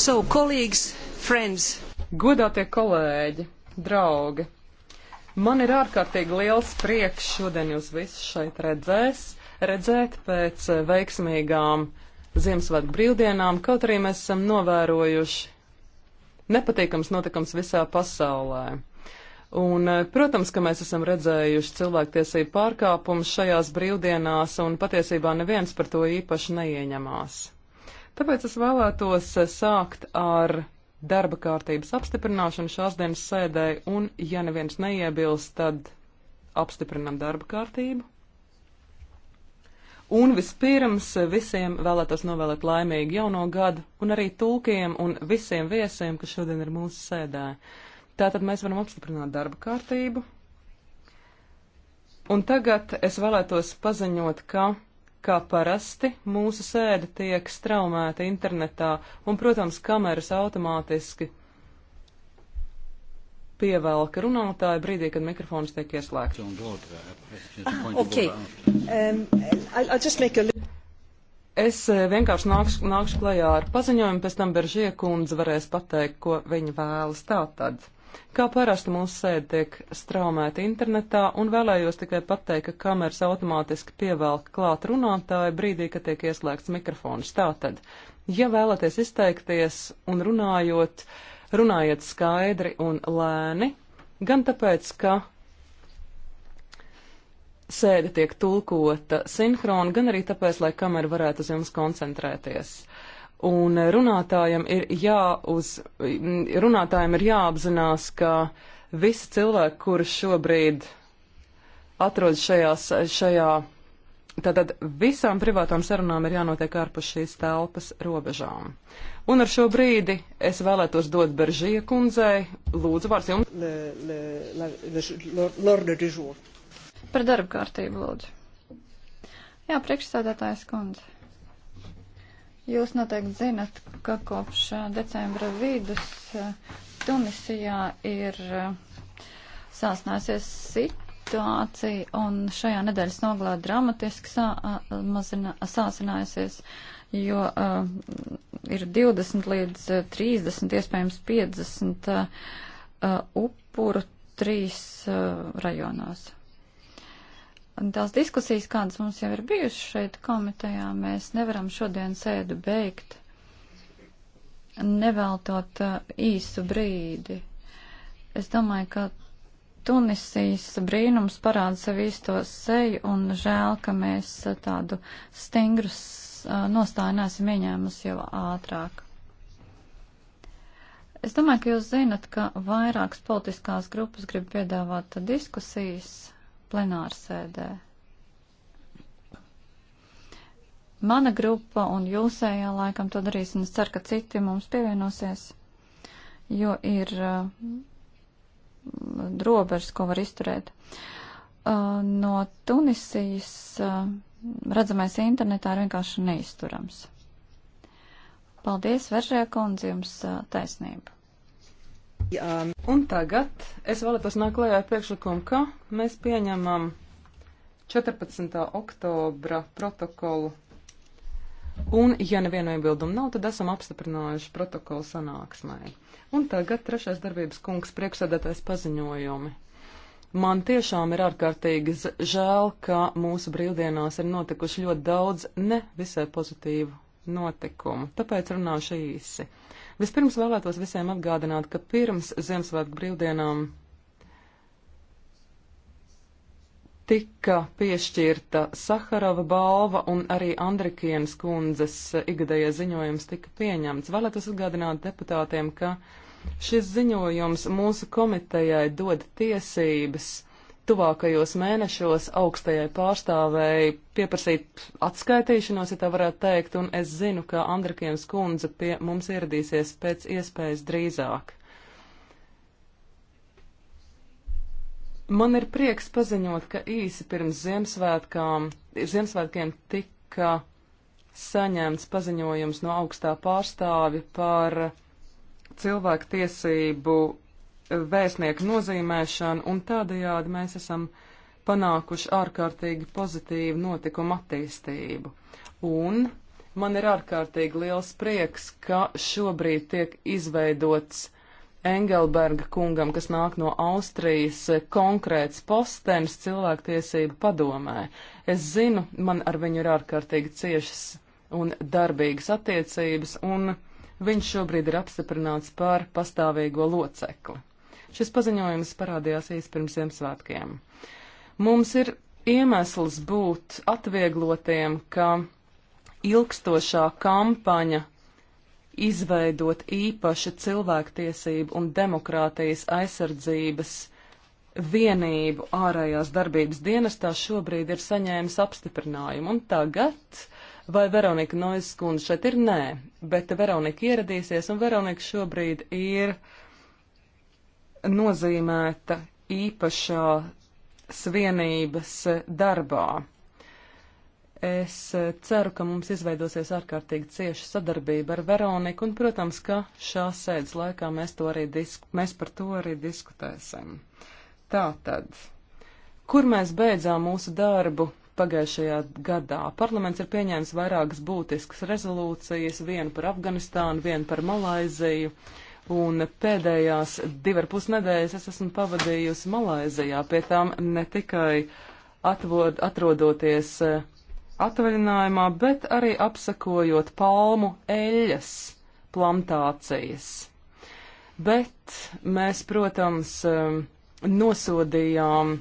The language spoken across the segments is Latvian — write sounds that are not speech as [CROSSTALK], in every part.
So, colleagues, friends. Godātie kolēģi, draugi, man ir ārkārtīgi liels prieks šodien jūs visus šeit redzēs, redzēt pēc veiksmīgām Ziemassvētku brīvdienām, kaut arī mēs esam novērojuši nepatīkams notikums visā pasaulē. Un, eh, protams, ka mēs esam redzējuši cilvēktiesību pārkāpumus šajās brīvdienās, un patiesībā neviens par to īpaši neieņemās. Tāpēc es vēlētos eh, sākt ar darba kārtības apstiprināšanu šās dienas sēdē, un, ja neviens neiebilst, tad apstiprinam darba kārtību. Un vispirms eh, visiem vēlētos novēlēt laimīgu jauno gadu, un arī tulkiem un visiem viesiem, kas šodien ir mūsu sēdē. Tātad mēs varam apstiprināt darba kārtību. Un tagad es vēlētos paziņot, ka Kā parasti, mūsu sēde tiek straumēta internetā, un, protams, kameras automātiski pievelka runātāju brīdī, kad mikrofons tiek ieslēgts. Okay. Um, I'll, I'll a... Es eh, vienkārši nākšu, nākšu klajā ar paziņojumu, pēc tam Beržie kundze varēs pateikt, ko viņa vēlas tātad. Kā parasti mūsu sēde tiek straumēta internetā, un vēlējos tikai pateikt, ka kameras automātiski pievelk klāt runātāju brīdī, kad tiek ieslēgts mikrofons. Tātad, ja vēlaties izteikties un runājot, runājiet skaidri un lēni, gan tāpēc, ka sēde tiek tulkota sinhroni, gan arī tāpēc, lai kamera varētu uz jums koncentrēties. Un runātājiem ir, jāuz, runātājiem ir jāapzinās, ka visi cilvēki, kuri šobrīd atrodas šajās, šajā, tātad visām privātām sarunām ir jānotiek ārpus šīs telpas robežām. Un ar šo brīdi es vēlētos dot Beržija kundzei, lūdzu vārds jums. Le, le, la, le, l'ordre du jour. Par darba kārtību lūdzu. Jā, priekšstādātājs kundze. Jūs noteikti zinat, ka kopš decembra vidus Tunisijā ir sāsnāsies situācija un šajā nedēļas nogalā dramatiski sāsinājusies, jo uh, ir 20 līdz 30, iespējams 50 uh, upuru trīs uh, rajonos tās diskusijas, kādas mums jau ir bijušas šeit komitejā, mēs nevaram šodien sēdu beigt, neveltot uh, īsu brīdi. Es domāju, ka Tunisijas brīnums parāda sev īsto seju un žēl, ka mēs uh, tādu stingru uh, nostāju neesam ieņēmusi jau ātrāk. Es domāju, ka jūs zinat, ka vairākas politiskās grupas grib piedāvāt diskusijas plenārsēdē. Mana grupa un jūsējā laikam to darīs, un es ceru, ka citi mums pievienosies, jo ir uh, robežas, ko var izturēt. Uh, no Tunisijas uh, redzamais internetā ir vienkārši neizturams. Paldies, Veržē kundze, jums uh, taisnība. Jā. Um, un tagad es vēlētos nākt klajā ar priekšlikumu, ka mēs pieņemam 14. oktobra protokolu. Un, ja nevienu iebildumu nav, tad esam apstiprinājuši protokolu sanāksmai. Un tagad trešais darbības kungs priekšsēdētais paziņojumi. Man tiešām ir ārkārtīgi žēl, ka mūsu brīvdienās ir notikuši ļoti daudz ne visai pozitīvu notikumu. Tāpēc runāšu īsi. Vispirms vēlētos visiem atgādināt, ka pirms Ziemassvētku brīvdienām tika piešķirta Saharova balva un arī Andrikienas kundzes ikgadējais ziņojums tika pieņemts. Vēlētos atgādināt deputātiem, ka šis ziņojums mūsu komitejai dod tiesības tuvākajos mēnešos augstajai pārstāvēji pieprasīt atskaitīšanos, ja tā varētu teikt, un es zinu, ka Andrakiems kundze pie mums ieradīsies pēc iespējas drīzāk. Man ir prieks paziņot, ka īsi pirms Ziemassvētkām, Ziemassvētkiem tika saņemts paziņojums no augstā pārstāvi par cilvēku tiesību vēstnieku nozīmēšanu, un tādējādi mēs esam panākuši ārkārtīgi pozitīvu notikumu attīstību. Un man ir ārkārtīgi liels prieks, ka šobrīd tiek izveidots Engelberga kungam, kas nāk no Austrijas, konkrēts postenis cilvēktiesību padomē. Es zinu, man ar viņu ir ārkārtīgi ciešas un darbīgas attiecības, un viņš šobrīd ir apstiprināts par pastāvīgo locekli. Šis paziņojums parādījās īsi pirms Ziemassvētkiem. Mums ir iemesls būt atvieglotiem, ka ilgstošā kampaņa izveidot īpaša cilvēktiesību un demokrātijas aizsardzības vienību ārējās darbības dienestā šobrīd ir saņēmis apstiprinājumu. Un tagad, vai Veronika Noizskundze šeit ir? Nē, bet Veronika ieradīsies un Veronika šobrīd ir uh, nozīmēta īpašā svienības darbā. Es ceru, ka mums izveidosies ārkārtīgi cieša sadarbība ar Veroniku, un, protams, ka šās sēdes laikā mēs, to arī disk mēs par to arī diskutēsim. Tātad, kur mēs beidzām mūsu darbu pagājušajā gadā? Parlaments ir pieņēmis vairākas būtiskas rezolūcijas, vienu par Afganistānu, vienu par Malaiziju. Uh, Un pēdējās divarpus nedēļas es esmu pavadījusi Malaizijā, pie tām ne tikai atvod, atrodoties eh, atvaļinājumā, bet arī apsakojot palmu eļas plantācijas. Bet mēs, protams, eh, nosodījām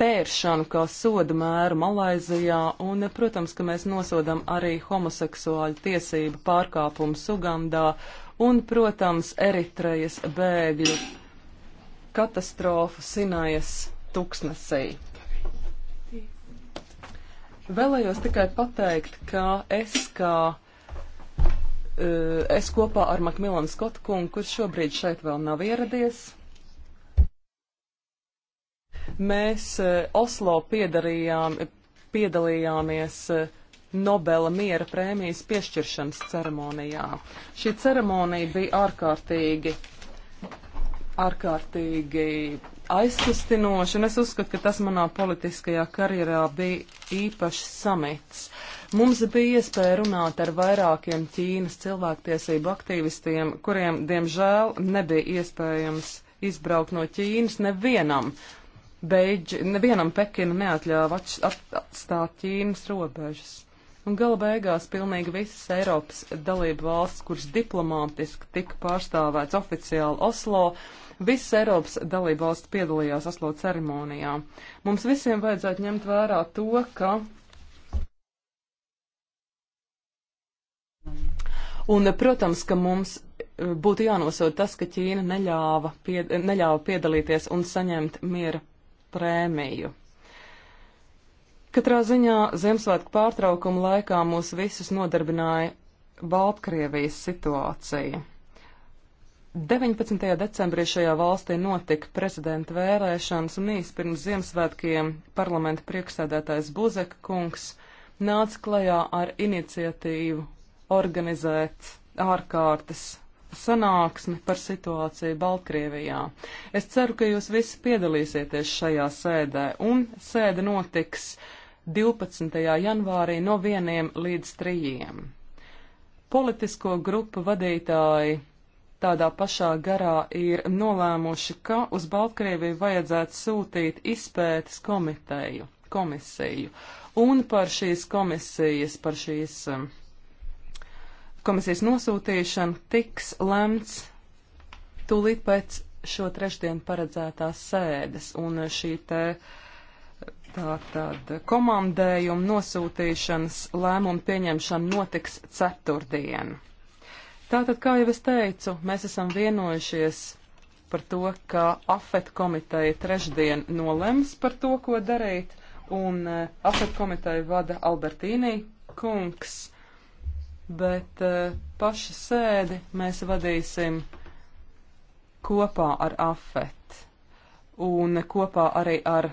pēršanu kā sodu mēru Malaizijā, un, protams, ka mēs nosodam arī homoseksuāļu tiesību pārkāpumu Sugandā un, protams, Eritrejas bēgļu katastrofu Sinajas tuksnesī. Vēlējos tikai pateikt, ka es kā eh, es kopā ar Makmilanu Skotkungu, kurš šobrīd šeit vēl nav ieradies. Mēs eh, Oslo piedarījām, piedalījāmies eh, Nobela miera prēmijas piešķiršanas ceremonijā. Šī ceremonija bija ārkārtīgi, ārkārtīgi aizkustinoša, un es uzskatu, ka tas manā politiskajā karjerā bija īpašs samits. Mums bija iespēja runāt ar vairākiem Ķīnas cilvēktiesību aktīvistiem, kuriem, diemžēl, nebija iespējams izbraukt no Ķīnas nevienam. Beidži, nevienam Pekina neatļāva atstāt Ķīnas robežas. Un gala beigās pilnīgi visas Eiropas dalību valsts, kuras diplomātiski tika pārstāvēts oficiāli Oslo, visas Eiropas dalību valsts piedalījās Oslo ceremonijā. Mums visiem vajadzētu ņemt vērā to, ka Un, protams, ka mums eh, būtu jānosod tas, ka Ķīna neļāva, pied, neļāva piedalīties un saņemt miera prēmiju. Katrā ziņā Ziemassvētku pārtraukuma laikā mūs visus nodarbināja Baltkrievijas situācija. 19. decembrī šajā valstī notika prezidenta vēlēšanas, un īsi pirms Ziemassvētkiem parlamenta priekšsēdētājs Buzeka kungs nāca klajā ar iniciatīvu organizēt ārkārtas sanāksmi par situāciju Baltkrievijā. Es ceru, ka jūs visi piedalīsieties šajā sēdē, un sēde notiks uh, 12. janvārī no 1 līdz 3. Politisko grupu vadītāji tādā pašā garā ir nolēmuši, ka uz Baltkrieviju vajadzētu sūtīt izpētes komiteju, komisiju. Un par šīs komisijas, par šīs um, komisijas nosūtīšanu tiks lemts tūlīt pēc šo trešdienu paredzētās sēdes. Un šī te uh, Tātad komandējuma nosūtīšanas lēmumu pieņemšana notiks ceturtdien. Tātad, kā jau es teicu, mēs esam vienojušies par to, ka AFET komiteja trešdien nolems par to, ko darīt, un e, AFET komiteja vada Albertīnī kungs, bet e, paši sēdi mēs vadīsim kopā ar AFET un kopā arī ar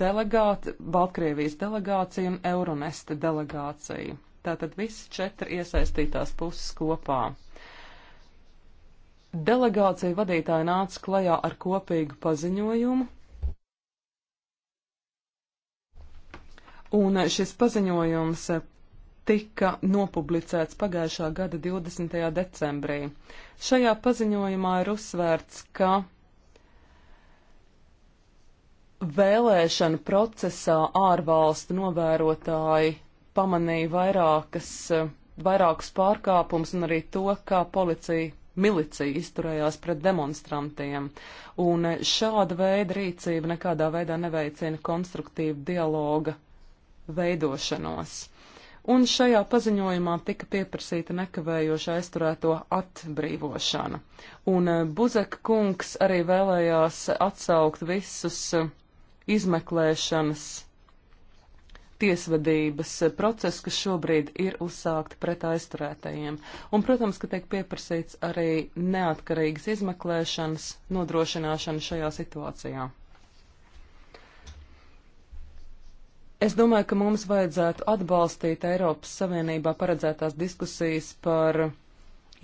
delegāti, Baltkrievijas delegāciju un Euronesta delegāciju. Tātad visas četri iesaistītās puses kopā. Delegācija vadītāja nāca klajā ar kopīgu paziņojumu. Un šis paziņojums tika nopublicēts pagājušā gada 20. decembrī. Šajā paziņojumā ir uzsvērts, ka Vēlēšanu procesā ārvalstu novērotāji pamanīja vairākas, vairākus pārkāpumus un arī to, kā policija milicija izturējās pret demonstrantiem, un šāda veida rīcība nekādā veidā neveicina konstruktīvu dialoga veidošanos. Un šajā paziņojumā tika pieprasīta nekavējoša aizturēto atbrīvošana, un Buzek kungs arī vēlējās atsaukt visus uh, izmeklēšanas tiesvedības procesu, kas šobrīd ir uzsākti pret aizturētajiem. Un, protams, ka tiek pieprasīts arī neatkarīgas izmeklēšanas nodrošināšana šajā situācijā. Es domāju, ka mums vajadzētu atbalstīt Eiropas Savienībā paredzētās diskusijas par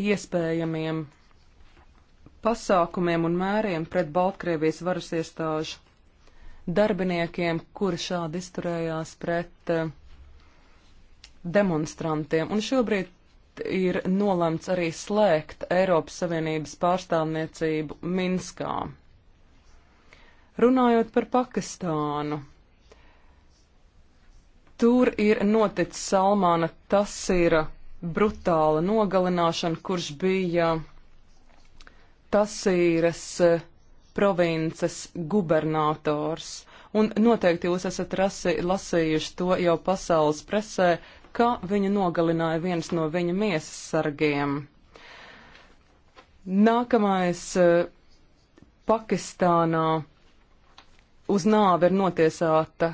iespējamiem pasākumiem un mēriem pret Baltkrievijas varas iestāžu darbiniekiem, kuri šādi izturējās pret eh, demonstrantiem. Un šobrīd ir nolemts arī slēgt Eiropas Savienības pārstāvniecību Minskā. Runājot par Pakistānu, tur ir noticis Salmāna Tasīra brutāla nogalināšana, kurš bija Tasīras uh, eh, provinces gubernators. Un noteikti jūs esat rasi, lasījuši to jau pasaules presē, ka viņu nogalināja viens no viņa miesas sargiem. Nākamais eh, Pakistānā uz nāvi ir notiesāta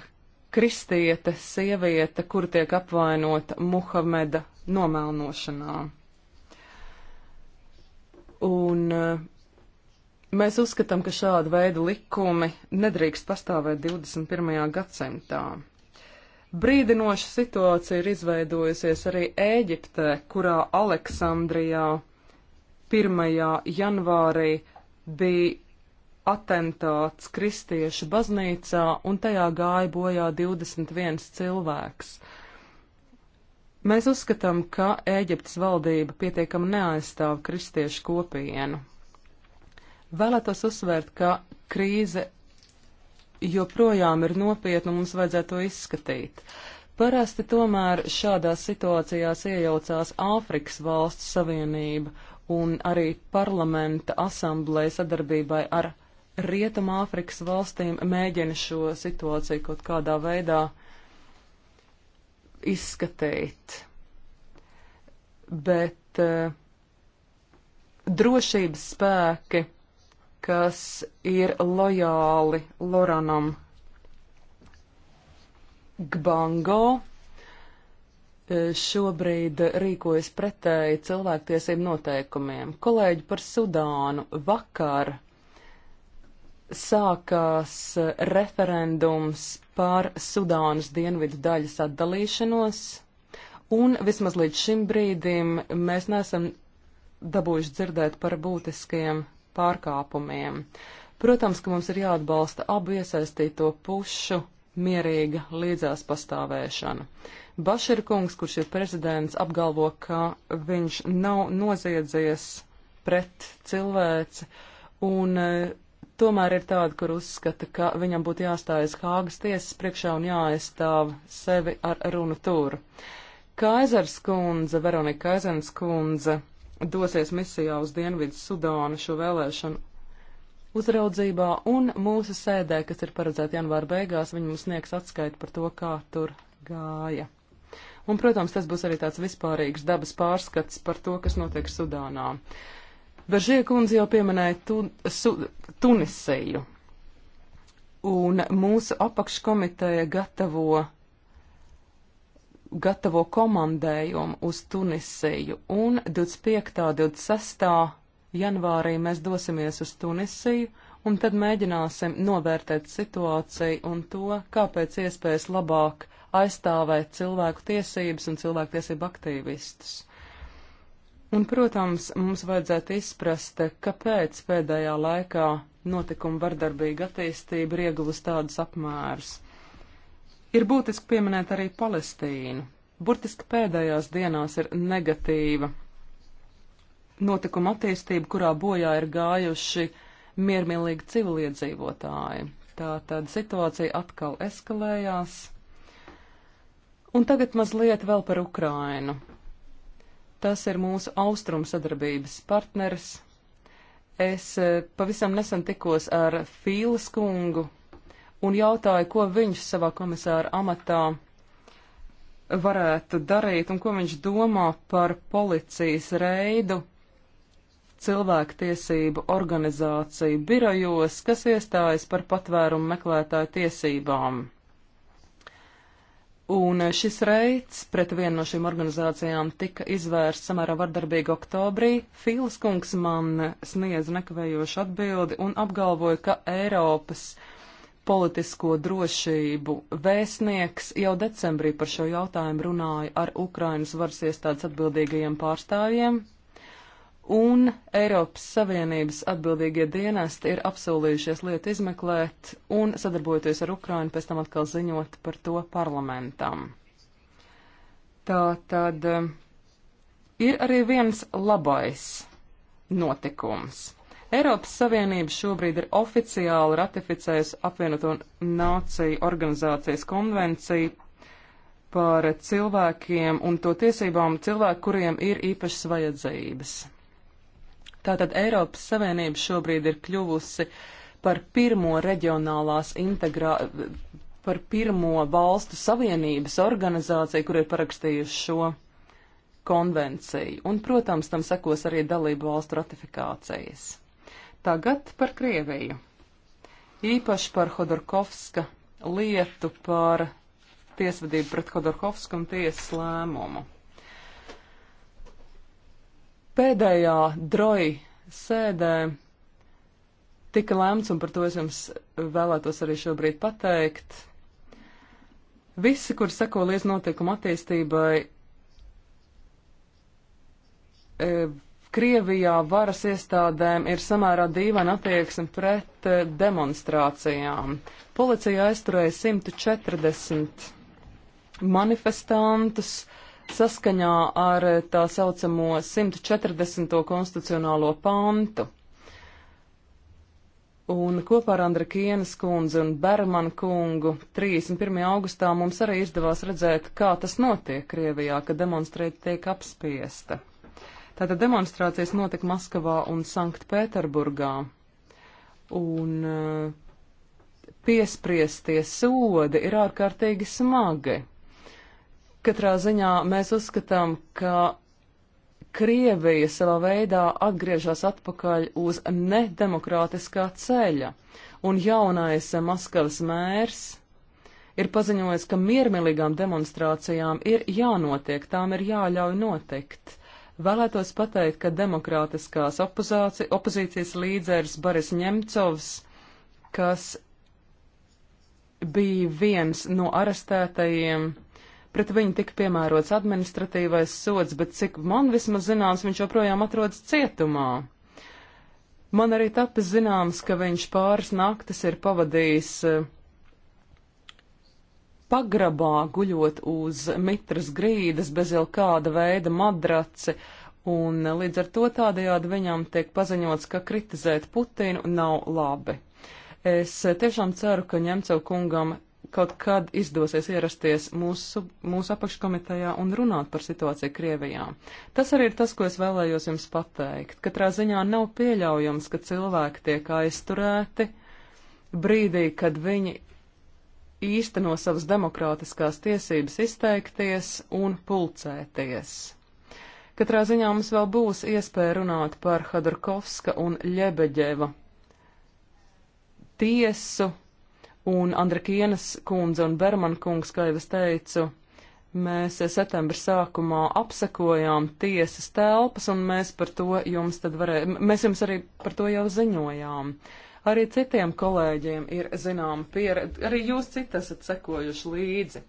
kristiete sieviete, kur tiek apvainota Muhameda nomelnošanā. Un uh, Mēs uzskatām, ka šāda veida likumi nedrīkst pastāvēt 21. gadsimtā. Brīdinoša situācija ir izveidojusies arī Ēģiptē, kurā Aleksandrijā 1. janvārī bija atentāts kristiešu baznīcā, un tajā gāja bojā 21 cilvēks. Mēs uzskatām, ka Ēģiptes valdība pietiekami neaizstāv kristiešu kopienu. Vēlētos uzsvērt, ka krīze joprojām ir nopietna un mums vajadzētu to izskatīt. Parasti tomēr šādās situācijās iejaucās Āfrikas valsts savienība un arī parlamenta asamblēja sadarbībai ar Rietumāfrikas valstīm mēģina šo situāciju kaut kādā veidā izskatīt. Bet eh, drošības spēki kas ir lojāli Loranam Gbango, e, šobrīd rīkojas pretēji cilvēktiesību noteikumiem. Kolēģi par Sudānu vakar sākās referendums par Sudānas dienvidu daļas atdalīšanos, un vismaz līdz šim brīdim mēs nesam dabūjuši dzirdēt par būtiskiem pārkāpumiem. Protams, ka mums ir jāatbalsta abu iesaistīto pušu mierīga līdzās pastāvēšana. Bašir kungs, kurš ir prezidents, apgalvo, ka viņš nav noziedzies pret cilvēci, un eh, tomēr ir tāda, kur uzskata, ka viņam būtu jāstājas Hāgas tiesas priekšā un jāaizstāv sevi ar runu tur. Kaizers kundze, Veronika Kaizers kundze, dosies misijā uz Dienvidu Sudānu šo vēlēšanu uzraudzībā, un mūsu sēdē, kas ir paredzēta janvāra beigās, viņi mums sniegs atskaiti par to, kā tur gāja. Un, protams, tas būs arī tāds vispārīgs dabas pārskats par to, kas notiek Sudānā. Beržie kundze jau pieminēja tu, su, Tunisiju, un mūsu apakškomiteja gatavo gatavo komandējumu uz Tunisiju, un 25. un 26. janvārī mēs dosimies uz Tunisiju, un tad mēģināsim novērtēt situāciju un to, kāpēc iespējas labāk aizstāvēt cilvēku tiesības un cilvēktiesību aktīvistus. Un, protams, mums vajadzētu izprast, kāpēc pēdējā laikā notikuma vardarbīga attīstība ir ieguvusi tādus apmērus. Ir būtiski pieminēt arī Palestīnu. Burtiski pēdējās dienās ir negatīva notikuma attīstība, kurā bojā ir gājuši miermīlīgi civiliedzīvotāji. Tātad situācija atkal eskalējās. Un tagad mazliet vēl par Ukrainu. Tas ir mūsu austrumu sadarbības partneris. Es eh, pavisam nesen tikos ar Fīles kungu, un jautāju, ko viņš savā komisāra amatā varētu darīt un ko viņš domā par policijas reidu cilvēktiesību organizāciju birojos, kas iestājas par patvērumu meklētāju tiesībām. Un šis reids pret vienu no šīm organizācijām tika izvērsts samērā vardarbīgi oktobrī. Fīls kungs man sniedz nekavējošu atbildi un apgalvoja, ka Eiropas uh, politisko drošību. Vēstnieks jau decembrī par šo jautājumu runāja ar Ukrainas varas iestādes atbildīgajiem pārstāvjiem, un Eiropas Savienības atbildīgie dienesti ir apsolījušies lietu izmeklēt un sadarbojoties ar Ukrainu, pēc tam atkal ziņot par to parlamentam. Tā tad eh, ir arī viens labais notikums. Eiropas Savienība šobrīd ir oficiāli ratificējusi apvienoto nāciju organizācijas konvenciju par cilvēkiem un to tiesībām cilvēku, kuriem ir īpašas vajadzības. Tātad Eiropas Savienība šobrīd ir kļuvusi par pirmo reģionālās integrā, par pirmo valstu savienības organizāciju, kur ir parakstījuši šo konvenciju. Un, protams, tam sekos arī dalību valstu ratifikācijas. Tagad par Krieviju. Īpaši par Hodorkovska lietu par tiesvedību pret Hodorkovsku un tiesas lēmumu. Pēdējā droji sēdē tika lēmts, un par to es jums vēlētos arī šobrīd pateikt. Visi, kur seko līdz notikuma attīstībai, e, Krievijā varas iestādēm ir samērā dīvaina attieksme pret eh, demonstrācijām. Policija aizturēja 140 manifestantus saskaņā ar eh, tā saucamo 140. konstitucionālo pantu. Un kopā ar Andra Kienas kundzi un Bermanu kungu 31. augustā mums arī izdevās redzēt, kā tas notiek Krievijā, ka demonstrēt tiek apspiesta. Tātad demonstrācijas notika Maskavā un Sanktpēterburgā. Un eh, piespriestie sodi ir ārkārtīgi smagi. Katrā ziņā mēs uzskatām, ka Krievija savā veidā atgriežas atpakaļ uz nedemokrātiskā ceļa, un jaunais Maskavas mērs ir paziņojis, ka miermīlīgām demonstrācijām ir jānotiek, tām ir jāļauj notikt. Vēlētos pateikt, ka demokrātiskās opozīcijas līderis Boris Ņemcovs, kas bija viens no arestētajiem, pret viņu tika piemērots administratīvais sods, bet cik man vismaz zināms, viņš joprojām atrodas cietumā. Man arī tapis zināms, ka viņš pāris naktis ir pavadījis uh, pagrabā guļot uz mitras grīdas bez jau kāda veida madraci, un līdz ar to tādējādi viņam tiek paziņots, ka kritizēt Putinu nav labi. Es tiešām ceru, ka Ņemcev kungam kaut kad izdosies ierasties mūsu, mūsu apakškomitejā un runāt par situāciju Krievijā. Tas arī ir tas, ko es vēlējos jums pateikt. Katrā ziņā nav pieļaujams, ka cilvēki tiek aizturēti brīdī, kad viņi īsteno savas demokrātiskās tiesības izteikties un pulcēties. Katrā ziņā mums vēl būs iespēja runāt par Hadarkovska un Ļebeģeva tiesu un Andrikienas kundze un Berman kungs, kā jau es teicu, mēs septembra sākumā apsekojām tiesas telpas un mēs par to jums tad varēja, mēs jums arī par to jau ziņojām. Uh, Arī citiem kolēģiem ir zināma pieredze, arī jūs citi esat sekojuši līdzi.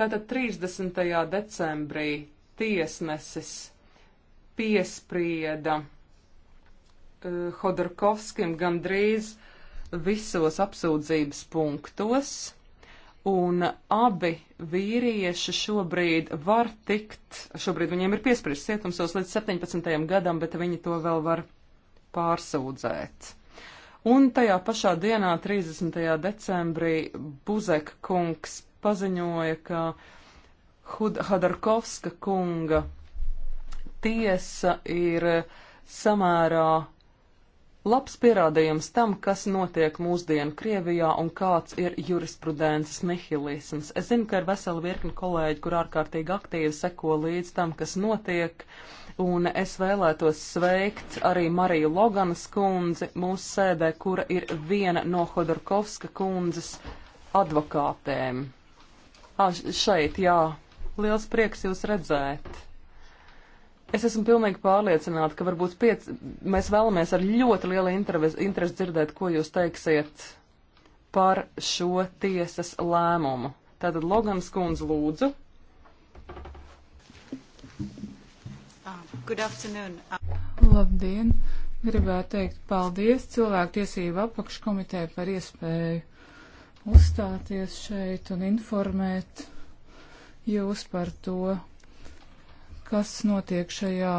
Tātad 30. decembrī tiesnesis piesprieda uh, Hodorkovskim gandrīz visos apsūdzības punktos, un abi vīrieši šobrīd var tikt, šobrīd viņiem ir piespriests cietumsos līdz 17. gadam, bet viņi to vēl var pārsūdzēt. Un tajā pašā dienā, 30. decembrī, Buzek kungs paziņoja, ka Hud Hadarkovska kunga tiesa ir samērā Labs pierādījums tam, kas notiek mūsdienu Krievijā un kāds ir jurisprudences nihilisms. Es zinu, ka ir vesela virkni kolēģi, kur ārkārtīgi aktīvi seko līdz tam, kas notiek, un es vēlētos sveikt arī Mariju Loganas kundzi mūsu sēdē, kura ir viena no Hodorkovska kundzes advokātēm. À, šeit, jā. Liels prieks jūs redzēt. Es esmu pilnīgi pārliecināta, ka varbūt piec, mēs vēlamies ar ļoti lielu interesi dzirdēt, ko jūs teiksiet par šo tiesas lēmumu. Tātad Logans kundze lūdzu. Ah, ah. Labdien! Gribētu teikt paldies cilvēku tiesību apakškomiteju par iespēju uzstāties šeit un informēt jūs par to, kas notiek šajā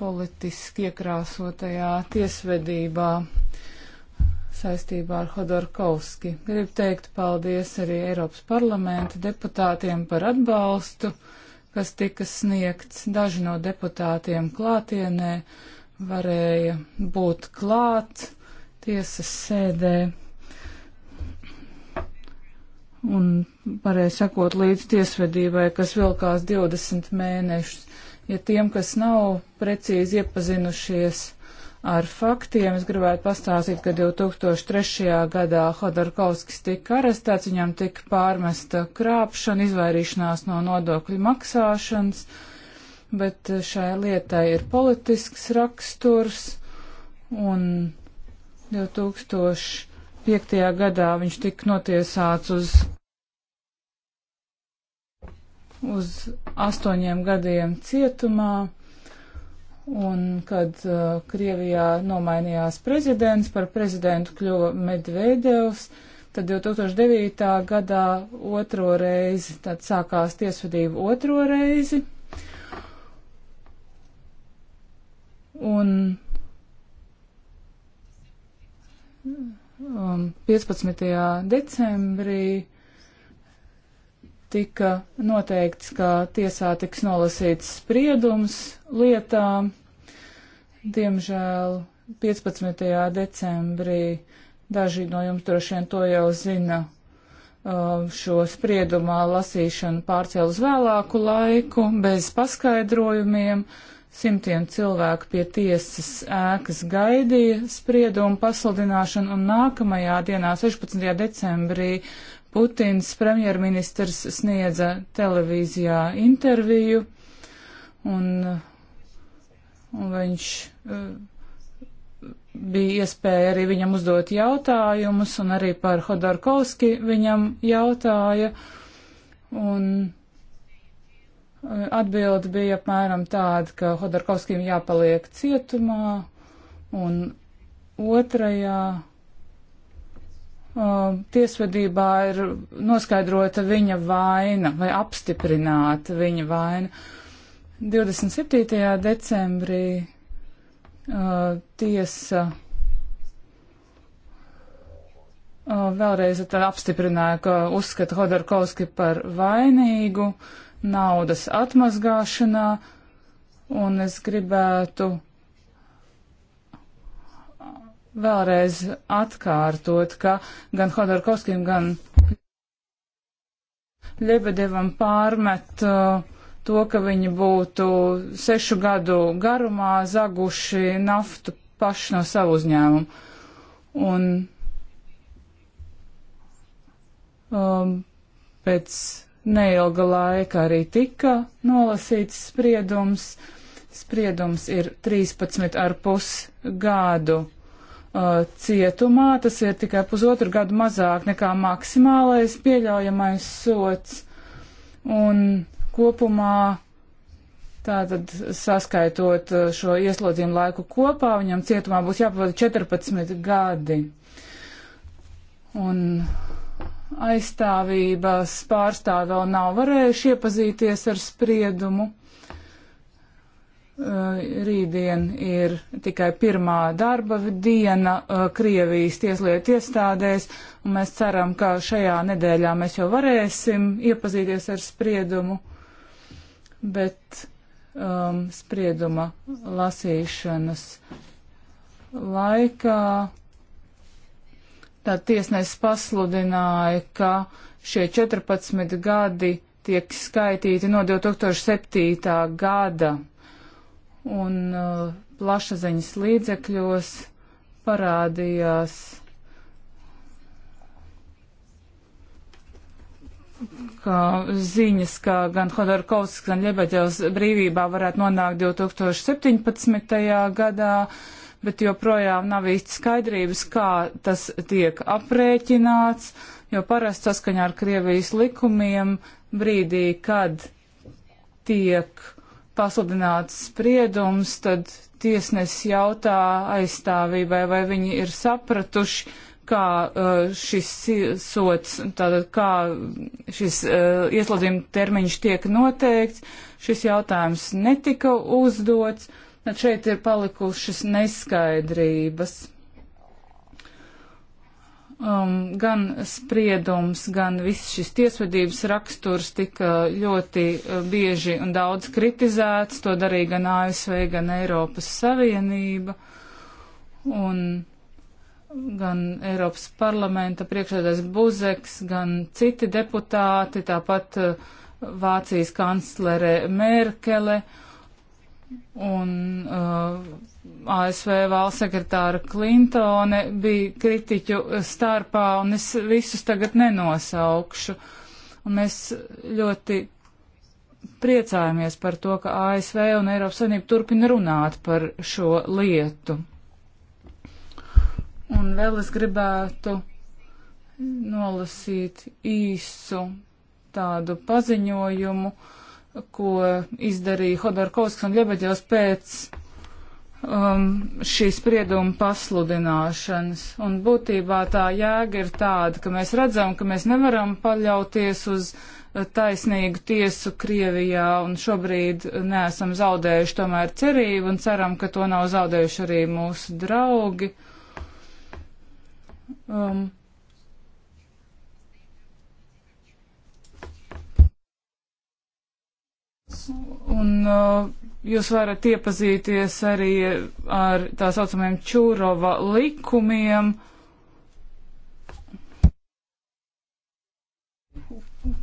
politiski iekrāsotajā tiesvedībā saistībā ar Hodorkovski. Gribu teikt paldies arī Eiropas parlamenta deputātiem par atbalstu, kas tika sniegts. Daži no deputātiem klātienē varēja būt klāt tiesas sēdē un varēja sekot līdz tiesvedībai, kas vilkās 20 mēnešus. Ja tiem, kas nav precīzi iepazinušies ar faktiem, es gribētu pastāstīt, ka 2003. gadā Hodorkovskis tika arestēts, viņam tika pārmesta krāpšana, izvairīšanās no nodokļu maksāšanas, bet šai lietai ir politisks raksturs un 2000. 2005. gadā viņš tika notiesāts uz, uz astoņiem gadiem cietumā, un kad uh, Krievijā nomainījās prezidents, par prezidentu kļuva Medvedevs, tad 2009. gadā otro reizi, tad sākās tiesvedība otro reizi. Un Mm um, 15. decembrī tika noteikts, ka tiesā tiks nolasīts spriedums lietā. Diemžēl 15. decembrī daži no jums droši vien to jau zina. Uh, šo spriedumā lasīšanu pārcēl uz vēlāku laiku bez paskaidrojumiem. Uh, Simtiem cilvēku pie tiesas ēkas gaidīja spriedumu pasludināšanu, un nākamajā dienā, 16. decembrī, Putins premjerministrs sniedza televīzijā interviju, un, un viņš eh, bija iespēja arī viņam uzdot jautājumus, un arī par Hodorkovski viņam jautāja. Un Atbilde bija apmēram tāda, ka Hodorkovskim jāpaliek cietumā, un otrajā uh, tiesvedībā ir noskaidrota viņa vaina vai apstiprināta viņa vaina. 27. decembrī uh, tiesa uh, vēlreiz apstiprināja, ka uzskata Hodorkovski par vainīgu. Uh, naudas atmazgāšanā, un es gribētu vēlreiz atkārtot, ka gan Hodorkovskim, gan Ļebedevam pārmet uh, to, ka viņi būtu sešu gadu garumā zaguši naftu paši no savu uzņēmumu. Un um, pēc neilga laika arī tika nolasīts spriedums. Spriedums ir 13,5 gadu uh, cietumā, tas ir tikai pusotru gadu mazāk nekā maksimālais pieļaujamais sots. Un kopumā tātad saskaitot uh, šo ieslodzījumu laiku kopā, viņam cietumā būs jāpavada 14 gadi. Un aizstāvības pārstāvi vēl nav varējuši iepazīties ar spriedumu. Uh, rītdien ir tikai pirmā darba diena uh, Krievijas tieslietu iestādēs, un mēs ceram, ka šajā nedēļā mēs jau varēsim iepazīties ar spriedumu, bet um, sprieduma lasīšanas laikā Tad tiesnesis pasludināja, ka šie 14 gadi tiek skaitīti no 2007. gada. Un uh, plašsaziņas līdzekļos parādījās ka ziņas, ka gan Hodorkovskis, gan Ļebeģevs brīvībā varētu nonākt 2017. gadā, bet joprojām nav īsti skaidrības, kā tas tiek aprēķināts, jo parasti saskaņā ar Krievijas likumiem brīdī, kad tiek pasludināts spriedums, tad tiesnesis jautā aizstāvībai, vai viņi ir sapratuši, kā uh, šis sots, tātad kā šis uh, ieslodzījuma termiņš tiek noteikts. Šis jautājums netika uzdots. Uh, bet šeit ir palikušas neskaidrības. Um, gan spriedums, gan viss šis tiesvedības raksturs tika ļoti uh, bieži un daudz kritizēts. To darīja gan ASV, gan Eiropas Savienība. Un gan Eiropas parlamenta priekšsēdājs Buzeks, gan citi deputāti, tāpat uh, Vācijas kanclere Merkele. Uh, un uh, ASV valsts sekretāra Klintone bija kritiķu starpā, un es visus tagad nenosaukšu. Un mēs ļoti priecājamies par to, ka ASV un Eiropas Savienība turpina runāt par šo lietu. Un vēl es gribētu nolasīt īsu tādu paziņojumu. Uh, ko izdarīja Hodorkovskis un Ļebeģevs pēc um, šī sprieduma pasludināšanas. Un būtībā tā jēga ir tāda, ka mēs redzam, ka mēs nevaram paļauties uz uh, taisnīgu tiesu Krievijā un šobrīd neesam zaudējuši tomēr cerību un ceram, ka to nav zaudējuši arī mūsu draugi. Um, Un uh, jūs varat iepazīties arī ar tā saucamiem Čūrova likumiem,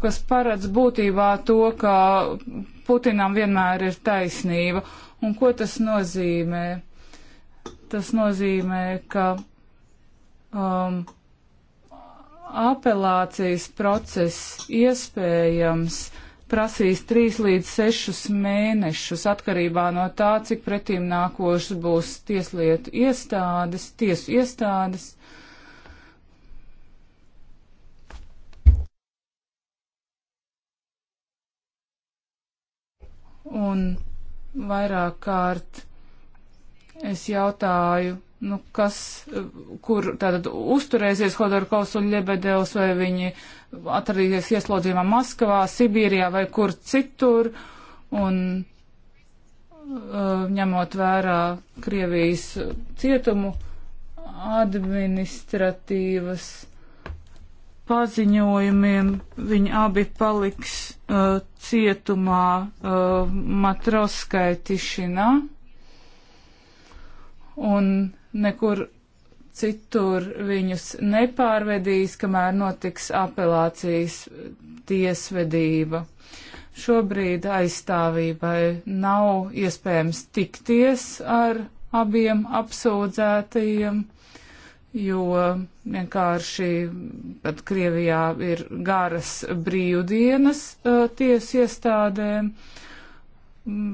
kas paredz būtībā to, ka Putinam vienmēr ir taisnība. Un ko tas nozīmē? Tas nozīmē, ka um, apelācijas process iespējams prasīs trīs līdz sešus mēnešus atkarībā no tā, cik pretīm nākošas būs tieslietu iestādes, tiesu iestādes. Un vairāk kārt es jautāju, nu kas, kur tātad uzturēsies Hodorkovs un Ļebedevs, vai viņi uh, atradīties ieslodzījumā Maskavā, Sibīrijā vai kur citur, un uh, ņemot vērā Krievijas cietumu administratīvas paziņojumiem, viņi abi paliks uh, cietumā uh, Matroskai Tišinā, un nekur citur viņus nepārvedīs, kamēr notiks apelācijas tiesvedība. Šobrīd aizstāvībai nav iespējams tikties ar abiem apsūdzētajiem, jo vienkārši pat Krievijā ir garas brīvdienas uh, tiesu iestādēm,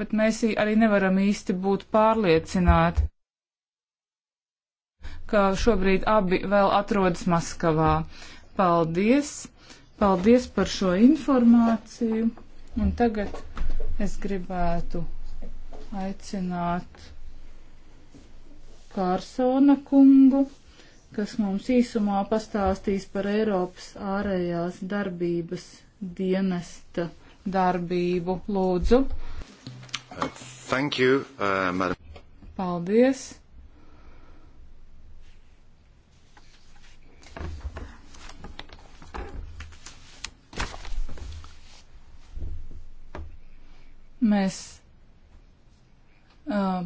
bet mēs arī nevaram īsti būt pārliecināti ka šobrīd abi vēl atrodas Maskavā. Paldies! Paldies par šo informāciju. Un tagad es gribētu aicināt Kārsona kungu, kas mums īsumā pastāstīs par Eiropas ārējās darbības dienesta darbību. Lūdzu. Thank you, uh, madam. Paldies. Mēs uh,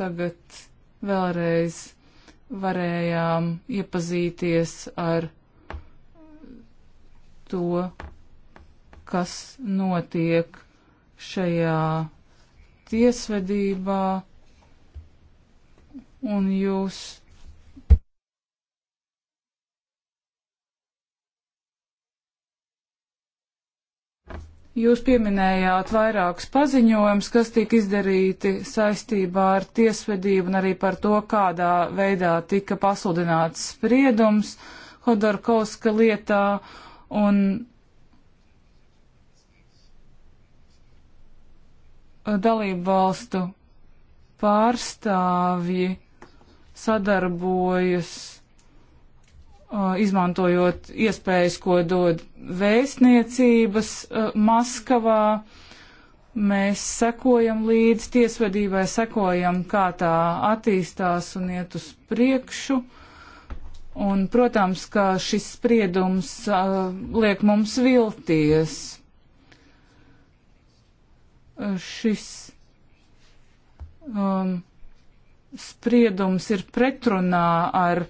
tagad vēlreiz varējām iepazīties ar to, kas notiek šajā tiesvedībā, un jūs Jūs pieminējāt vairākus paziņojumus, kas tika izdarīti saistībā ar tiesvedību un arī par to, kādā veidā tika pasludināts spriedums Hodorkovska lietā. Un dalību valstu pārstāvji sadarbojas izmantojot iespējas, ko dod vēstniecības Maskavā. Mēs sekojam līdz tiesvedībai, sekojam, kā tā attīstās un iet uz priekšu. Un, protams, ka šis spriedums uh, liek mums vilties. Šis um, spriedums ir pretrunā ar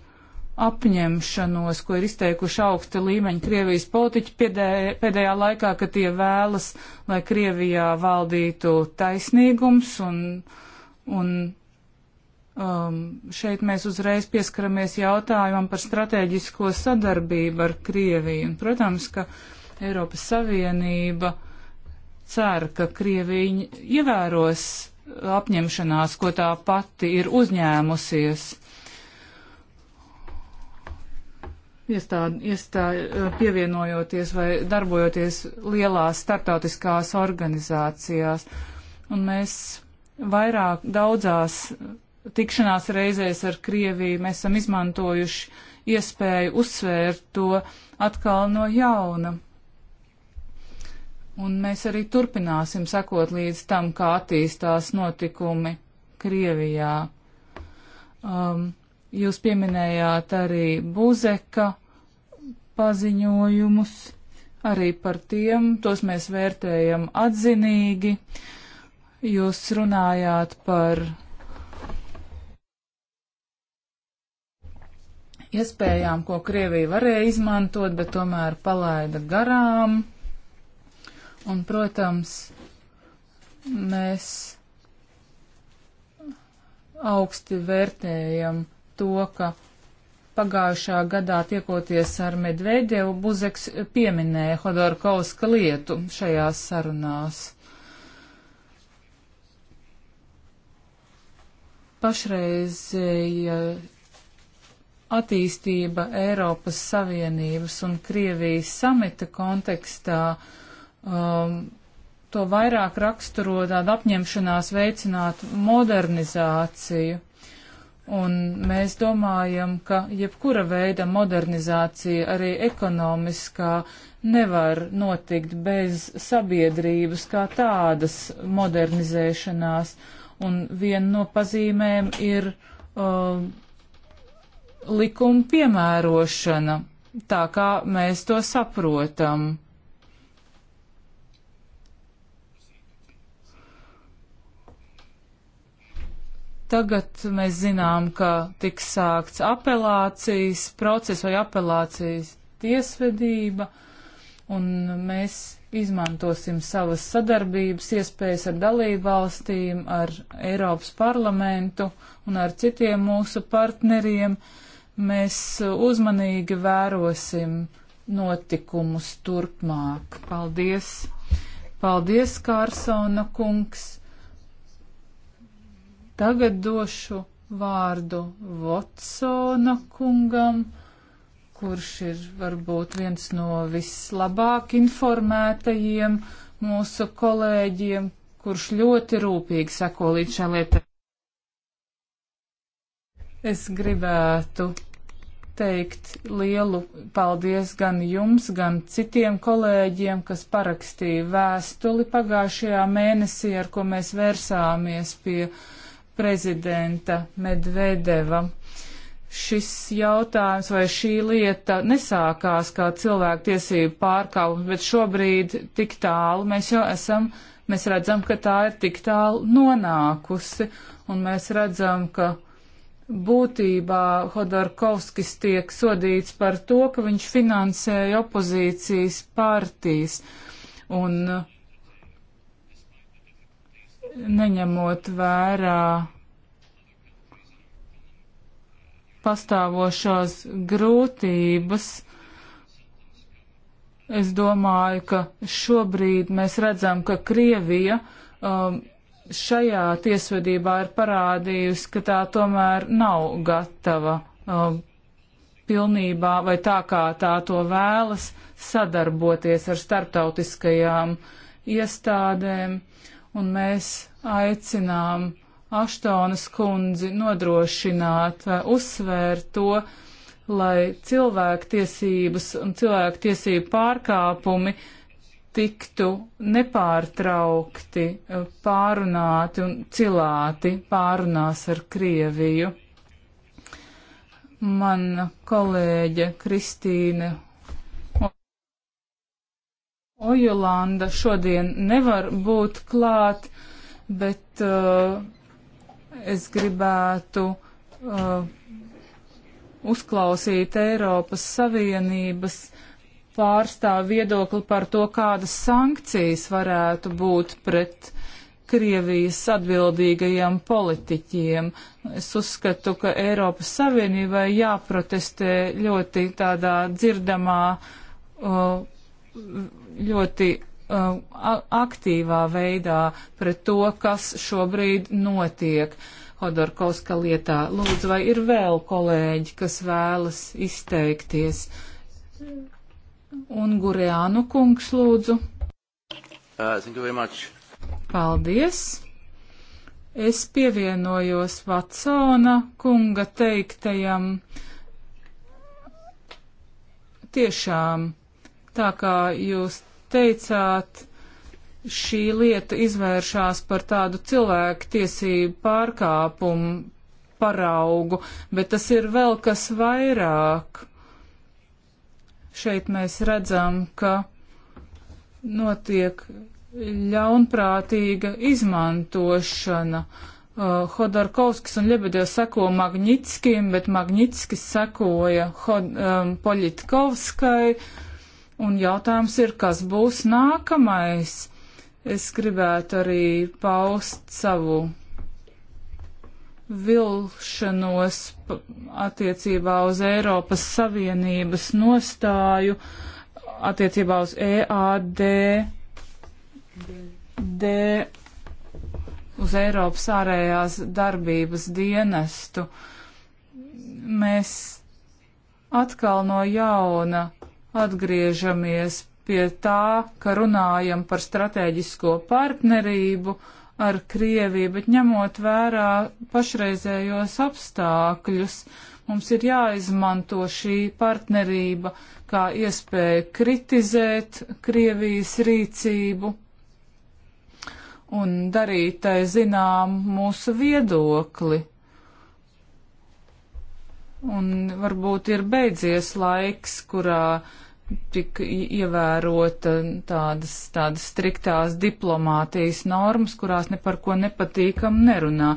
apņemšanos, ko ir izteikuši augsta līmeņa Krievijas politiķi pēdējā, pēdējā laikā, ka tie vēlas, lai Krievijā valdītu taisnīgums un, un um, šeit mēs uzreiz pieskaramies jautājumam par strateģisko sadarbību ar Krieviju. Un, protams, ka Eiropas Savienība cer, ka Krievija ievēros apņemšanās, ko tā pati ir uzņēmusies iestād, iestā, eh, pievienojoties vai darbojoties lielās startautiskās organizācijās. Un mēs vairāk daudzās tikšanās reizēs ar Krieviju mēs esam izmantojuši iespēju uzsvērt to atkal no jauna. Un mēs arī turpināsim sekot līdz tam, kā attīstās notikumi Krievijā. Um, Jūs pieminējāt arī Buzeka paziņojumus, arī par tiem, tos mēs vērtējam atzinīgi. Jūs runājāt par iespējām, ko Krievija varēja izmantot, bet tomēr palaida garām. Un, protams, mēs augsti vērtējam to, ka pagājušā gadā tiekoties ar Medvedevu, Buzeks pieminēja Hodorkovska lietu šajās sarunās. Pašreizēja attīstība Eiropas Savienības un Krievijas samita kontekstā um, to vairāk raksturo tāda apņemšanās veicināt modernizāciju Un mēs domājam, ka jebkura veida modernizācija, arī ekonomiskā, nevar notikt bez sabiedrības kā tādas modernizēšanās. Un viena no pazīmēm ir uh, likuma piemērošana, tā kā mēs to saprotam. Tagad mēs zinām, ka tiks sākts apelācijas process vai apelācijas tiesvedība, un mēs izmantosim savas sadarbības iespējas ar dalībvalstīm, ar Eiropas parlamentu un ar citiem mūsu partneriem. Mēs uzmanīgi vērosim notikumus turpmāk. Paldies! Paldies, Kārsona kungs! Tagad došu vārdu Votsona kungam, kurš ir varbūt viens no vislabāk informētajiem mūsu kolēģiem, kurš ļoti rūpīgi seko līdz šai lietai. Es gribētu teikt lielu paldies gan jums, gan citiem kolēģiem, kas parakstīja vēstuli pagājušajā mēnesī, ar ko mēs vērsāmies pie uh, prezidenta Medvedeva. Šis jautājums vai šī lieta nesākās kā cilvēktiesību pārkāpums, bet šobrīd tik tālu mēs jau esam, mēs redzam, ka tā ir tik tālu nonākusi, un mēs redzam, ka būtībā Hodorkovskis tiek sodīts par to, ka viņš finansēja opozīcijas partijas. Un uh, neņemot vērā pastāvošās grūtības. Es domāju, ka šobrīd mēs redzam, ka Krievija um, šajā tiesvedībā ir parādījusi, ka tā tomēr nav gatava um, pilnībā vai tā kā tā to vēlas sadarboties ar starptautiskajām iestādēm. Uh, un mēs aicinām Aštonas kundzi nodrošināt vai eh, uzsvērt to, lai cilvēktiesības un cilvēktiesību pārkāpumi tiktu nepārtraukti eh, pārunāti un cilāti pārunās ar Krieviju. Mana kolēģe Kristīne Ojolanda šodien nevar būt klāt, bet uh, es gribētu uh, uzklausīt Eiropas Savienības pārstāv viedokli par to, kādas sankcijas varētu būt pret Krievijas atbildīgajiem politiķiem. Es uzskatu, ka Eiropas Savienībai jāprotestē ļoti tādā dzirdamā uh, ļoti uh, aktīvā veidā pret to, kas šobrīd notiek Hodorkovska lietā. Lūdzu, vai ir vēl kolēģi, kas vēlas izteikties? Un Gurjānu kungs, lūdzu. Uh, Paldies. Es pievienojos Vatsona kunga teiktajam. Tiešām Tā kā jūs teicāt, šī lieta izvēršās par tādu cilvēku tiesību pārkāpumu paraugu, bet tas ir vēl kas vairāk. Šeit mēs redzam, ka notiek ļaunprātīga izmantošana. Uh, Hodorkovskis un Ļebedevs seko Magnitskim, bet Magnitskis sekoja Hod, um, Poļitkovskai. Uh, Un jautājums ir, kas būs nākamais? Es gribētu arī paust savu vilšanos attiecībā uz Eiropas Savienības nostāju, attiecībā uz EAD, D, uz Eiropas ārējās darbības dienestu. Mēs atkal no jauna atgriežamies pie tā, ka runājam par strateģisko partnerību ar Krieviju, bet ņemot vērā pašreizējos apstākļus, mums ir jāizmanto šī partnerība kā iespēja kritizēt Krievijas rīcību un darīt tai eh, zinām mūsu viedokli. Un varbūt ir beidzies laiks, kurā uh, tik ievērota tādas, tādas striktās diplomātijas normas, kurās ne par ko nepatīkam nerunā.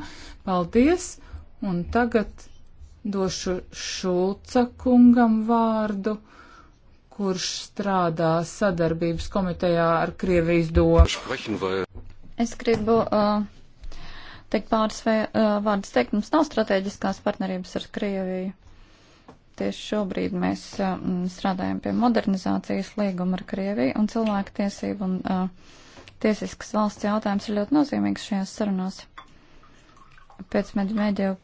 Paldies! Un tagad došu Šulca kungam vārdu, kurš strādā sadarbības komitejā ar Krievijas domu. Es gribu uh, teikt pāris vai, uh, vārdus teikt, mums nav strateģiskās partnerības ar Krieviju Tieši šobrīd mēs strādājam pie modernizācijas līguma ar Krieviju un cilvēku tiesību un uh, tiesiskas valsts jautājums ir ļoti nozīmīgs šajās sarunās. Pēc mediju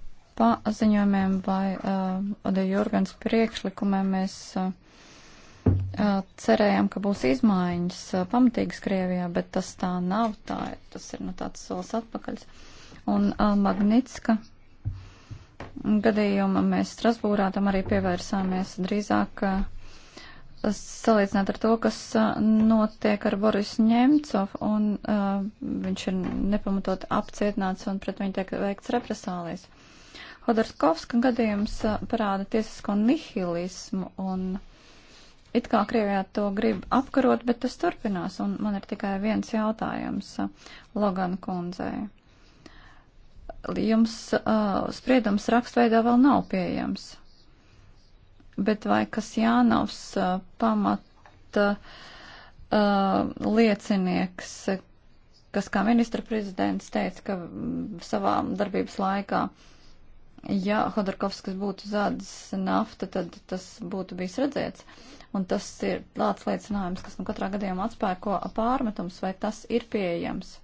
paziņojumiem vai uh, Ode Jurgens priekšlikumiem mēs uh, cerējām, ka būs izmaiņas uh, pamatīgas Krievijā, bet tas tā nav. Tā, tas ir nu, tāds solis atpakaļ. Un uh, Magnitska gadījuma mēs Strasbūrā tam arī pievērsāmies drīzāk eh, salīdzināt ar to, kas eh, notiek ar Boris Ņemcov, un uh, viņš ir nepamatot apcietināts un pret viņu tiek veikts represālijas. Hodorskovska gadījums parāda tiesisko nihilismu un it kā Krievijā to grib apkarot, bet tas turpinās, un man ir tikai viens jautājums Logan kundzei jums uh, spriedums rakstveidā vēl nav pieejams. Bet vai kas Jānavs uh, pamata uh, liecinieks, kas kā ministra prezidents teica, ka savā darbības laikā, ja Hodorkovskis būtu zādzis nafta, tad tas būtu bijis redzēts. Un tas ir tāds liecinājums, kas nu katrā gadījumā atspēko pārmetums, vai tas ir pieejams.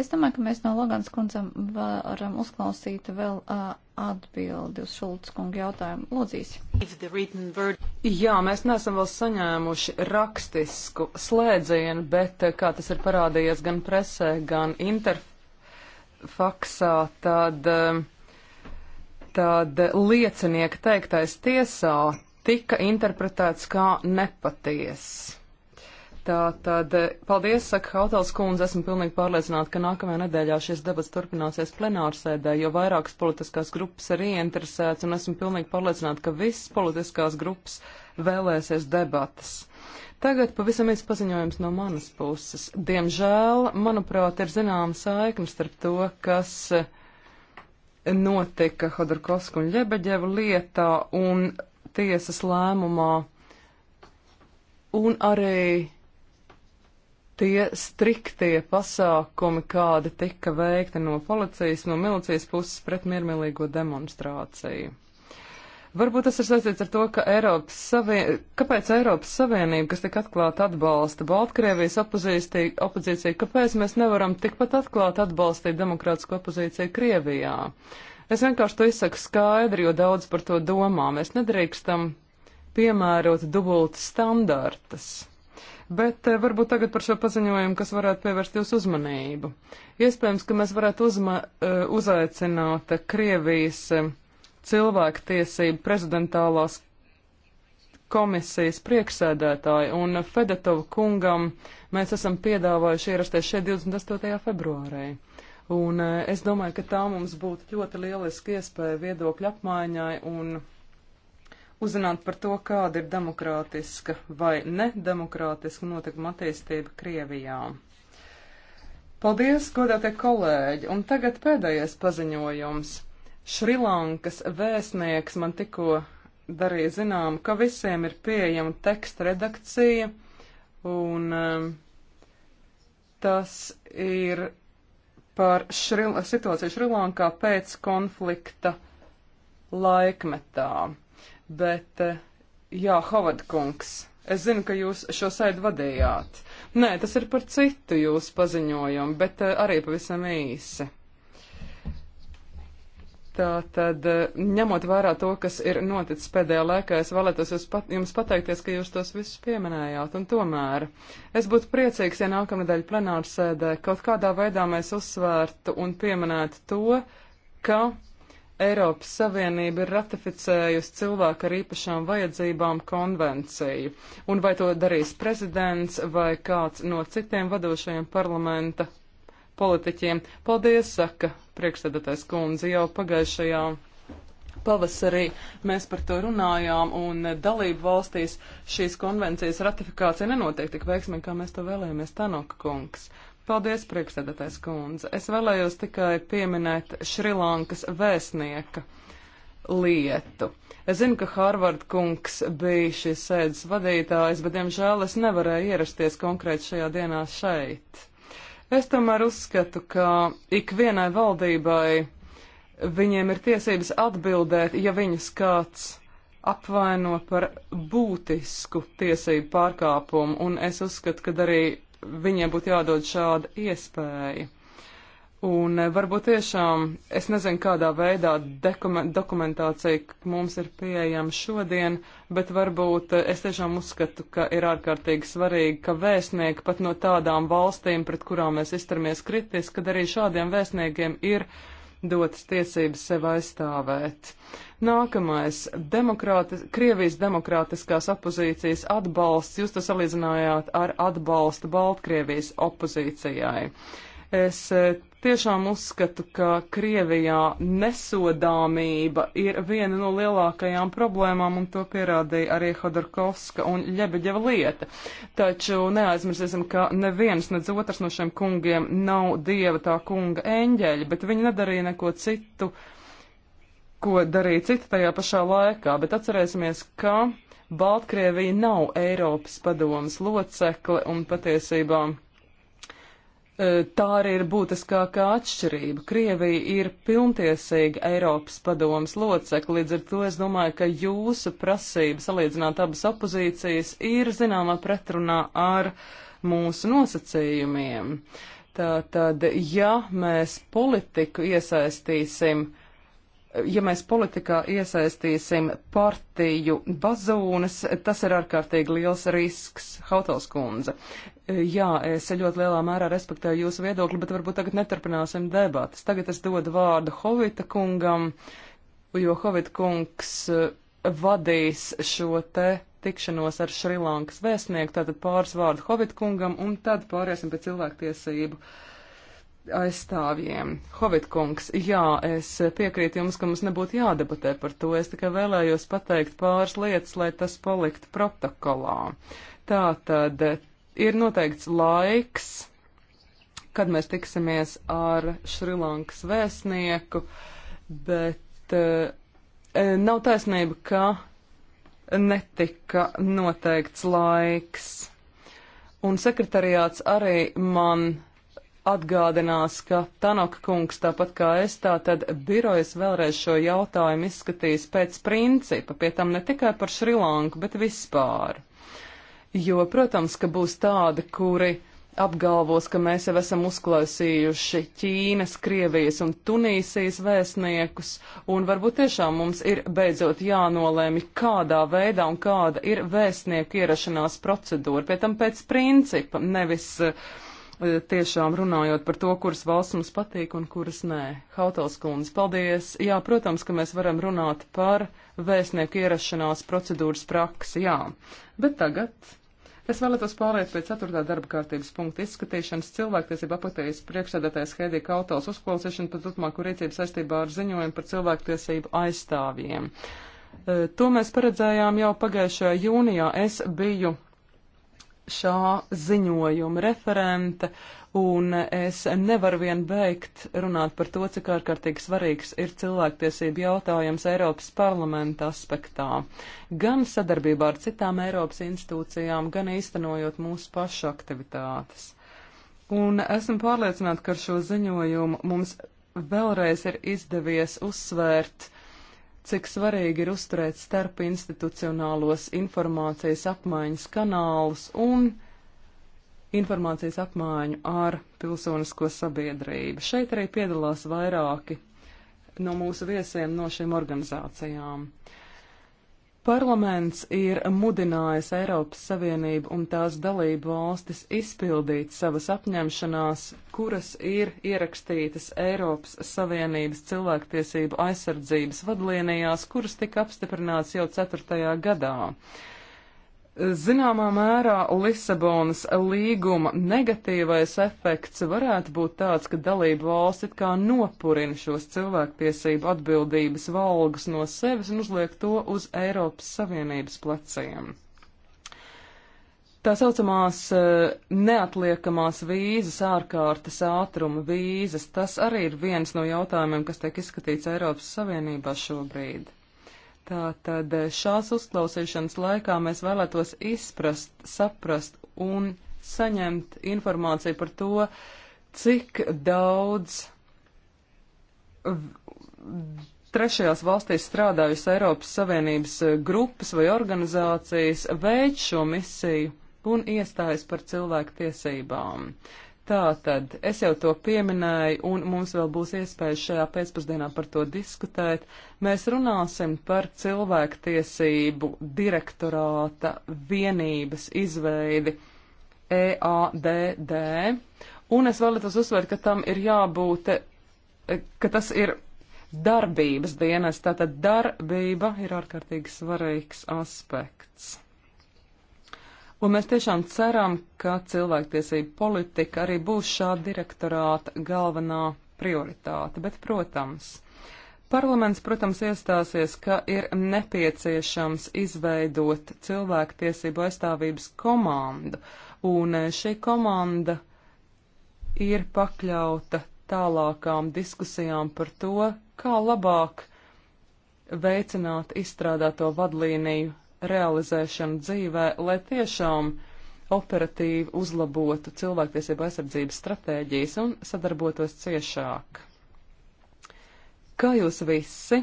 Es domāju, ka mēs no Logans kundzam varam uzklausīt vēl uh, atbildi uz Šulc kunga jautājumu. Lūdzīs. Jā, mēs neesam vēl saņēmuši rakstisku slēdzienu, bet kā tas ir parādījies gan presē, gan interfaksā, tad, tad liecinieka teiktais tiesā tika interpretēts kā nepaties. Tā tad, paldies, saka Hautels kundze, esmu pilnīgi pārliecināta, ka nākamajā nedēļā šis debats turpināsies plenārsēdē, jo vairākas politiskās grupas ir ieinteresēts, un esmu pilnīgi pārliecināta, ka visas politiskās grupas vēlēsies debatas. Tagad pavisam īsts paziņojums no manas puses. Diemžēl, manuprāt, ir zināma saikne starp to, kas eh, notika Hodorkovsku un Ļebeģevu lietā un tiesas lēmumā, un arī tie striktie pasākumi, kādi tika veikti no policijas, no milicijas puses pret miermīlīgo demonstrāciju. Varbūt tas ir saistīts ar to, ka Eiropas Savien... kāpēc Eiropas Savienība, kas tik atklāti atbalsta Baltkrievijas opozīciju, kāpēc mēs nevaram tikpat atklāti atbalstīt demokrātisko opozīciju Krievijā? Es vienkārši to izsaku skaidri, jo daudz par to domā. Mēs nedrīkstam piemērot dubultas standartas. Bet eh, varbūt tagad par šo paziņojumu, kas varētu pievērst jūsu uzmanību. Iespējams, ka mēs varētu uzma, eh, uzaicināt Krievijas eh, cilvēktiesību prezidentālās komisijas prieksēdētāju un Fedetovu kungam mēs esam piedāvājuši ierasties šeit 28. februārī. Un es domāju, ka tā mums būtu ļoti lieliski iespēja viedokļu apmaiņai un uzzināt par to, kāda ir demokrātiska vai nedemokrātiska notikuma attīstība Krievijā. Paldies, godātie kolēģi! Un tagad pēdējais paziņojums. Šrilankas vēstnieks man tikko darīja zinām, ka visiem ir pieejama teksta redakcija, un um, tas ir par šril, situāciju Šrilankā pēc konflikta laikmetā bet eh, jā, Havadkungs, es zinu, ka jūs šo sēdi vadījāt. Nē, tas ir par citu jūsu paziņojumu, bet eh, arī pavisam īsi. Tā tad, eh, ņemot vērā to, kas ir noticis pēdējā laikā, es vēlētos jūs pat, jums pateikties, ka jūs tos visus pieminējāt, un tomēr es būtu priecīgs, ja nākamnedēļ plenārsēdē kaut kādā veidā mēs uzsvērtu un pieminētu to, ka Eiropas Savienība ir ratificējusi cilvēku ar īpašām vajadzībām konvenciju, un vai to darīs prezidents vai kāds no citiem vadošajiem parlamenta politiķiem. Paldies, saka priekšstādātais kundze, jau pagājušajā pavasarī mēs par to runājām, un dalību valstīs šīs konvencijas ratifikācija nenotiek tik veiksmīgi, kā mēs to vēlējāmies, Tanoka kungs. Paldies, priekšsēdētājs kundze. Es vēlējos tikai pieminēt Šrilankas vēstnieka lietu. Es zinu, ka Harvard kungs bija šis sēdes vadītājs, bet, diemžēl, es nevarēju ierasties konkrēti šajā dienā šeit. Es tomēr uzskatu, ka ikvienai valdībai viņiem ir tiesības atbildēt, ja viņus kāds apvaino par būtisku tiesību pārkāpumu, un es uzskatu, ka arī viņiem būtu jādod šāda iespēja. Un eh, varbūt tiešām es nezinu, kādā veidā dokumentācija mums ir pieejama šodien, bet varbūt eh, es tiešām uzskatu, ka ir ārkārtīgi svarīgi, ka vēstnieki pat no tādām valstīm, pret kurām mēs izturamies kritiski, kad arī šādiem vēstniekiem ir dotas tiesības sev aizstāvēt. Nākamais demokrātis, - Krievijas demokrātiskās opozīcijas atbalsts. Jūs to salīdzinājāt ar atbalstu Baltkrievijas opozīcijai. Es eh, tiešām uzskatu, ka Krievijā nesodāmība ir viena no lielākajām problēmām, un to pierādīja arī Hodorkovska un Ļebeģeva lieta. Taču neaizmirsīsim, ka neviens, nedz otrs no šiem kungiem nav dieva tā kunga eņģeļi, bet viņi nedarīja neko citu, ko darīja citi tajā pašā laikā. Bet atcerēsimies, ka Baltkrievija nav Eiropas padomas locekle un patiesībā. E, tā arī ir būtiskākā atšķirība. Krievija ir pilntiesīga Eiropas padomas locekla, līdz ar to es domāju, ka jūsu prasība salīdzināt abas opozīcijas ir zināmā pretrunā ar mūsu nosacījumiem. Tātad, ja mēs politiku iesaistīsim ja mēs politikā iesaistīsim partiju bazūnes, tas ir ārkārtīgi liels risks, Hautals kundze. Jā, es ļoti lielā mērā respektēju jūsu viedokli, bet varbūt tagad neturpināsim debatas. Tagad es dodu vārdu Hovita kungam, jo Hovita kungs eh, vadīs šo te tikšanos ar Šrilankas vēstnieku, tātad pāris vārdu Hovita kungam, un tad pāriesim pie cilvēktiesību. Uh, aizstāvjiem. Hovitkungs, jā, es piekrītu jums, ka mums nebūtu jādebatē par to. Es tikai vēlējos pateikt pāris lietas, lai tas paliktu protokolā. Tā tad ir noteikts laiks, kad mēs tiksimies ar Šrilankas vēstnieku, bet eh, nav taisnība, ka netika noteikts laiks. Un sekretariāts arī man atgādinās, ka Tanaka kungs, tāpat kā es, tātad birojas vēlreiz šo jautājumu izskatīs pēc principa, pie tam ne tikai par Šrilanku, bet vispār. Jo, protams, ka būs tādi, kuri apgalvos, ka mēs jau esam uzklausījuši Ķīnas, Krievijas un Tunīsijas vēstniekus, un varbūt tiešām mums ir beidzot jānolēmi, kādā veidā un kāda ir vēstnieku ierašanās procedūra, pie tam pēc principa, nevis uh, Eh, tiešām runājot par to, kuras valsts mums patīk un kuras nē. Hautals kundze, paldies! Jā, protams, ka mēs varam runāt par vēstnieku ierašanās procedūras praksi, jā. Bet tagad es vēlētos pāriet pie 4. darba kārtības punkta izskatīšanas cilvēktiesību apatējas priekšsēdētājs Heidija Kautals uzklausīšanu par turpmāku rīcību saistībā ar ziņojumu par cilvēktiesību aizstāvjiem. Eh, to mēs paredzējām jau pagājušajā jūnijā. Es biju šā ziņojuma referente, un es nevaru vien beigt runāt par to, cik ārkārtīgi svarīgs ir cilvēktiesību jautājums Eiropas parlamenta aspektā. Gan sadarbībā ar citām Eiropas institūcijām, gan īstenojot mūsu pašu aktivitātes. Un esmu pārliecināta, ka ar šo ziņojumu mums vēlreiz ir izdevies uzsvērt cik svarīgi ir uzturēt starp institucionālos informācijas apmaiņas kanālus un informācijas apmaiņu ar pilsonisko sabiedrību. Šeit arī piedalās vairāki no mūsu viesiem no šīm organizācijām. Uh, Parlaments ir mudinājis Eiropas Savienību un tās dalību valstis izpildīt savas apņemšanās, kuras ir ierakstītas Eiropas Savienības cilvēktiesību aizsardzības vadlīnijās, kuras tika apstiprināts jau 4. gadā. Zināmā mērā Lisabonas līguma negatīvais efekts varētu būt tāds, ka dalību valsts it kā nopurina šos cilvēktiesību atbildības valgus no sevis un uzliek to uz Eiropas Savienības pleciem. Tā saucamās eh, neatliekamās vīzas, ārkārtas ātruma vīzas, tas arī ir viens no jautājumiem, kas tiek izskatīts Eiropas Savienībā šobrīd. Tātad šās uzklausīšanas laikā mēs vēlētos izprast, saprast un saņemt informāciju par to, cik daudz trešajās valstīs strādājusi Eiropas Savienības grupas vai organizācijas veids šo misiju un iestājas par cilvēku tiesībām. Tātad, es jau to pieminēju, un mums vēl būs iespēja šajā pēcpusdienā par to diskutēt. Mēs runāsim par cilvēktiesību direktorāta vienības izveidi EADD, un es vēlētos uzsvērt, ka tam ir jābūt, e, ka tas ir darbības dienas, tātad darbība ir ārkārtīgi svarīgs aspekts. Un mēs tiešām ceram, ka cilvēktiesība politika arī būs šā direktorāta galvenā prioritāte. Bet, protams, parlaments, protams, iestāsies, ka ir nepieciešams izveidot cilvēktiesību aizstāvības komandu. Un eh, šī komanda ir pakļauta tālākām diskusijām par to, kā labāk veicināt izstrādāto vadlīniju realizēšanu dzīvē, lai tiešām operatīvi uzlabotu cilvēktiesību aizsardzības stratēģijas un sadarbotos ciešāk. Kā jūs visi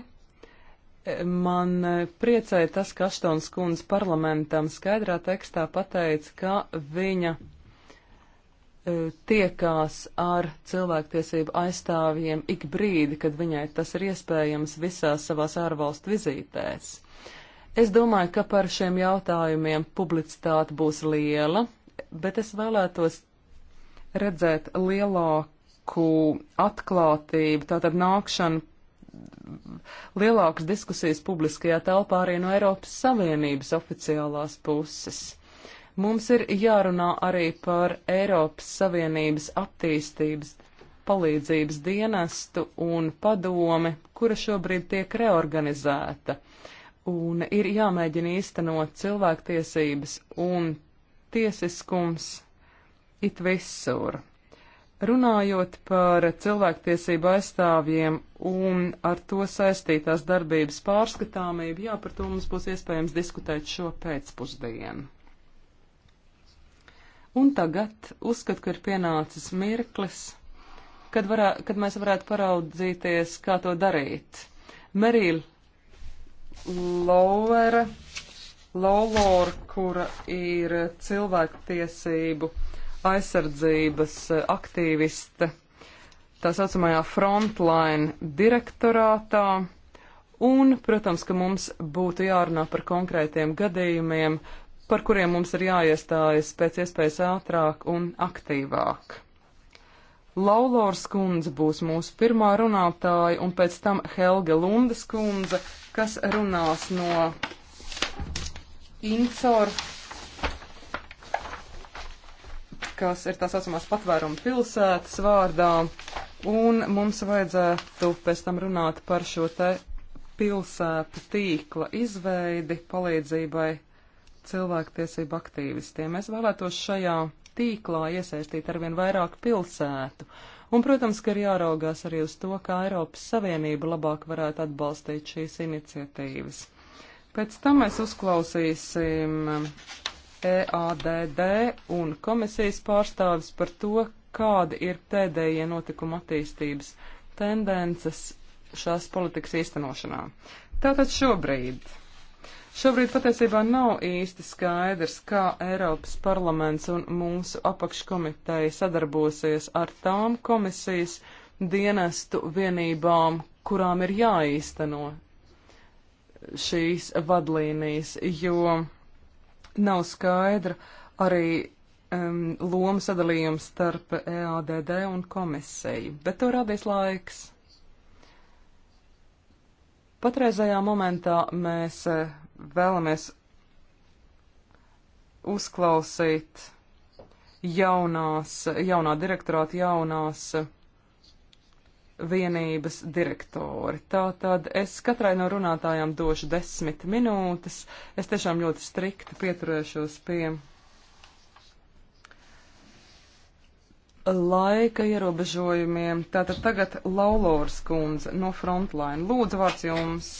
Man priecēja tas, ka Aštons kundze parlamentam skaidrā tekstā pateica, ka viņa e, tiekās ar cilvēktiesību aizstāvjiem ik brīdi, kad viņai tas ir iespējams visās savās ārvalstu vizītēs. Es domāju, ka par šiem jautājumiem publicitāte būs liela, bet es vēlētos redzēt lielāku atklātību, tātad nākšanu lielākas diskusijas publiskajā telpā arī no Eiropas Savienības oficiālās puses. Mums ir jārunā arī par Eiropas Savienības attīstības palīdzības dienestu un padomi, kura šobrīd tiek reorganizēta. Uh, un ir jāmēģina īstenot cilvēktiesības un tiesiskums it visur. Runājot par cilvēktiesību aizstāvjiem un ar to saistītās darbības pārskatāmību, jā, par to mums būs iespējams diskutēt šo pēcpusdienu. Un tagad uzskat, ka ir pienācis mirklis, kad, varā, kad mēs varētu paraudzīties, kā to darīt. Merīl, Lauvera, Laulora, kura ir cilvēktiesību aizsardzības eh, aktīviste tā saucamajā frontline direktorātā. Un, protams, ka mums būtu jārunā par konkrētiem gadījumiem, par kuriem mums ir jāiestājas pēc iespējas ātrāk un aktīvāk. Laulors kundze būs mūsu pirmā runātāja, un pēc tam Helga Lundes kundze, kas runās no Incor, kas ir tā saucamās patvēruma pilsētas vārdā, un mums vajadzētu pēc tam runāt par šo te pilsētu tīkla izveidi palīdzībai cilvēktiesību aktīvistiem. Es vēlētos šajā tīklā iesaistīt arvien vairāk pilsētu. Un, protams, ka ir jāraugās arī uz to, kā Eiropas Savienība labāk varētu atbalstīt šīs iniciatīvas. Pēc tam mēs uzklausīsim um, EADD un komisijas pārstāvis par to, kādi ir pēdējie notikuma attīstības tendences šās politikas īstenošanā. Tātad šobrīd Šobrīd patiesībā nav īsti skaidrs, kā Eiropas parlaments un mūsu apakškomiteja sadarbosies ar tām komisijas dienestu vienībām, kurām ir jāīsteno šīs vadlīnijas, jo nav skaidra arī um, loma sadalījums starp EADD un komisiju, bet to radīs laiks. Patreizajā momentā mēs vēlamies uzklausīt jaunās, jaunā direktorāta jaunās vienības direktori. Tātad es katrai no runātājām došu desmit minūtes. Es tiešām ļoti strikti pieturēšos pie laika ierobežojumiem. Tātad tagad Laulors kundze no Frontline. Lūdzu, vārds jums!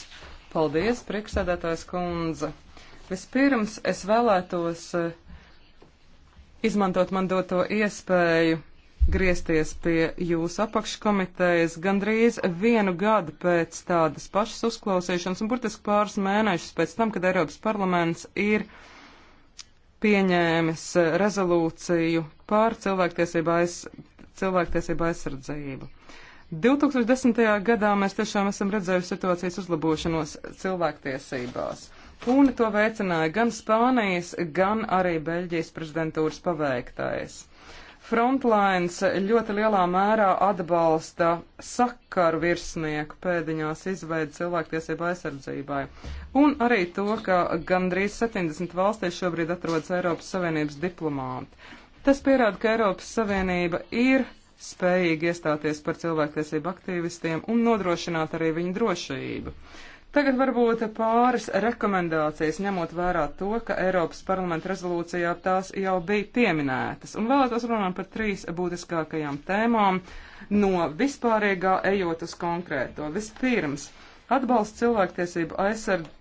Paldies, priekšsēdētājs kundze. Vispirms es vēlētos eh, izmantot man doto iespēju griezties pie jūsu apakškomitejas gandrīz vienu gadu pēc tādas pašas uzklausīšanas un burtiski pāris mēnešus pēc tam, kad Eiropas parlaments ir pieņēmis eh, rezolūciju par cilvēktiesību, aiz, cilvēktiesību aizsardzību. 2010. gadā mēs tiešām esam redzējuši situācijas uzlabošanos cilvēktiesībās. Un to veicināja gan Spānijas, gan arī Beļģijas prezidentūras paveiktais. Frontlines ļoti lielā mērā atbalsta sakaru virsnieku pēdiņās izveidu cilvēktiesību aizsardzībai. Un arī to, ka gandrīz 70 valstīs šobrīd atrodas Eiropas Savienības diplomāti. Tas pierāda, ka Eiropas Savienība ir spējīgi iestāties par cilvēktiesību aktīvistiem un nodrošināt arī viņu drošību. Tagad varbūt pāris rekomendācijas, ņemot vērā to, ka Eiropas parlamenta rezolūcijā tās jau bija pieminētas, un vēlētos runāt par trīs būtiskākajām tēmām no vispārīgā ejot uz konkrēto. Vispirms, atbalsts cilvēktiesību aizsardz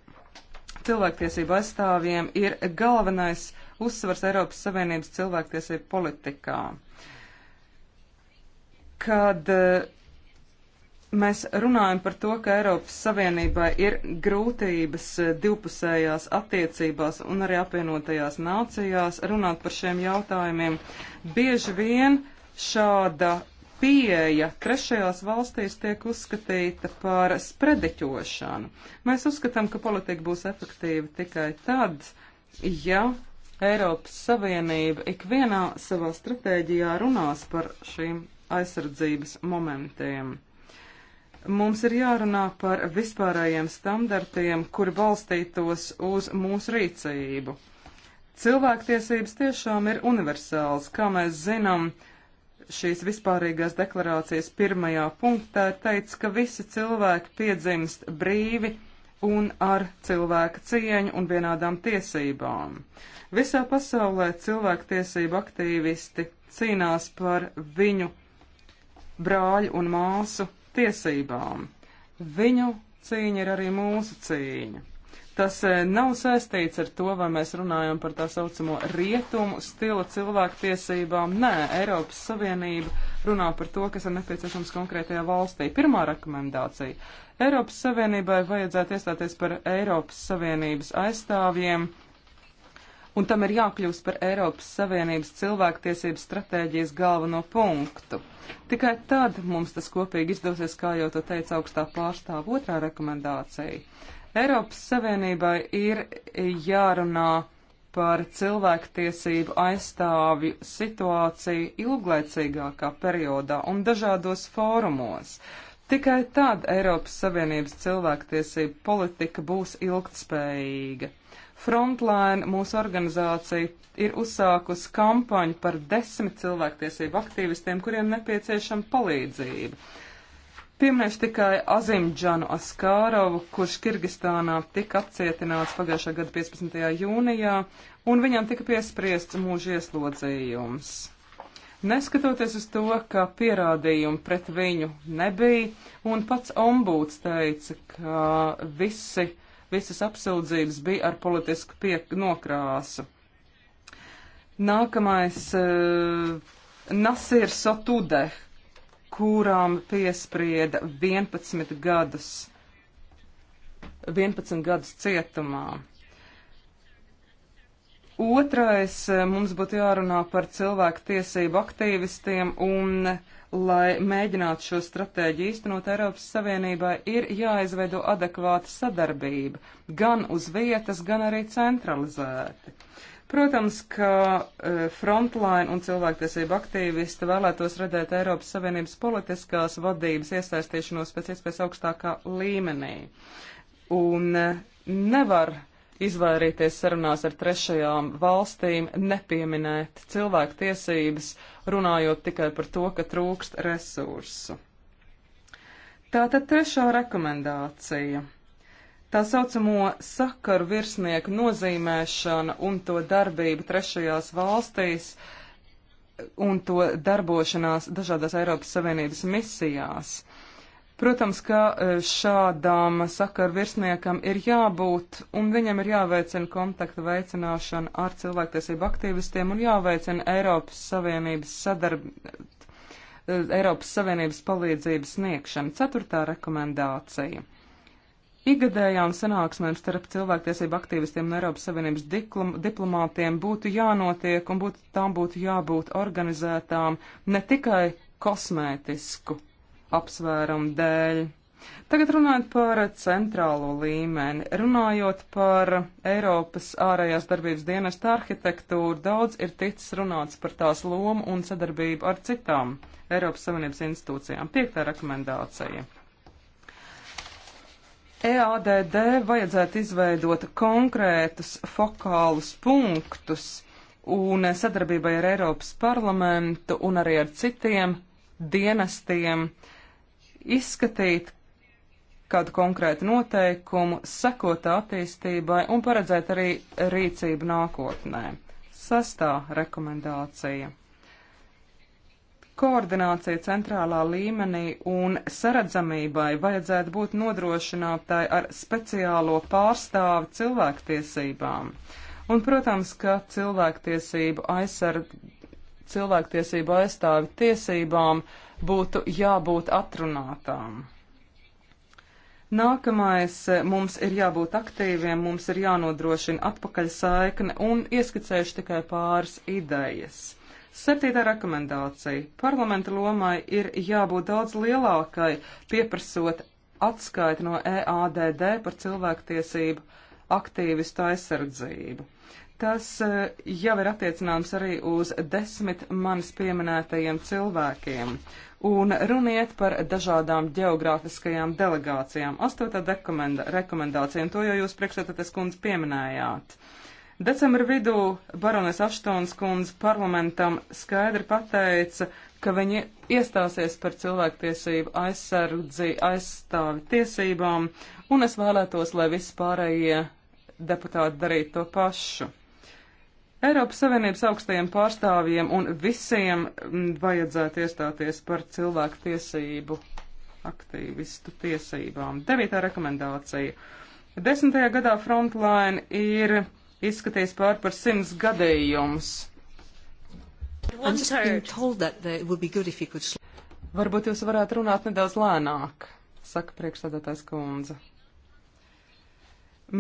cilvēktiesību aizstāvjiem ir galvenais uzsvars Eiropas Savienības cilvēktiesību politikā. Uh, kad eh, mēs runājam par to, ka Eiropas Savienībai ir grūtības eh, divpusējās attiecībās un arī apvienotajās nācijās runāt par šiem jautājumiem, bieži vien šāda pieeja trešajās valstīs tiek uzskatīta par sprediķošanu. Mēs uzskatām, ka politika būs efektīva tikai tad, ja Eiropas Savienība ikvienā savā stratēģijā runās par šīm aizsardzības momentiem. Mums ir jārunā par vispārējiem standartiem, kuri balstītos uz mūsu rīcību. Cilvēktiesības tiešām ir universāls, kā mēs zinām, šīs vispārīgās deklarācijas pirmajā punktā teica, ka visi cilvēki piedzimst brīvi un ar cilvēka cieņu un vienādām tiesībām. Visā pasaulē cilvēktiesību aktīvisti cīnās par viņu brāļu un māsu tiesībām. Viņu cīņa ir arī mūsu cīņa. Tas eh, nav saistīts ar to, vai mēs runājam par tā saucamo rietumu stila cilvēktiesībām. Nē, Eiropas Savienība runā par to, kas ir nepieciešams konkrētajā valstī. Pirmā rekomendācija. Eiropas Savienībai vajadzētu iestāties par Eiropas Savienības aizstāvjiem uh, un tam ir jākļūst par Eiropas Savienības cilvēktiesības stratēģijas galveno punktu. Tikai tad mums tas kopīgi izdosies, kā jau to teica augstā pārstāva otrā rekomendācija. Eiropas Savienībai ir jārunā par cilvēktiesību aizstāvju situāciju ilglaicīgākā periodā un dažādos fórumos. Tikai tad Eiropas Savienības cilvēktiesība politika būs ilgtspējīga. Frontline, mūsu organizācija, ir uzsākusi kampaņu par desmit cilvēktiesību aktīvistiem, kuriem nepieciešama palīdzība. Pieminēšu tikai Azimģanu Askārovu, kurš Kirgistānā tika apcietināts pagājušā gada 15. jūnijā, un viņam tika piespriests mūža ieslodzījums. Neskatoties uz to, ka pierādījumu pret viņu nebija, un pats ombuds teica, ka visi uh, visas apsūdzības bija ar politisku piek nokrāsu. Nākamais uh, Nasir Sotudeh, kurām piesprieda 11 gadus, 11 gadus cietumā. Otrais eh, mums būtu jārunā par cilvēku tiesību aktīvistiem un uh, lai mēģinātu šo stratēģiju īstenot Eiropas Savienībā, ir jāizveido adekvāta sadarbība gan uz vietas, gan arī centralizēti. Protams, ka e, frontline un cilvēktiesība aktīvisti vēlētos redzēt Eiropas Savienības politiskās vadības iesaistīšanos pēc iespējas augstākā līmenī. Un e, nevar uh, izvairīties sarunās ar trešajām valstīm, nepieminēt cilvēku tiesības, runājot tikai par to, ka trūkst resursu. Tātad trešā rekomendācija. Tā saucamo sakaru virsnieku nozīmēšana un to darbību trešajās valstīs un to darbošanās dažādās Eiropas Savienības misijās. Protams, ka e, šādām sakaru virsniekam ir jābūt un viņam ir jāveicina kontaktu veicināšana ar cilvēktiesību aktīvistiem un jāveicina Eiropas Savienības sadarb... E, Eiropas Savienības palīdzības sniegšana. Ceturtā rekomendācija. Igadējām sanāksmēm starp cilvēktiesību aktīvistiem un Eiropas Savienības diklum, diplomātiem būtu jānotiek un būtu, tām būtu jābūt organizētām ne tikai kosmētisku apsvērumu dēļ. Tagad runājot par centrālo līmeni, runājot par Eiropas ārējās darbības dienesta arhitektūru, daudz ir ticis runāts par tās lomu un sadarbību ar citām Eiropas Savienības institūcijām. Piektā rekomendācija. EADD vajadzētu izveidot konkrētus fokālus punktus un sadarbībai ar Eiropas parlamentu un arī ar citiem dienestiem uh, izskatīt kādu konkrētu noteikumu, sekot attīstībai un paredzēt arī rīcību nākotnē. Sestā rekomendācija. Koordinācija centrālā līmenī un saredzamībai vajadzētu būt nodrošinātāji ar speciālo pārstāvi cilvēktiesībām. Un, protams, ka cilvēktiesību aizsardz cilvēktiesību aizstāvi tiesībām uh, būtu jābūt atrunātām. Nākamais eh, mums ir jābūt aktīviem, mums ir jānodrošina atpakaļ saikne un ieskicējuši tikai pāris idejas. Septītā rekomendācija. Parlamenta lomai ir jābūt daudz lielākai, pieprasot atskaiti no EADD par cilvēktiesību aktīvistu aizsardzību. Tas eh, jau ir attiecināms arī uz desmit manis pieminētajiem cilvēkiem. Un runiet par dažādām geogrāfiskajām delegācijām. Astotā rekomendācija, un to jau jūs priekšsētātes kundze pieminējāt. Decembra vidū baronis Aštons kundze parlamentam skaidri pateica, ka viņi iestāsies par cilvēktiesību aizsardzi, aizstāvi tiesībām, un es vēlētos, lai visi pārējie deputāti darītu to pašu. Eiropas Savienības augstajiem pārstāvjiem un visiem mm, vajadzētu iestāties par cilvēku tiesību aktīvistu tiesībām. Devītā rekomendācija. Desmitajā gadā Frontline ir izskatījis pār par simts gadījumus. Varbūt jūs varētu runāt nedaudz lēnāk, saka priekšstādātājs kundze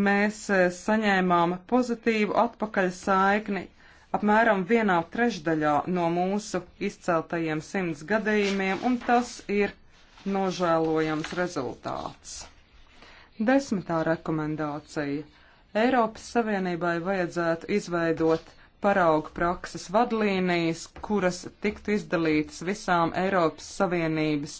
mēs e, saņēmām pozitīvu atpakaļ saikni apmēram vienā trešdaļā no mūsu izceltajiem simts gadījumiem, un tas ir nožēlojams rezultāts. Desmitā rekomendācija. Eiropas Savienībai vajadzētu izveidot paraugu prakses vadlīnijas, kuras tiktu izdalītas visām Eiropas Savienības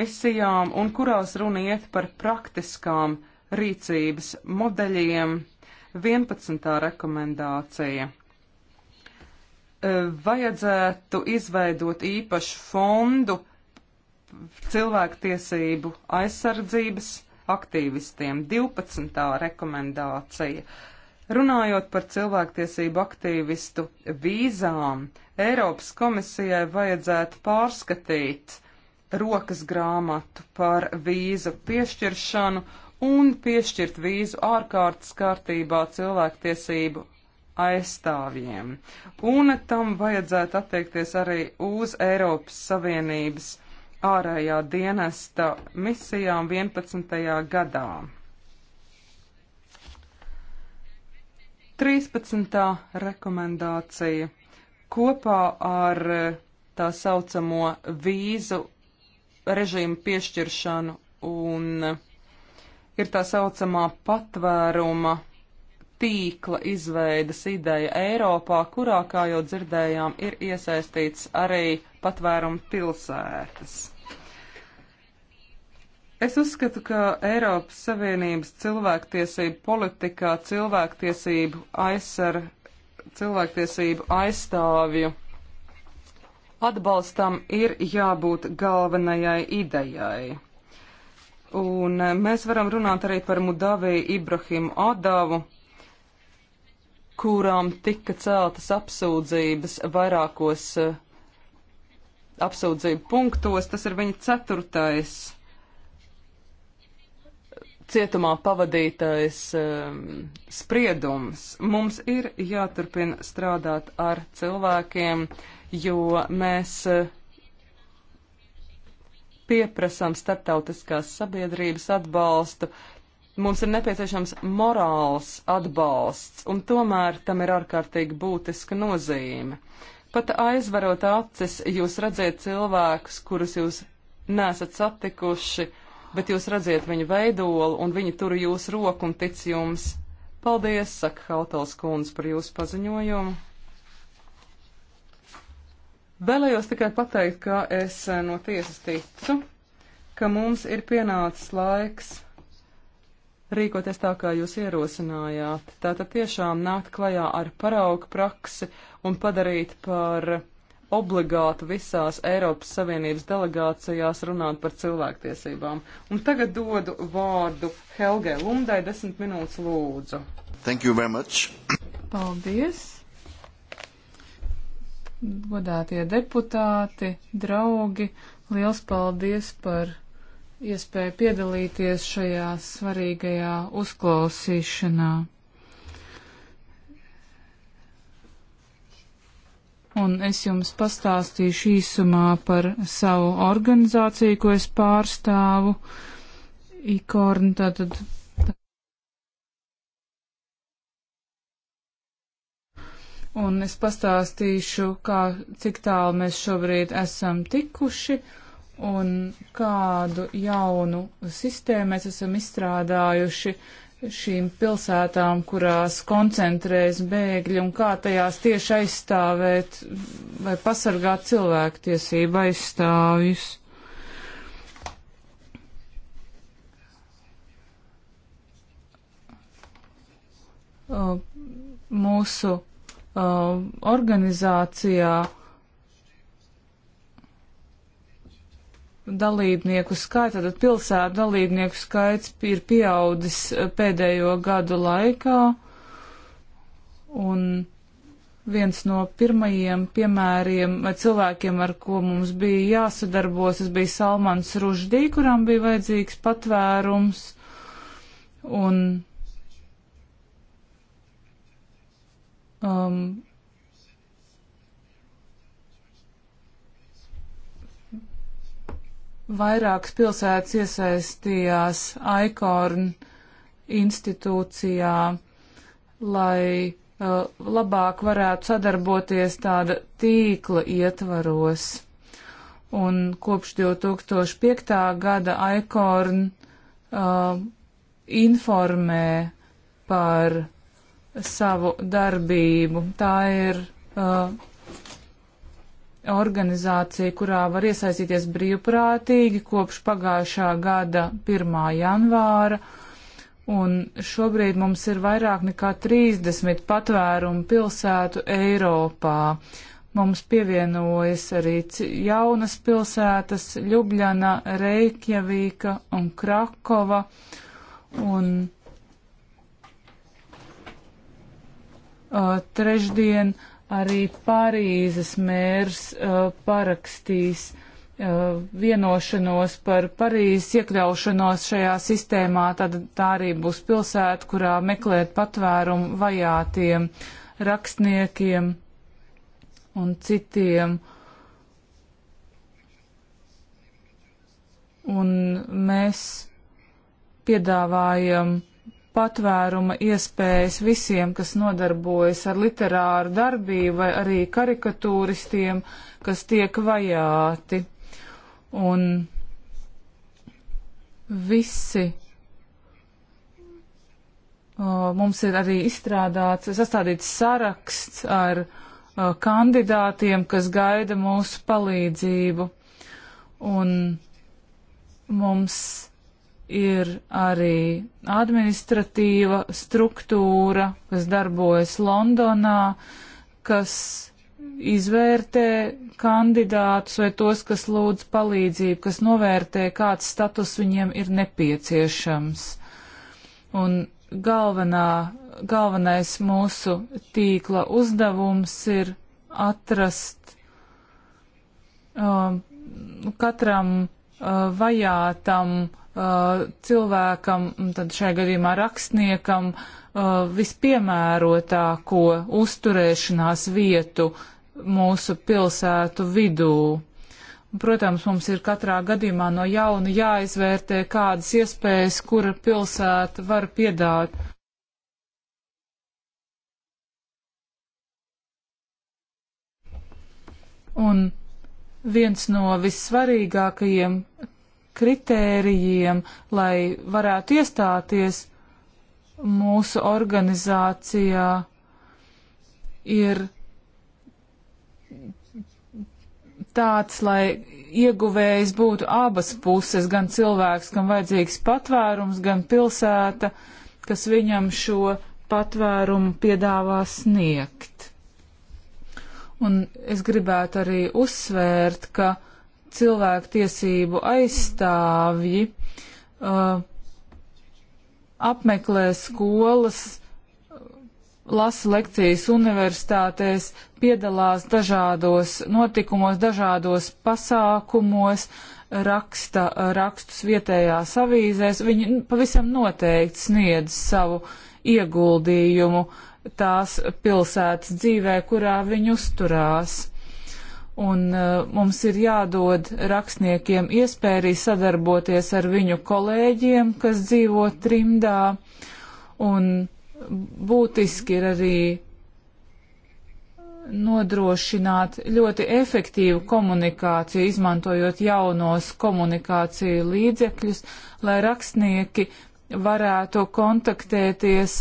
misijām un kurās runa iet par praktiskām rīcības modeļiem. 11. rekomendācija. E, vajadzētu izveidot īpašu fondu cilvēktiesību aizsardzības aktīvistiem. 12. rekomendācija. Runājot par cilvēktiesību aktīvistu vīzām, Eiropas komisijai vajadzētu pārskatīt rokas grāmatu par vīzu piešķiršanu un piešķirt vīzu ārkārtas kārtībā cilvēktiesību aizstāvjiem. Un tam vajadzētu attiekties arī uz Eiropas Savienības ārējā dienesta misijām 11. gadā. 13. rekomendācija kopā ar tā saucamo vīzu režīmu piešķiršanu un ir tā saucamā patvēruma tīkla izveidas ideja Eiropā, kurā, kā jau dzirdējām, ir iesaistīts arī patvērumu pilsētas. Es uzskatu, ka Eiropas Savienības cilvēktiesību politikā cilvēktiesību aizsar, cilvēktiesību aizstāvju atbalstam ir jābūt galvenajai idejai. Un eh, mēs varam runāt arī par Mudaviju Ibrahimu Adavu, kurām tika celtas apsūdzības vairākos eh, apsūdzību punktos. Tas ir viņa ceturtais eh, cietumā pavadītais um, spriedums. Mums ir jāturpina strādāt ar cilvēkiem, jo mēs uh, pieprasām starptautiskās sabiedrības atbalstu, mums ir nepieciešams morāls atbalsts, un tomēr tam ir ārkārtīgi būtiska nozīme. Pat aizvarot acis, jūs redzat cilvēkus, kurus jūs nesat satikuši, bet jūs redzat viņu veidolu, un viņi tur jūs roku un tic jums. Paldies, saka Hautals kundze, par jūsu paziņojumu. Vēlējos tikai pateikt, ka es eh, no tiesas ticu, ka mums ir pienācis laiks rīkoties tā, kā jūs ierosinājāt. Tātad tiešām nākt klajā ar paraugu praksi un padarīt par obligātu visās Eiropas Savienības delegācijās runāt par cilvēktiesībām. Un tagad dodu vārdu Helgai Lundai, desmit minūtes lūdzu. Thank you very much. Paldies godātie deputāti, draugi, liels paldies par iespēju piedalīties šajā svarīgajā uzklausīšanā. Un es jums pastāstīšu īsumā par savu organizāciju, ko es pārstāvu. IKORN, tātad un es pastāstīšu, kā, cik tālu mēs šobrīd esam tikuši un kādu jaunu sistēmu mēs esam izstrādājuši šīm pilsētām, kurās koncentrējas bēgļi un kā tajās tieši aizstāvēt vai pasargāt cilvēktiesību aizstāvjus. Mūsu uh, organizācijā dalībnieku skaits, tad pilsētu dalībnieku skaits ir pieaudzis uh, pēdējo gadu laikā. Un viens no pirmajiem piemēriem vai cilvēkiem, ar ko mums bija jāsadarbos, tas bija Salmans Ruždī, kuram bija vajadzīgs patvērums. Un um, vairākas pilsētas iesaistījās ICORN institūcijā, lai uh, labāk varētu sadarboties tāda tīkla ietvaros. Un kopš 2005. gada ICORN uh, informē par savu darbību. Tā ir uh, organizācija, kurā var iesaistīties brīvprātīgi kopš pagājušā gada 1. janvāra. Un šobrīd mums ir vairāk nekā 30 patvērumu pilsētu Eiropā. Mums pievienojas arī jaunas pilsētas Ljubljana, Reikjavīka un Krakova. Un Uh, trešdien arī Parīzes mērs uh, parakstīs uh, vienošanos par Parīzes iekļaušanos šajā sistēmā, tad tā arī būs pilsēta, kurā meklēt patvērumu vajātiem, rakstniekiem un citiem. Un mēs piedāvājam patvēruma iespējas visiem, kas nodarbojas ar literāru darbību vai arī karikatūristiem, kas tiek vajāti. Un visi uh, mums ir arī izstrādāts, sastādīts saraksts ar uh, kandidātiem, kas gaida mūsu palīdzību. Un mums ir arī administratīva struktūra, kas darbojas Londonā, kas izvērtē kandidātus vai tos, kas lūdz palīdzību, kas novērtē, kāds status viņiem ir nepieciešams. Un galvenā, galvenais mūsu tīkla uzdevums ir atrast um, katram uh, vajātam uh, Uh, cilvēkam, tad šajā gadījumā rakstniekam, uh, vispiemērotāko uzturēšanās vietu mūsu pilsētu vidū. Protams, mums ir katrā gadījumā no jauna jāizvērtē, kādas iespējas kura pilsēta var piedāvāt. Un viens no vissvarīgākajiem kritērijiem, lai varētu iestāties mūsu organizācijā, ir tāds, lai ieguvējs būtu abas puses, gan cilvēks, kam vajadzīgs patvērums, gan pilsēta, kas viņam šo patvērumu piedāvā sniegt. Un es gribētu arī uzsvērt, ka cilvēku tiesību aizstāvji uh, apmeklē skolas, lasa lekcijas universitātēs, piedalās dažādos notikumos, dažādos pasākumos, raksta uh, rakstus vietējās avīzēs. Viņi nu, pavisam noteikti sniedz savu ieguldījumu tās pilsētas dzīvē, kurā viņi uzturās un uh, mums ir jādod rakstniekiem iespēja arī sadarboties ar viņu kolēģiem, kas dzīvo trimdā, un būtiski ir arī nodrošināt ļoti efektīvu komunikāciju, izmantojot jaunos komunikāciju līdzekļus, lai rakstnieki varētu kontaktēties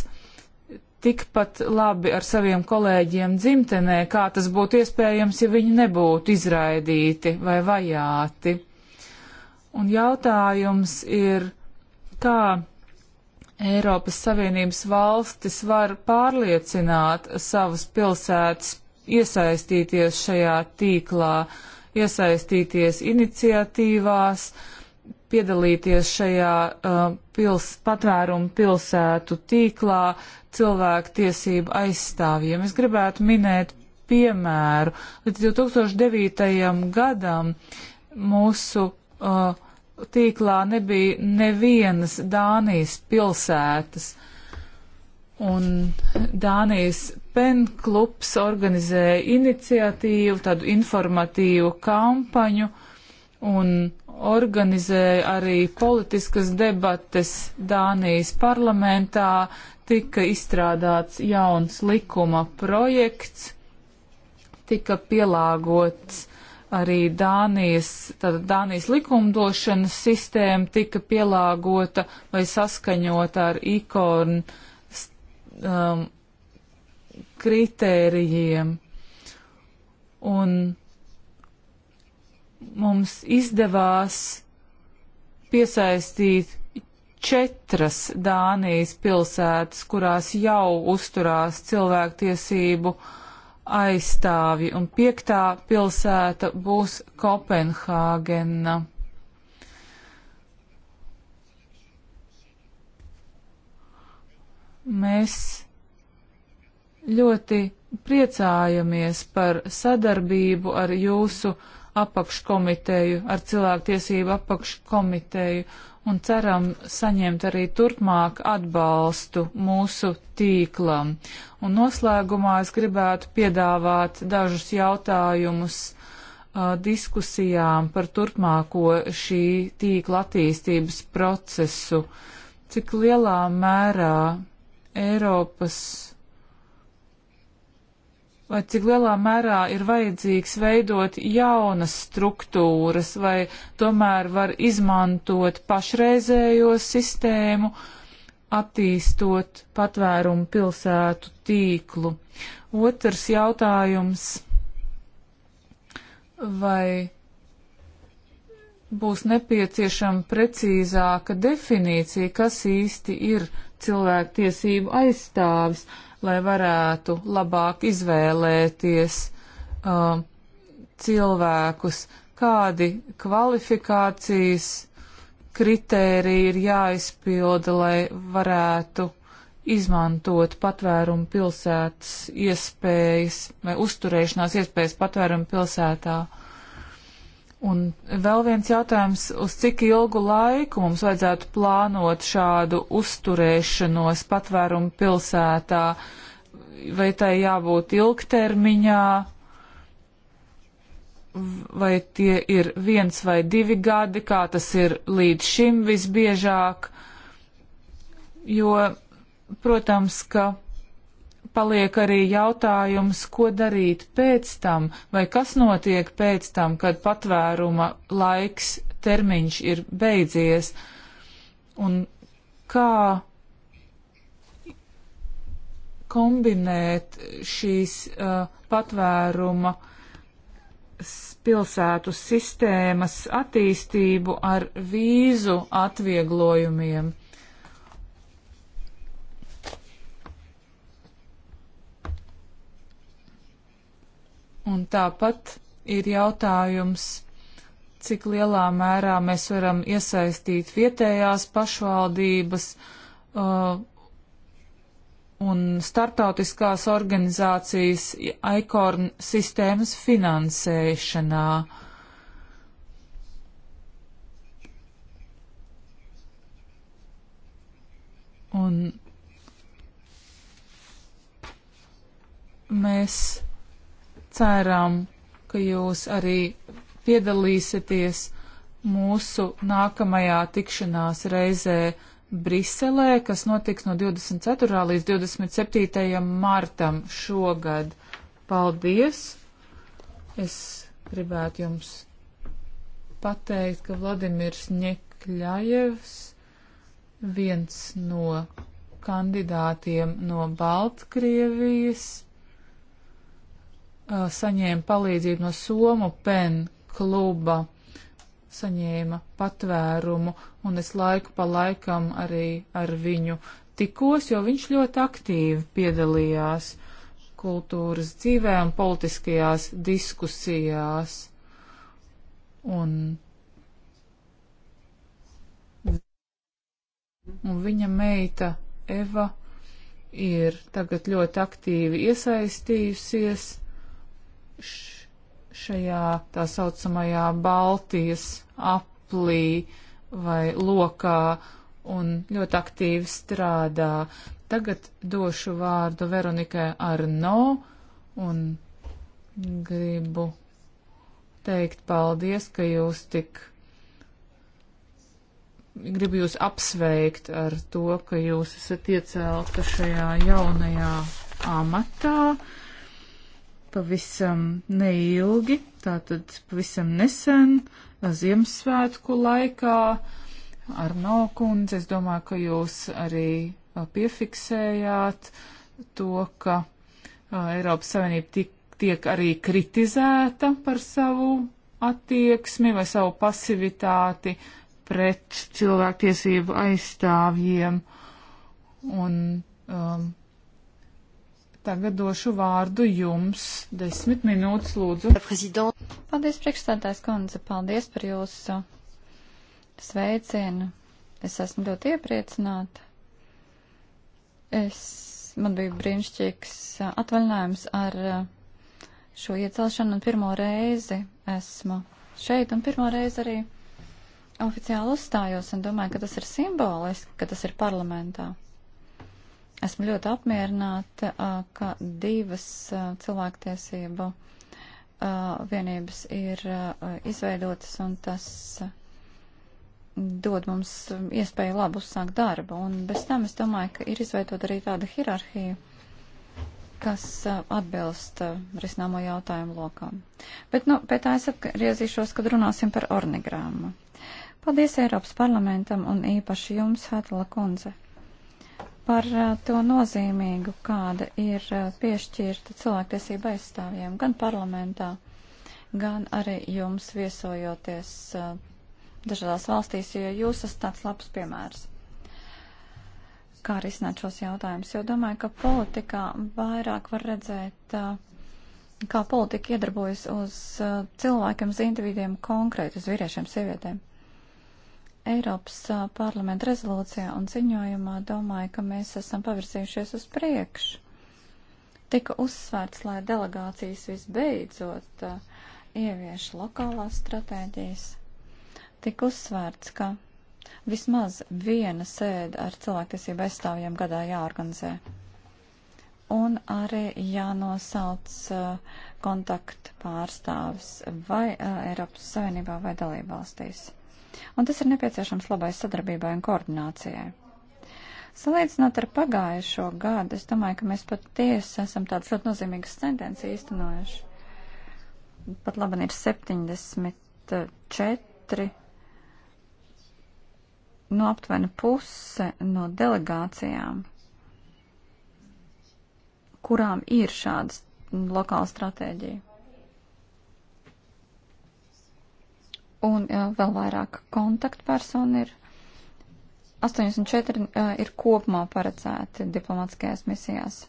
tikpat labi ar saviem kolēģiem dzimtenē, kā tas būtu iespējams, ja viņi nebūtu izraidīti vai vajāti. Un jautājums ir, kā Eiropas Savienības valstis var pārliecināt savus pilsētas iesaistīties šajā tīklā, iesaistīties iniciatīvās, uh, piedalīties šajā uh, pils, patvērumu pilsētu tīklā cilvēku tiesību aizstāvjiem. Es gribētu minēt piemēru. Līdz 2009. gadam mūsu uh, tīklā nebija nevienas Dānijas pilsētas. Un Dānijas penklubs organizēja iniciatīvu, tādu informatīvu kampaņu, un organizēja arī politiskas debates Dānijas parlamentā, tika izstrādāts jauns likuma projekts, tika pielāgots arī Dānijas, tātad Dānijas likumdošanas sistēma tika pielāgota vai saskaņota ar ikonu um, kritērijiem. Un mums izdevās piesaistīt četras Dānijas pilsētas, kurās jau uzturās cilvēktiesību aizstāvi, un piektā pilsēta būs Kopenhāgena. Mēs ļoti priecājamies par sadarbību ar jūsu uh, apakškomiteju, ar cilvēktiesību apakškomiteju un ceram saņemt arī turpmāk atbalstu mūsu tīklam. Un noslēgumā es gribētu piedāvāt dažus jautājumus uh, diskusijām par turpmāko šī tīkla attīstības procesu. Cik lielā mērā Eiropas vai cik lielā mērā ir vajadzīgs veidot jaunas struktūras, vai tomēr var izmantot pašreizējo sistēmu, attīstot patvērumu pilsētu tīklu. Otrs jautājums, vai būs nepieciešama precīzāka definīcija, kas īsti ir cilvēktiesību aizstāvis lai varētu labāk izvēlēties uh, cilvēkus, kādi kvalifikācijas kritēriji ir jāizpilda, lai varētu izmantot patvērumu pilsētas iespējas vai uzturēšanās iespējas patvērumu pilsētā. Uh, Un vēl viens jautājums, uz cik ilgu laiku mums vajadzētu plānot šādu uzturēšanos patvērumu pilsētā? Vai tai jābūt ilgtermiņā, vai tie ir viens vai divi gadi, kā tas ir līdz šim visbiežāk? Jo, protams, ka paliek arī jautājums, ko darīt pēc tam, vai kas notiek pēc tam, kad patvēruma laiks termiņš ir beidzies, un kā kombinēt šīs uh, patvēruma pilsētu sistēmas attīstību ar vīzu atvieglojumiem. Un tāpat ir jautājums, cik lielā mērā mēs varam iesaistīt vietējās pašvaldības uh, un startautiskās organizācijas ICORN sistēmas finansēšanā. Un mēs Ceram, ka jūs arī piedalīsieties mūsu nākamajā tikšanās reizē Briselē, kas notiks no 24. līdz 27. martam šogad. Paldies! Es gribētu jums pateikt, ka Vladimirs Ņekļājevs, viens no kandidātiem no Baltkrievijas, saņēma palīdzību no Somu pen kluba, saņēma patvērumu, un es laiku pa laikam arī ar viņu tikos, jo viņš ļoti aktīvi piedalījās kultūras dzīvē un politiskajās diskusijās. Un, un viņa meita Eva ir tagad ļoti aktīvi iesaistījusies šajā tā saucamajā Baltijas aplī vai lokā un ļoti aktīvi strādā. Tagad došu vārdu Veronikai Arno un gribu teikt paldies, ka jūs tik. Gribu jūs apsveikt ar to, ka jūs esat iecelta šajā jaunajā amatā pavisam neilgi, tātad pavisam nesen, Ziemassvētku laikā. Arno kundze, es domāju, ka jūs arī piefiksējāt to, ka Eiropas Savienība tik, tiek arī kritizēta par savu attieksmi vai savu pasivitāti pret cilvēktiesību aizstāvjiem. Un um, Tagad došu vārdu jums. Desmit minūtes, lūdzu. Paldies, priekšstādājs kundze. Paldies par jūsu sveicienu. Es esmu ļoti iepriecināta. Es, man bija brīnišķīgs atvaļinājums ar šo iecelšanu un pirmo reizi esmu šeit un pirmo reizi arī oficiāli uzstājos un domāju, ka tas ir simboliski, ka tas ir parlamentā. Esmu ļoti apmierināta, ka divas cilvēktiesību vienības ir izveidotas un tas dod mums iespēju labi uzsākt darbu. Un bez tam es domāju, ka ir izveidota arī tāda hierarhija, kas atbilst risināmo jautājumu lokam. Bet nu, pēc tā es atgriezīšos, kad runāsim par ornigrammu. Paldies Eiropas parlamentam un īpaši jums, Hatala kundze par to nozīmīgu, kāda ir piešķirta cilvēktiesība aizstāvjiem gan parlamentā, gan arī jums viesojoties dažādās valstīs, jo jūs esat tāds labs piemērs. Kā arī izsnāt šos jautājumus, jo domāju, ka politikā vairāk var redzēt, kā politika iedarbojas uz cilvēkiem, uz individiem konkrēti, uz vīriešiem, sievietēm. Eiropas parlamenta rezolūcijā un ziņojumā domāju, ka mēs esam pavirzījušies uz priekšu. Tika uzsvērts, lai delegācijas visbeidzot ievieš lokālās stratēģijas. Tika uzsvērts, ka vismaz viena sēde ar cilvēktiesību aizstāvjiem gadā jāorganizē. Un arī jānosauc kontaktu pārstāvis vai Eiropas Savienībā vai dalībvalstīs. Un tas ir nepieciešams labai sadarbībai un koordinācijai. Salīdzinot ar pagājušo gadu, es domāju, ka mēs patiesi esam tādas ļoti nozīmīgas tendences īstenojuši. Pat labi ir 74 no aptuveni puse no delegācijām, kurām ir šāda lokāla stratēģija. un uh, vēl vairāk kontaktpersonu ir. 84 uh, ir kopumā paredzēti diplomatiskajās misijās.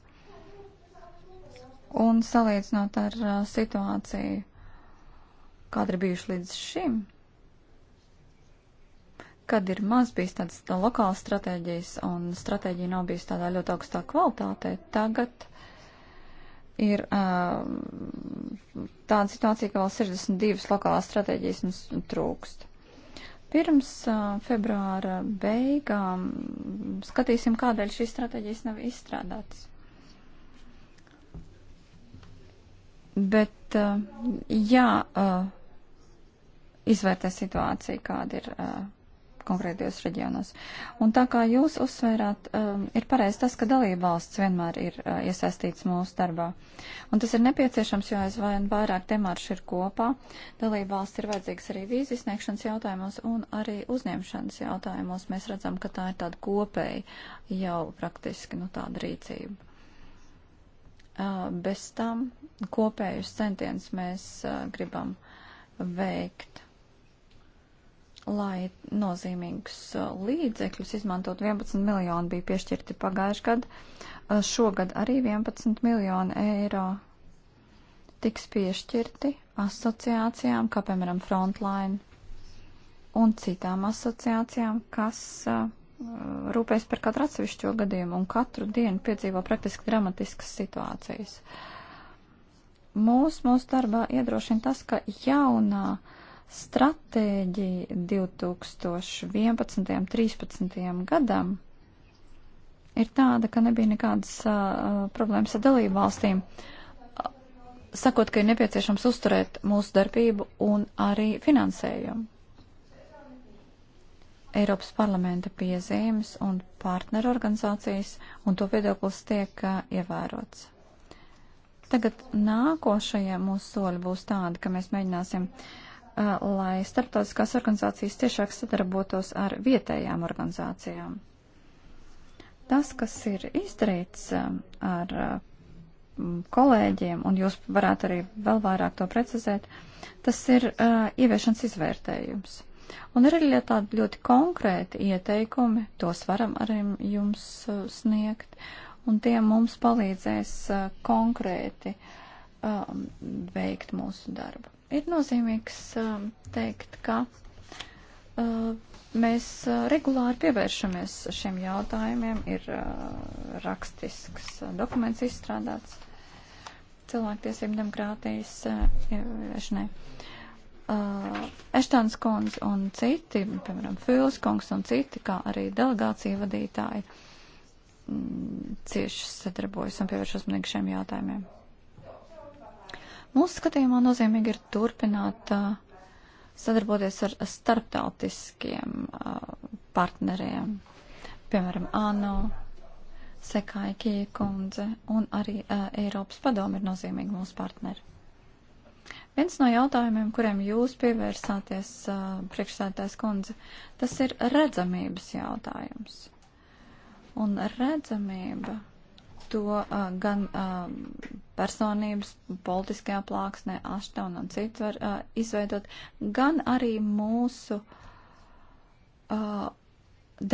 Un salīdzinot ar uh, situāciju, kāda ir bijuši līdz šim, kad ir maz bijis tādas lokālas stratēģijas un stratēģija nav bijusi tādā ļoti augstā kvalitātē, tagad ir uh, tāda situācija, ka vēl 62 lokālās stratēģijas mums trūkst. Pirms uh, februāra beigām skatīsim, kādēļ šīs stratēģijas nav izstrādātas. Bet, uh, jā, uh, izvērtē situāciju, kāda ir. Uh, konkrētajos reģionos. Un tā kā jūs uzsvērāt, um, ir pareizi tas, ka dalība valsts vienmēr ir uh, iesaistīts mūsu darbā. Un tas ir nepieciešams, jo aizvien vairāk temārši ir kopā. Dalība valsts ir vajadzīgs arī vīzu izsniegšanas jautājumos un arī uzņemšanas jautājumos. Mēs redzam, ka tā ir tāda kopēja jau praktiski nu, tāda rīcība uh, bez tam kopējus centienus mēs uh, gribam veikt lai nozīmīgus uh, līdzekļus izmantot 11 miljoni bija piešķirti pagājuši gadu. Uh, šogad arī 11 miljoni eiro tiks piešķirti asociācijām, kā piemēram Frontline un citām asociācijām, kas uh, rūpēs par katru atsevišķo gadījumu un katru dienu piedzīvo praktiski dramatiskas situācijas. Mūs, mūsu darbā iedrošina tas, ka jaunā uh, stratēģija 2011.13. gadam ir tāda, ka nebija nekādas uh, problēmas ar dalību valstīm, sakot, ka ir nepieciešams uzturēt mūsu darbību un arī finansējumu. Eiropas parlamenta piezīmes un partneru organizācijas un to viedoklis tiek uh, ievērots. Tagad nākošajie mūsu soļi būs tādi, ka mēs mēģināsim uh, lai starptautiskās organizācijas tiešāk sadarbotos ar vietējām organizācijām. Tas, kas ir izdarīts ar kolēģiem, un jūs varētu arī vēl vairāk to precizēt, tas ir ieviešanas izvērtējums. Un ir arī tādi ļoti konkrēti ieteikumi, tos varam arī jums sniegt, un tie mums palīdzēs konkrēti veikt mūsu darbu. Ir nozīmīgs um, teikt, ka uh, mēs uh, regulāri pievēršamies šiem jautājumiem, ir uh, rakstisks dokuments izstrādāts cilvēktiesību demokrātijas ieviešanai. Eštāns kundze un citi, piemēram, Fils kungs un citi, kā arī delegācija vadītāji, mm, cieši sadarbojas un pievērš uzmanīgi šiem jautājumiem. Mūsu skatījumā nozīmīgi ir turpināt sadarboties ar starptautiskiem partneriem, piemēram, ANO, Sekāja kundze un arī Eiropas padomi ir nozīmīgi mūsu partneri. Viens no jautājumiem, kuriem jūs pievērsāties, priekšsētājs kundze, tas ir redzamības jautājums. Un redzamība to gan personības, politiskajā plāksnē, Aštona un citu var izveidot, gan arī mūsu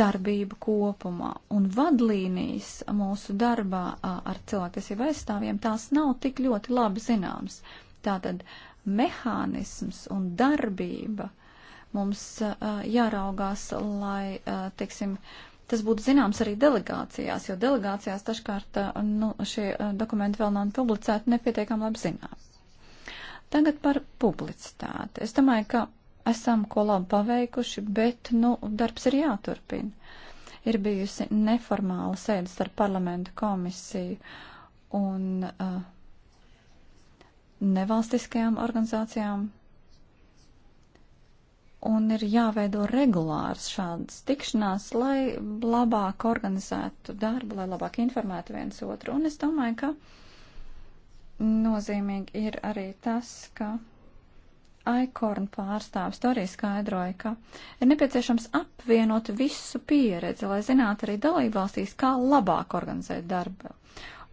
darbību kopumā un vadlīnijas mūsu darbā ar cilvēktiesību aizstāvjiem, tās nav tik ļoti labi zināmas. Tātad mehānisms un darbība mums jāraugās, lai, teiksim, uh, tas būtu zināms arī delegācijās, jo delegācijās taškārt eh, nu, šie eh, dokumenti vēl nav publicēti nepietiekami labi zinām. Tagad par publicitāti. Es domāju, ka esam ko labi paveikuši, bet, nu, darbs ir jāturpina. Ir bijusi neformāla sēde starp parlamentu komisiju un uh, nevalstiskajām organizācijām, un ir jāveido regulārs šādas tikšanās, lai labāk organizētu darbu, lai labāk informētu viens otru. Un es domāju, ka nozīmīgi ir arī tas, ka Aikorn pārstāvis to arī skaidroja, ka ir nepieciešams apvienot visu pieredzi, lai zinātu arī dalībvalstīs, kā labāk organizēt darbu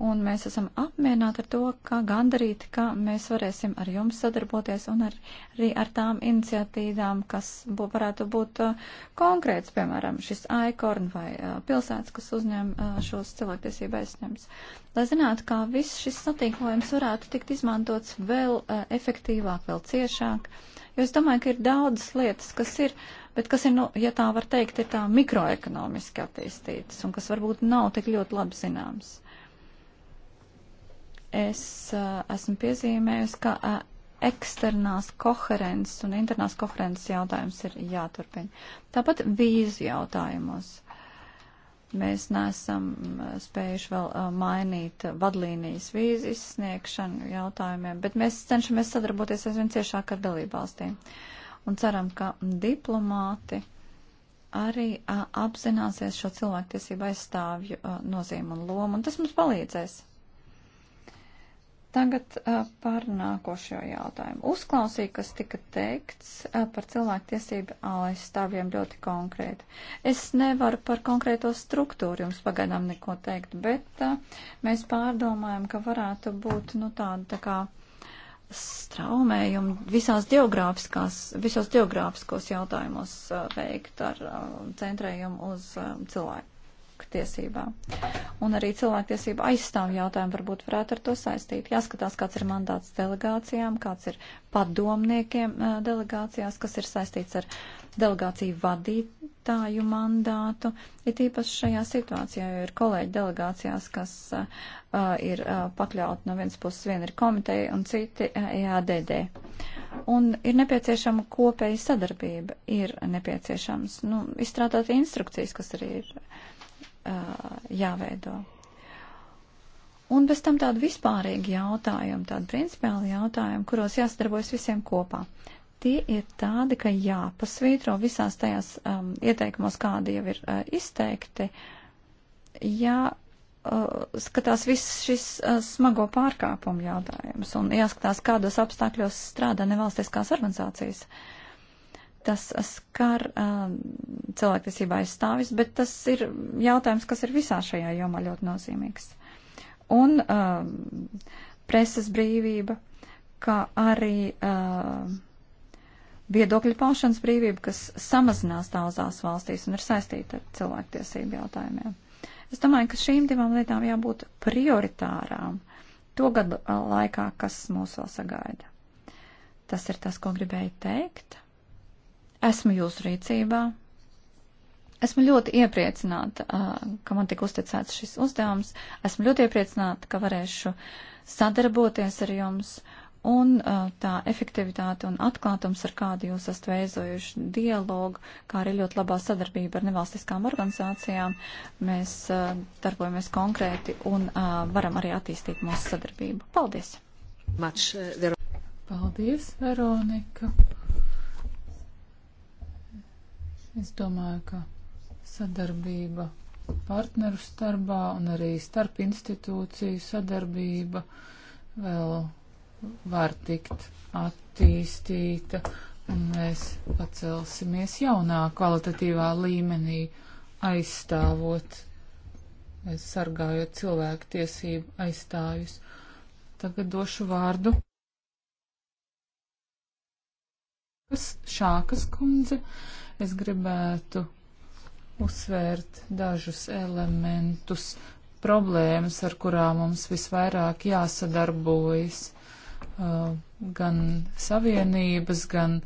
un mēs esam apmierināti ar to, ka gandarīti, ka mēs varēsim ar jums sadarboties un ar, arī ar tām iniciatīvām, kas bū, varētu būt uh, konkrēts, piemēram, šis aikorn vai uh, pilsētas, kas uzņem uh, šos cilvēktiesību aizņems. Lai zinātu, kā viss šis satīklojums varētu tikt izmantots vēl uh, efektīvāk, vēl ciešāk, jo es domāju, ka ir daudzas lietas, kas ir uh, bet kas ir, nu, ja tā var teikt, ir tā mikroekonomiski attīstītas un kas varbūt nav tik ļoti labi zināms es uh, esmu piezīmējusi, ka uh, eksternās koherences un internās koherences jautājums ir jāturpina. Tāpat vīzu jautājumos. Mēs nesam eh, spējuši vēl mainīt vadlīnijas vīzu izsniegšanu jautājumiem, bet mēs cenšamies sadarboties aizvien ciešāk ar dalībvalstīm. Un ceram, ka diplomāti arī a, apzināsies šo cilvēktiesību aizstāvju a, nozīmu un lomu, un tas mums palīdzēs. Tagad uh, par nākošo jautājumu. Uzklausīju, kas tika teikts uh, par cilvēktiesību aizstāvjiem ļoti konkrēti. Es nevaru par konkrēto struktūru jums pagaidām neko teikt, bet uh, mēs pārdomājam, ka varētu būt nu, tāda tā kā straumējumi visās geogrāfiskās, visos geogrāfiskos jautājumos uh, veikt ar uh, centrējumu uz uh, cilvēku tiesībām. Un arī cilvēktiesība aizstāv jautājumu varbūt varētu ar to saistīt. Jāskatās, kāds ir mandāts delegācijām, kāds ir padomniekiem delegācijās, kas ir saistīts ar delegāciju vadītāju mandātu. Ir īpaši šajā situācijā, jo ir kolēģi delegācijās, kas uh, ir uh, pakļauti no vienas puses, viena ir komiteja un citi uh, EADD. Un ir nepieciešama kopēja sadarbība, ir nepieciešams nu, izstrādāt instrukcijas, kas arī ir. Uh, uh, jāveido. Un bez tam tādu vispārīgu jautājumu, tādu principiālu jautājumu, kuros jāsadarbojas visiem kopā. Tie ir tādi, ka jāpasvītro visās tajās um, ieteikumos, kādi jau ir uh, izteikti, jāskatās uh, viss šis uh, smago pārkāpumu jautājums un jāskatās, kādos apstākļos strādā nevalstiskās organizācijas. Uh, Tas skar uh, um, cilvēktiesībā aizstāvis, bet tas ir jautājums, kas ir visā šajā jomā ļoti nozīmīgs. Un uh, preses brīvība, kā arī uh, viedokļu paušanas brīvība, kas samazinās daudzās valstīs un ir saistīta ar cilvēktiesību jautājumiem. Es domāju, ka šīm divām lietām jābūt prioritārām to gadu laikā, kas mūs vēl sagaida. Tas ir tas, ko gribēju teikt. Esmu jūsu rīcībā. Esmu ļoti iepriecināta, ka man tika uzticēts šis uzdevums. Esmu ļoti iepriecināta, ka varēšu sadarboties ar jums un tā efektivitāte un atklātums, ar kādu jūs esat veidojuši dialogu, kā arī ļoti labā sadarbība ar nevalstiskām organizācijām. Mēs darbojamies konkrēti un varam arī attīstīt mūsu sadarbību. Paldies! Much, uh, Paldies, Veronika! Es domāju, ka sadarbība partneru starpā un arī starp institūciju sadarbība vēl var tikt attīstīta un mēs pacelsimies jaunā kvalitatīvā līmenī, aizstāvot, sargājot cilvēku tiesību aizstāvjus. Tagad došu vārdu. Šākas kundze. Uh, Es gribētu uzsvērt dažus elementus, problēmas, ar kurām mums visvairāk jāsadarbojas uh, gan savienības, gan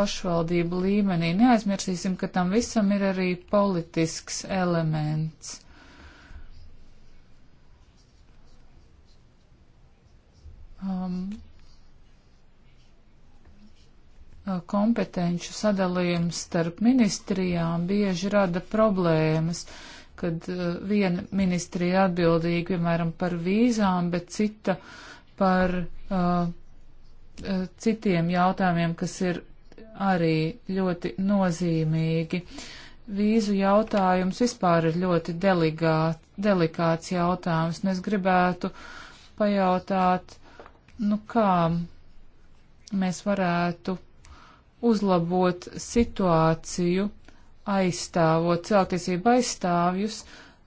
pašvaldību līmenī. Neaizmirsīsim, ka tam visam ir arī politisks elements. Um, kompetenču sadalījums starp ministrijām bieži rada problēmas, kad viena ministrija atbildīga, piemēram, par vīzām, bet cita par uh, citiem jautājumiem, kas ir arī ļoti nozīmīgi. Vīzu jautājums vispār ir ļoti deligāt, delikāts jautājums, un es gribētu pajautāt, nu kā mēs varētu uzlabot situāciju, aizstāvot celtiesību aizstāvjus,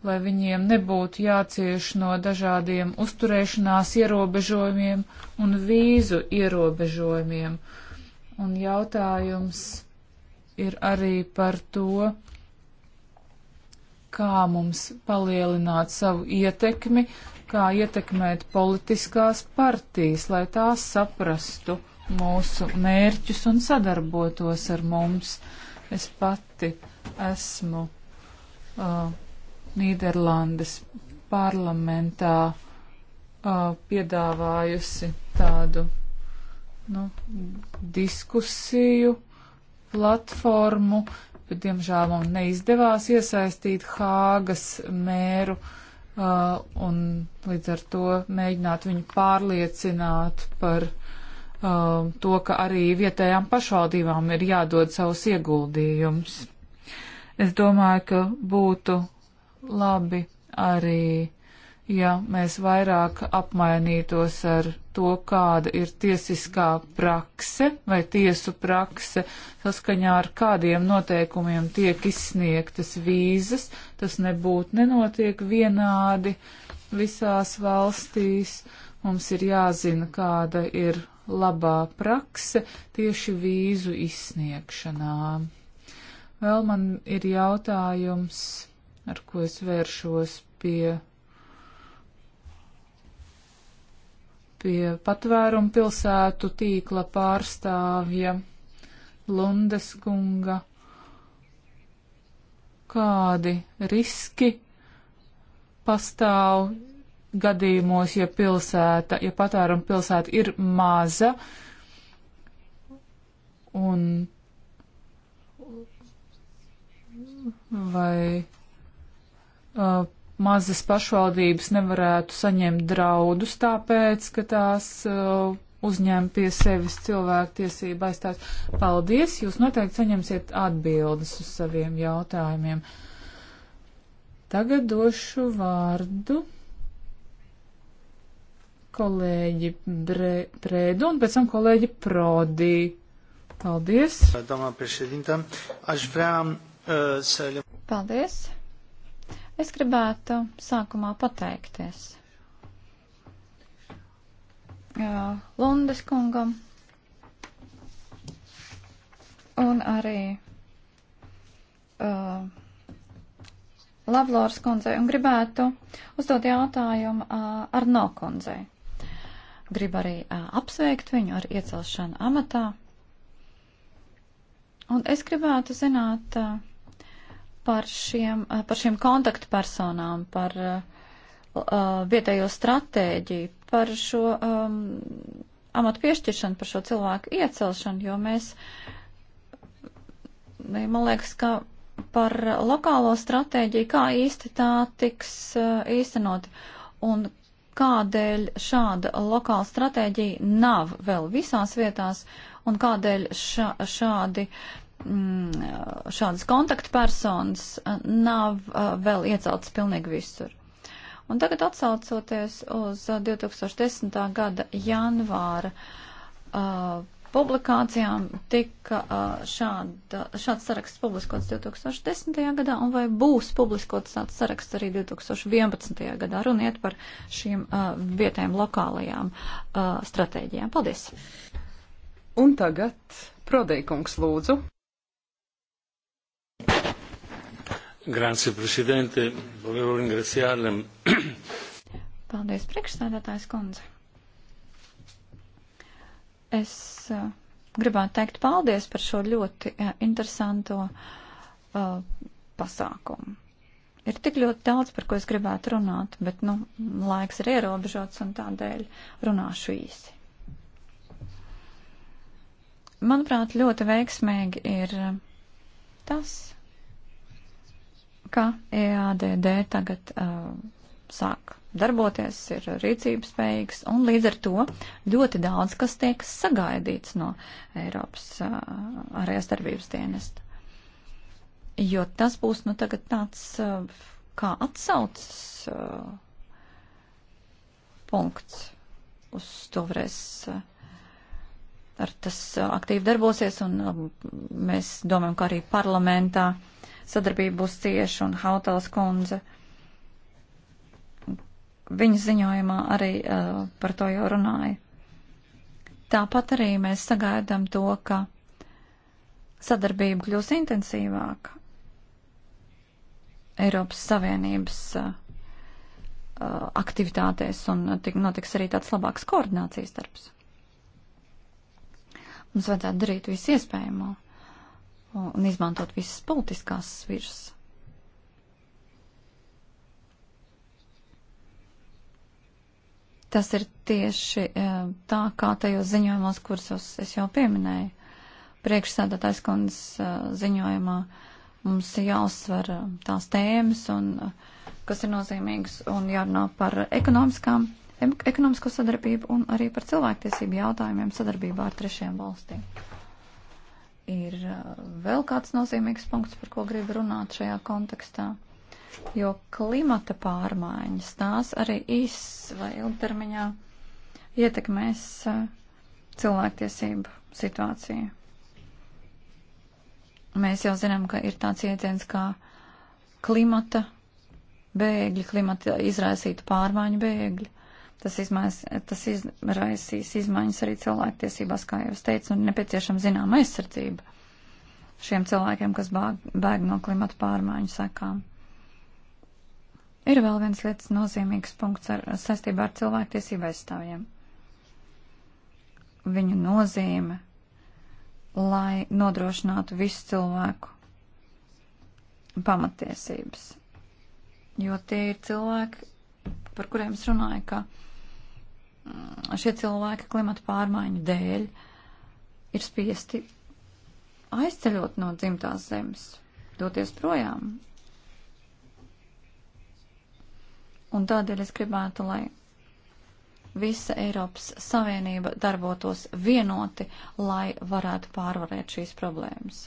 lai viņiem nebūtu jācieš no dažādiem uzturēšanās ierobežojumiem un vīzu ierobežojumiem. Un jautājums ir arī par to, kā mums palielināt savu ietekmi, kā ietekmēt politiskās partijas, lai tās saprastu mūsu mērķus un sadarbotos ar mums. Es pati esmu uh, Nīderlandes parlamentā uh, piedāvājusi tādu nu, diskusiju platformu, bet diemžēl man neizdevās iesaistīt Hāgas mēru uh, un līdz ar to mēģināt viņu pārliecināt par uh, Uh, to, ka arī vietējām pašvaldībām ir jādod savus ieguldījumus. Es domāju, ka būtu labi arī, ja mēs vairāk apmainītos ar to, kāda ir tiesiskā prakse vai tiesu prakse, saskaņā ar kādiem noteikumiem tiek izsniegtas vīzas. Tas nebūtu nenotiek vienādi visās valstīs. Mums ir jāzina, kāda ir labā prakse tieši vīzu izsniegšanā. Vēl man ir jautājums, ar ko es vēršos pie, pie patvērumu pilsētu tīkla pārstāvja Lundeskunga. Kādi riski pastāv gadījumos, ja pilsēta, ja patēruma pilsēta ir maza un vai uh, mazas pašvaldības nevarētu saņemt draudus tāpēc, ka tās uh, uzņem pie sevis cilvēktiesība aizstās. Paldies, jūs noteikti saņemsiet atbildes uz saviem jautājumiem. Tagad došu vārdu kolēģi Bre Prēdu un pēc tam kolēģi Prodī. Paldies. Uh, Paldies. Es gribētu sākumā pateikties uh, Lundes kungam un arī uh, Lavlors kundzei un gribētu uzdot jautājumu uh, Arno kundzei. Gribu arī apsveikt viņu ar iecelšanu amatā. Un es gribētu zināt par šiem, par šiem kontaktpersonām, par vietējo stratēģiju, par šo um, amatu piešķiršanu, par šo cilvēku iecelšanu, jo mēs, nu, man liekas, ka par lokālo stratēģiju, kā īsti tā tiks īstenot un kādēļ šāda lokāla stratēģija nav vēl visās vietās un kādēļ šā, šādi, mm, šādas kontaktpersonas nav vēl ieceltas pilnīgi visur. Un tagad atsaucoties uz 2010. gada janvāra uh, publikācijām tika šāda, šāds saraksts publiskots 2010. gadā, un vai būs publiskots tāds saraksts arī 2011. gadā? Runiet par šīm uh, vietējām lokālajām uh, stratēģijām. Paldies! Un tagad Prodeikungs lūdzu. Grazie, prezidente. Volevo ringraziarle. Paldies, priekšstādātājs kundze. Es uh, gribētu teikt paldies par šo ļoti uh, interesanto uh, pasākumu. Ir tik ļoti daudz, par ko es gribētu runāt, bet, nu, laiks ir ierobežots un tādēļ runāšu īsi. Manuprāt, ļoti veiksmīgi ir tas, ka EADD tagad uh, sāk darboties, ir rīcības spējīgs, un līdz ar to ļoti daudz, kas tiek sagaidīts no Eiropas uh, arēs darbības dienesta. Jo tas būs nu tagad tāds uh, kā atsaucas uh, punkts, uz to varēs. Uh, ar tas aktīvi darbosies, un mēs domājam, ka arī parlamentā sadarbība būs cieša, un Hautals kundze viņa ziņojumā arī uh, par to jau runāja. Tāpat arī mēs sagaidām to, ka sadarbība kļūs intensīvāka Eiropas Savienības uh, uh aktivitātēs un uh, tik, notiks arī tāds labāks koordinācijas darbs. Mums vajadzētu darīt visu iespējamo un izmantot visas politiskās svirs. Tas ir tieši e, tā, kā tajos ziņojumos, kurus es jau pieminēju. Priekšsēdētājs kundzes ziņojumā mums jāuzsver e, tās tēmas, un, e, kas ir nozīmīgas, un jārunā par ekonomiskām, ekonomisko sadarbību un arī par cilvēktiesību jautājumiem sadarbībā ar trešiem valstīm. Ir vēl kāds nozīmīgs punkts, par ko gribu runāt šajā kontekstā jo klimata pārmaiņas tās arī īs vai ilgtermiņā ietekmēs eh, cilvēktiesību situāciju. Mēs jau zinām, ka ir tāds jēdziens kā klimata bēgļi, klimata izraisīta pārmaiņu bēgļi. Tas, izmais, tas izraisīs izmaiņas arī cilvēktiesībās, kā jau es teicu, un nepieciešama zināma aizsardzība šiem cilvēkiem, kas bāg, bēg no klimata pārmaiņu sekām. Ir vēl viens lietas nozīmīgs punkts ar, saistībā ar cilvēktiesību aizstāvjiem. Viņu nozīme, lai nodrošinātu visu cilvēku pamatiesības. Jo tie ir cilvēki, par kuriem es runāju, ka mm, šie cilvēki klimata pārmaiņu dēļ ir spiesti aizceļot no dzimtās zemes, doties projām, Un tādēļ es gribētu, lai visa Eiropas Savienība darbotos vienoti, lai varētu pārvarēt šīs problēmas.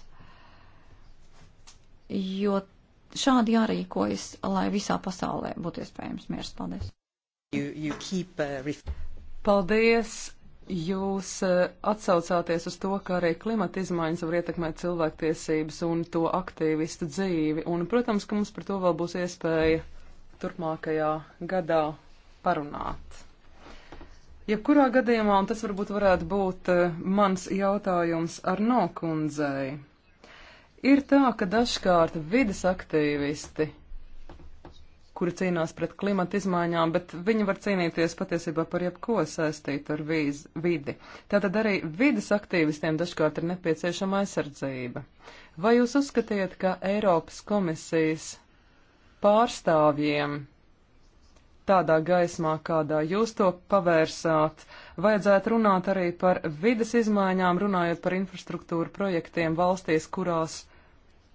Jo šādi jārīkojas, lai visā pasaulē būtu iespējams miers. Paldies! You, you keep, uh, Paldies! Jūs uh, atsaucāties uz to, ka arī klimata izmaiņas var ietekmēt cilvēktiesības un to aktīvistu dzīvi, un, protams, ka mums par to vēl būs iespēja turpmākajā gadā parunāt. Jebkurā ja gadījumā, un tas varbūt varētu būt eh, mans jautājums ar nokundzei, ir tā, ka dažkārt vidas aktīvisti, kuri cīnās pret klimata izmaiņām, bet viņi var cīnīties patiesībā par jebko saistītu ar vīz, vidi. Tātad arī vidas aktīvistiem dažkārt ir nepieciešama aizsardzība. Vai jūs uzskatiet, ka Eiropas komisijas pārstāvjiem tādā gaismā, kādā jūs to pavērsāt. Vajadzētu runāt arī par vidas izmaiņām, runājot par infrastruktūru projektiem valstīs, kurās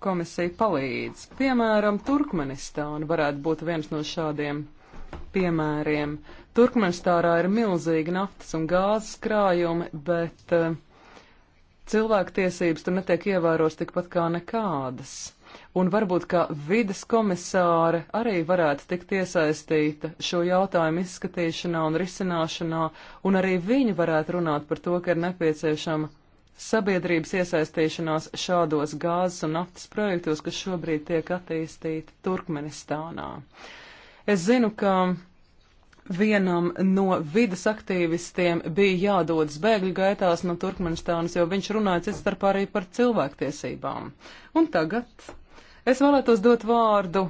komisija palīdz. Piemēram, Turkmenistāna varētu būt viens no šādiem piemēriem. Turkmenistārā ir milzīgi naftas un gāzes krājumi, bet eh, cilvēktiesības tur netiek ievēros tikpat kā nekādas un varbūt, ka vides komisāre arī varētu tikt iesaistīta šo jautājumu izskatīšanā un risināšanā, un arī viņi varētu runāt par to, ka ir nepieciešama sabiedrības iesaistīšanās šādos gāzes un naftas projektos, kas šobrīd tiek attīstīti Turkmenistānā. Es zinu, ka vienam no vidas aktīvistiem bija jādodas bēgļu gaitās no Turkmenistānas, jo viņš runāja cits starpā arī par cilvēktiesībām. Un tagad Es vēlētos dot vārdu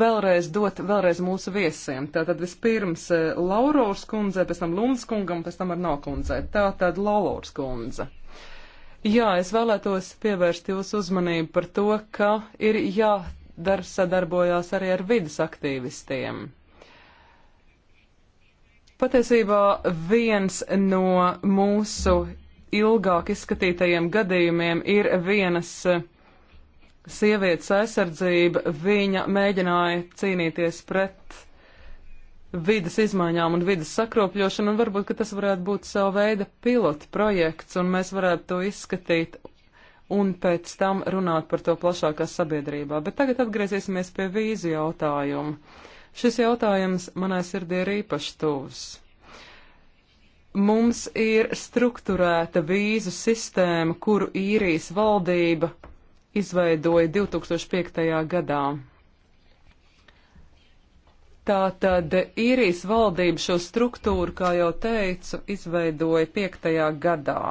vēlreiz dot vēlreiz mūsu viesiem. Tātad vispirms eh, Lauraus kundze, pēc tam Lunds kungam, pēc tam Arnau kundze. Tātad Lauraus kundze. Jā, es vēlētos pievērst jūsu uzmanību par to, ka ir jādara sadarbojās arī ar vidas aktīvistiem. Patiesībā viens no mūsu ilgāk izskatītajiem gadījumiem ir vienas uh, sievietes aizsardzība, viņa mēģināja cīnīties pret vidas izmaiņām un vidas sakropļošanu, un varbūt, ka tas varētu būt savu veidu pilota projekts, un mēs varētu to izskatīt un pēc tam runāt par to plašākā sabiedrībā. Bet tagad atgriezīsimies pie vīzu jautājumu. Šis jautājums manai sirdī ir īpaši tuvs. Mums ir strukturēta vīzu sistēma, kuru īrijas valdība izveidoja 2005. gadā. Tātad īrijas valdība šo struktūru, kā jau teicu, izveidoja 5. gadā.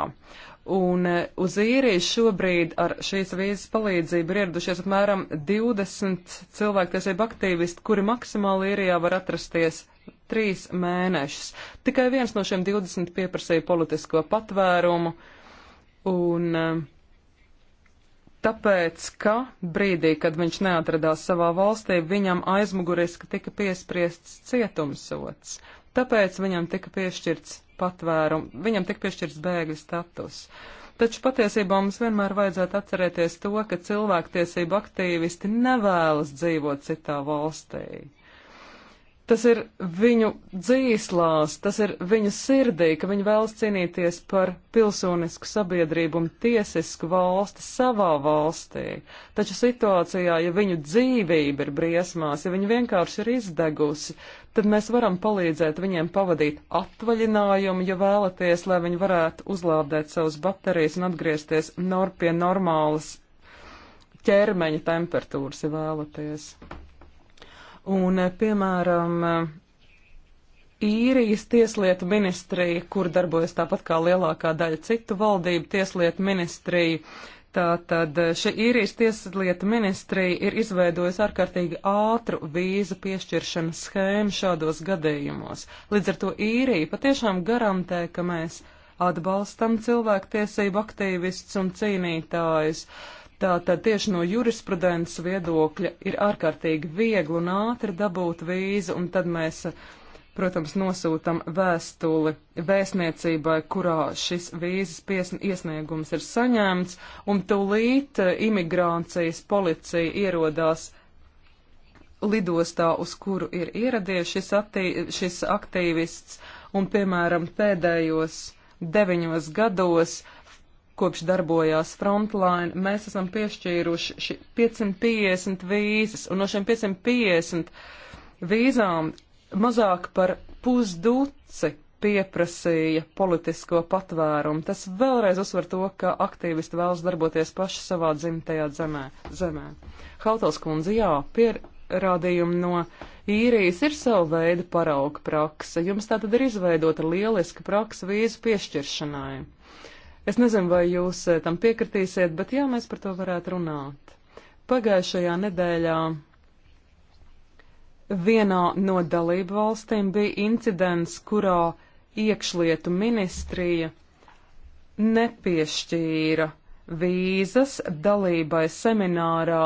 Un e, uz īriju šobrīd ar šīs vīzes palīdzību ir ieradušies apmēram 20 cilvēktiesību aktīvisti, kuri maksimāli īrijā var atrasties trīs mēnešus. Tikai viens no šiem 20 pieprasīja politisko patvērumu. Un uh, Tāpēc, ka brīdī, kad viņš neatradās savā valstī, viņam aizmuguriski tika piespriests cietumsots. Tāpēc viņam tika piešķirts patvērums, viņam tika piešķirts bēgļu status. Taču patiesībā mums vienmēr vajadzētu atcerēties to, ka cilvēktiesību aktīvisti nevēlas dzīvot citā valstī. Tas ir viņu dzīslās, tas ir viņu sirdī, ka viņi vēlas cīnīties par pilsonisku sabiedrību un tiesisku valsti savā valstī. Taču situācijā, ja viņu dzīvība ir briesmās, ja viņa vienkārši ir izdegusi, tad mēs varam palīdzēt viņiem pavadīt atvaļinājumu, ja vēlaties, lai viņi varētu uzlādēt savus baterijas un atgriezties nor pie normālas ķermeņa temperatūras, ja vēlaties. Un, eh, piemēram, eh, īrijas tieslietu ministrija, kur darbojas tāpat kā lielākā daļa citu valdību tieslietu ministrija, tātad eh, šī īrijas tieslietu ministrija ir izveidojusi ārkārtīgi ātru vīzu piešķiršanas schēmu šādos gadījumos. Līdz ar to īrija patiešām garantē, ka mēs atbalstam cilvēktiesību aktīvistus un cīnītājus. Uh, Tātad tieši no jurisprudences viedokļa ir ārkārtīgi viegli un ātri dabūt vīzu, un tad mēs, protams, nosūtam vēstuli vēstniecībai, kurā šis vīzas iesniegums ir saņemts, un tūlīt eh, imigrācijas policija ierodās lidostā, uz kuru ir ieradies šis, attī, šis aktīvists, un, piemēram, pēdējos deviņos gados uh, kopš darbojās Frontline, mēs esam piešķīruši 550 vīzes, un no šiem 550 vīzām mazāk par pusduci pieprasīja politisko patvērumu. Tas vēlreiz uzsver to, ka aktīvisti vēlas darboties paši savā dzimtajā zemē. zemē. Hautals kundze, jā, pierādījumi no īrijas ir sava veida parauga praksa. Jums tā tad ir izveidota lieliska praksa vīzu piešķiršanai. Es nezinu, vai jūs eh, tam piekritīsiet, bet jā, mēs par to varētu runāt. Pagājušajā nedēļā vienā no dalību valstīm bija incidents, kurā iekšlietu ministrija nepiešķīra vīzas dalībai seminārā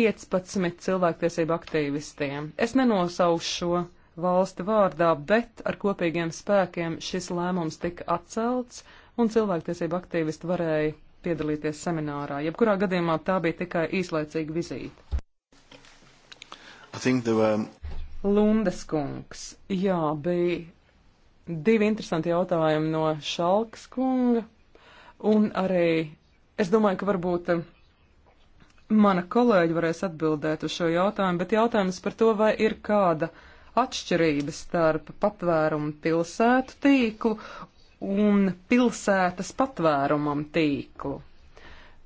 15 cilvēktiesību aktīvistiem. Es nenosaušu šo valsti vārdā, bet ar kopīgiem spēkiem šis lēmums tika atcelts, un cilvēktiesību aktīvisti varēja piedalīties seminārā. Jebkurā gadījumā tā bija tikai īslaicīga vizīte. Were... Lundes kungs. Jā, bija divi interesanti jautājumi no Šalks kunga, un arī es domāju, ka varbūt eh, mana kolēģi varēs atbildēt uz šo jautājumu, bet jautājums par to, vai ir kāda atšķirības starp patvērumu pilsētu tīklu un pilsētas patvērumam tīklu.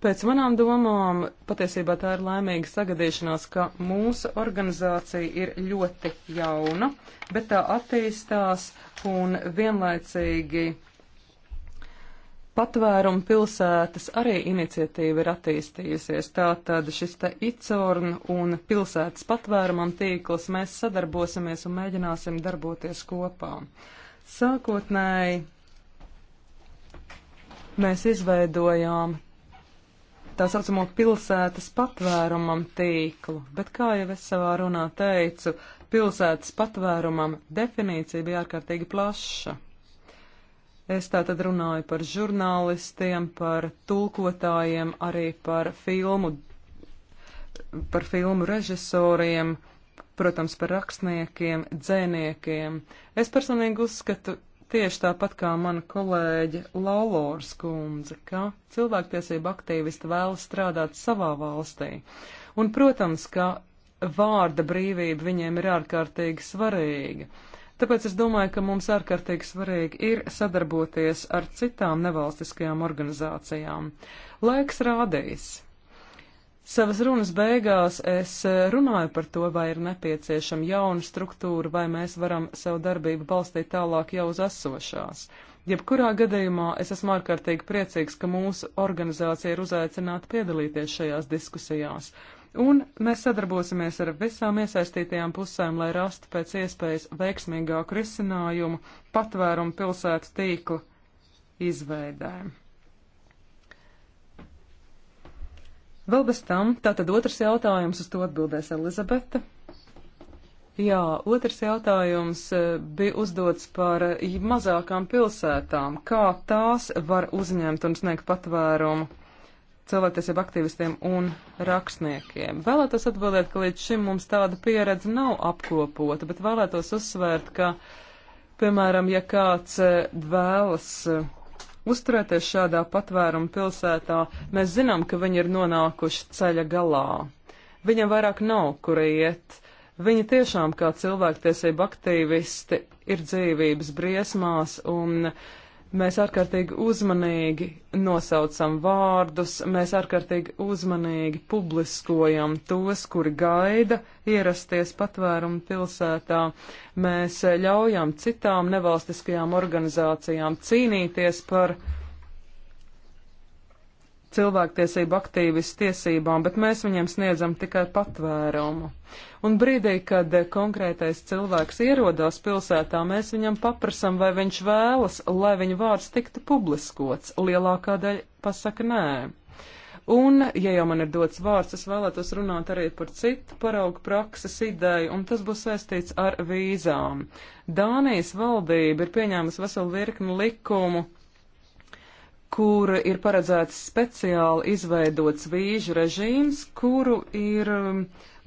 Pēc manām domām, patiesībā tā ir laimīga sagadīšanās, ka mūsu organizācija ir ļoti jauna, bet tā attīstās un vienlaicīgi patvērumu pilsētas arī iniciatīva ir attīstījusies. Tātad šis te icorn un pilsētas patvērumam tīkls mēs sadarbosimies un mēģināsim darboties kopā. Sākotnēji mēs izveidojām tā saucamo pilsētas patvērumam tīklu, bet kā jau es savā runā teicu, pilsētas patvērumam definīcija bija ārkārtīgi plaša. Es tātad runāju par žurnālistiem, par tulkotājiem, arī par filmu, par filmu režisoriem, protams, par rakstniekiem, dzēniekiem. Es personīgi uzskatu, tieši tāpat kā mana kolēģe Laulors kundze, ka cilvēktiesība aktīvisti vēlas strādāt savā valstī. Un, protams, ka vārda brīvība viņiem ir ārkārtīgi svarīga. Tāpēc es domāju, ka mums ārkārtīgi svarīgi ir sadarboties ar citām nevalstiskajām organizācijām. Laiks rādīs, Savas runas beigās es eh, runāju par to, vai ir nepieciešama jauna struktūra, vai mēs varam savu darbību balstīt tālāk jau uz esošās. Jebkurā gadījumā es esmu ārkārtīgi priecīgs, ka mūsu organizācija ir uzaicināta piedalīties šajās diskusijās, un mēs sadarbosimies ar visām iesaistītajām pusēm, lai rastu pēc iespējas veiksmīgāku risinājumu patvērumu pilsētu tīklu izveidēm. Vēl bez tam, tātad otrs jautājums, uz to atbildēs Elizabete. Jā, otrs jautājums eh, bija uzdots par eh, mazākām pilsētām. Kā tās var uzņemt un sniegt patvērumu cilvēktiesību aktīvistiem un rakstniekiem. Vēlētos atbildēt, ka līdz šim mums tāda pieredze nav apkopota, bet vēlētos uzsvērt, ka, piemēram, ja kāds eh, vēlas Uzturēties šādā patvēruma pilsētā, mēs zinām, ka viņi ir nonākuši ceļa galā. Viņam vairāk nav, kur iet. Viņi tiešām kā cilvēktiesība aktīvisti ir dzīvības briesmās un uh, Mēs ārkārtīgi uzmanīgi nosaucam vārdus, mēs ārkārtīgi uzmanīgi publiskojam tos, kuri gaida ierasties patvērumu pilsētā. Mēs ļaujam citām nevalstiskajām organizācijām cīnīties par uh, cilvēktiesību aktīvistu tiesībām, bet mēs viņiem sniedzam tikai patvērumu. Un brīdī, kad konkrētais cilvēks ierodās pilsētā, mēs viņam paprasam, vai viņš vēlas, lai viņa vārds tiktu publiskots. Lielākā daļa pasaka nē. Un, ja jau man ir dots vārds, es vēlētos runāt arī par citu paraugu prakses ideju, un tas būs saistīts ar vīzām. Dānijas valdība ir pieņēmusi veselu virkni likumu, kur ir paredzēts speciāli izveidots vīžu režīms, kuru ir um,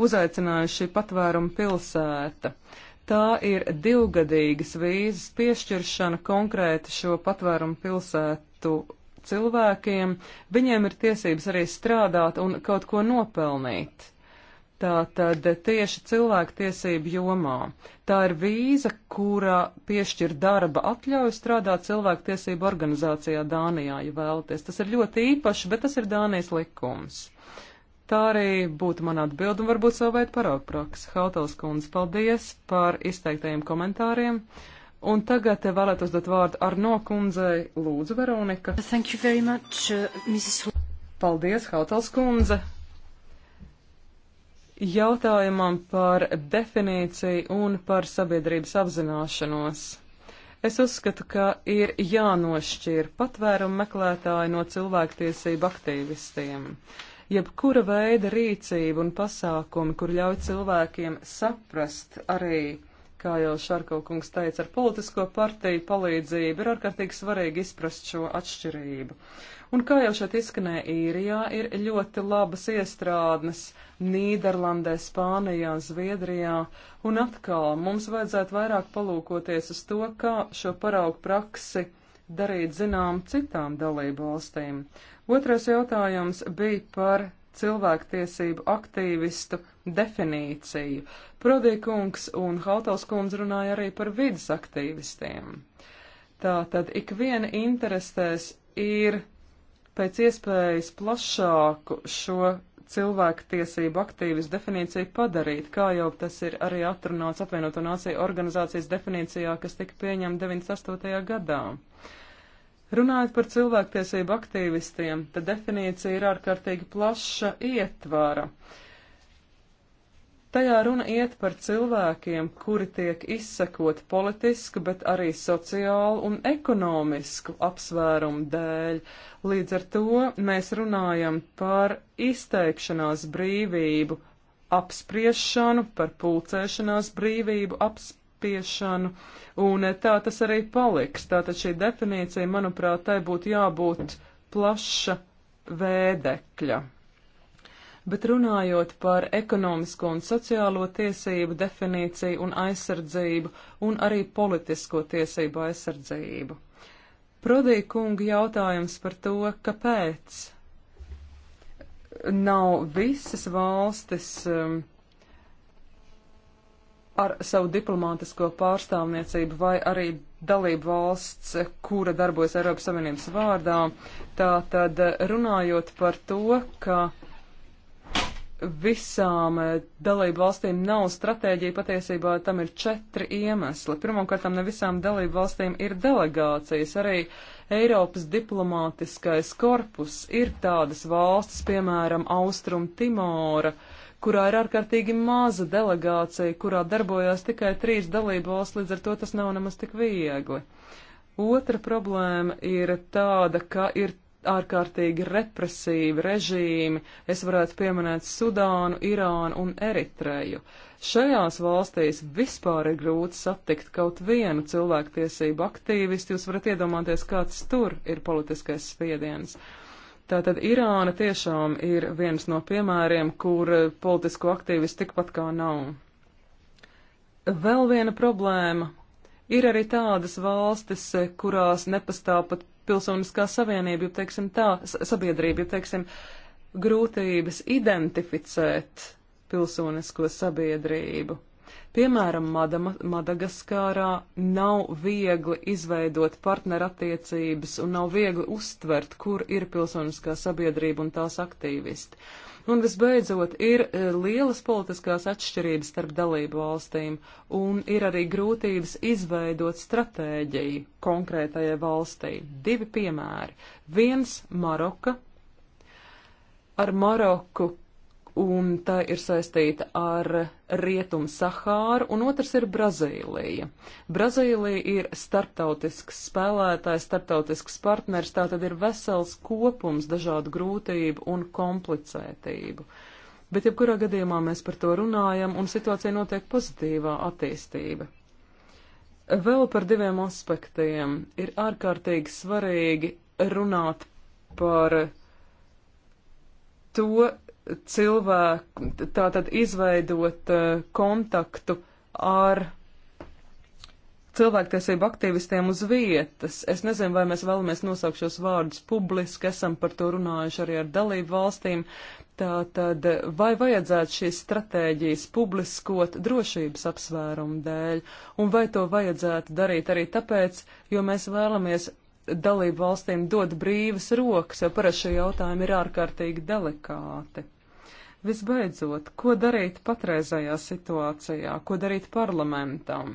uzaicinājuši patvērumu pilsēta. Tā ir divgadīgas vīzes piešķiršana konkrēti šo patvērumu pilsētu cilvēkiem. Viņiem ir tiesības arī strādāt un kaut ko nopelnīt. Tātad tieši cilvēktiesību jomā. Tā ir vīza, kura piešķir darba atļauju strādāt cilvēktiesību organizācijā Dānijā, ja vēlaties. Tas ir ļoti īpaši, bet tas ir Dānijas likums. Tā arī būtu mana atbilda un varbūt savu veidu paraugpraks. Hautels kundze, paldies par izteiktajiem komentāriem. Un tagad vēlētu uzdot vārdu Arno kundzei. Lūdzu, Veronika. Thank you very much, uh, Mrs. Paldies, Hautels kundze jautājumam par definīciju un par sabiedrības apzināšanos. Es uzskatu, ka ir jānošķir patvērumu meklētāji no cilvēktiesību aktīvistiem. Jebkura veida rīcība un pasākumi, kur ļauj cilvēkiem saprast arī kā jau Šarko kungs teica, ar politisko partiju palīdzību ir ārkārtīgi svarīgi izprast šo atšķirību. Un kā jau šeit izskanēja, īrijā ir ļoti labas iestrādnes Nīderlandē, Spānijā, Zviedrijā, un atkal mums vajadzētu vairāk palūkoties uz to, kā šo paraugu praksi darīt zinām citām dalību valstīm. Otrais jautājums bija par cilvēktiesību aktīvistu definīciju. Prodīkungs un Hautalskundze runāja arī par vidas aktīvistiem. Tātad ikviena interesēs ir pēc iespējas plašāku šo cilvēktiesību aktīvistu definīciju padarīt, kā jau tas ir arī atrunāts apvienoto nāciju organizācijas definīcijā, kas tika pieņemta 98. gadā. Runājot par cilvēktiesību aktīvistiem, tad definīcija ir ārkārtīgi plaša ietvara. Tajā runa iet par cilvēkiem, kuri tiek izsekot politisku, bet arī sociālu un ekonomisku apsvērumu dēļ. Līdz ar to mēs runājam par izteikšanās brīvību apspriešanu, par pulcēšanās brīvību apspriešanu izskatiešanu, un eh, tā tas arī paliks. Tātad šī definīcija, manuprāt, tai būtu jābūt plaša vēdekļa. Bet runājot par ekonomisko un sociālo tiesību definīciju un aizsardzību, un arī politisko tiesību aizsardzību. Prodīja kunga jautājums par to, kāpēc nav visas valstis um, ar savu diplomātisko pārstāvniecību vai arī dalību valsts, kura darbojas Eiropas Savienības vārdā. Tā tad eh, runājot par to, ka visām eh, dalību valstīm nav stratēģija, patiesībā tam ir četri iemesli. Pirmkārt, ne visām dalību valstīm ir delegācijas. Arī Eiropas diplomātiskais korpus ir tādas valstis, piemēram, Austrum Timora, uh, kurā ir ārkārtīgi maza delegācija, kurā darbojās tikai trīs dalībvalsts, līdz ar to tas nav nemaz tik viegli. Otra problēma ir tāda, ka ir ārkārtīgi represīvi režīmi, es varētu pieminēt Sudānu, Irānu un Eritreju. Šajās valstīs vispār ir grūti satikt kaut vienu cilvēktiesību aktīvistu, jūs varat iedomāties, kāds tur ir politiskais spiediens. Uh, Tātad Irāna tiešām ir viens no piemēriem, kur eh, politisko aktīvistu tikpat kā nav. Vēl viena problēma. Ir arī tādas valstis, eh, kurās nepastāv pat pilsoniskā savienība, jau teiksim tā, sabiedrība, jau teiksim, grūtības identificēt pilsonisko sabiedrību. Piemēram, Madama, Madagaskārā nav viegli izveidot partnerattiecības un nav viegli uztvert, kur ir pilsoniskā sabiedrība un tās aktīvisti. Un visbeidzot, ir e, lielas politiskās atšķirības starp dalību valstīm, un ir arī grūtības izveidot stratēģiju konkrētajai valstī. Divi piemēri. Viens - Maroka. Ar Maroku un tā ir saistīta ar Rietumu Sahāru, un otrs ir Brazīlija. Brazīlija ir starptautisks spēlētājs, starptautisks partners, tā tad ir vesels kopums dažādu grūtību un komplicētību. Bet jebkurā gadījumā mēs par to runājam, un situācija notiek pozitīvā attīstība. Vēl par diviem aspektiem ir ārkārtīgi svarīgi runāt par to, cilvēku, tātad izveidot uh, kontaktu ar cilvēktiesību aktīvistiem uz vietas. Es nezinu, vai mēs vēlamies nosaukt šos vārdus publiski, esam par to runājuši arī ar dalību valstīm. Tātad, vai vajadzētu šīs stratēģijas publiskot drošības apsvērumu dēļ, un vai to vajadzētu darīt arī tāpēc, jo mēs vēlamies dalību valstīm dod brīvas rokas, jo parasti šie jautājumi ir ārkārtīgi delikāti. Visbeidzot, ko darīt patreizajā situācijā, ko darīt parlamentam?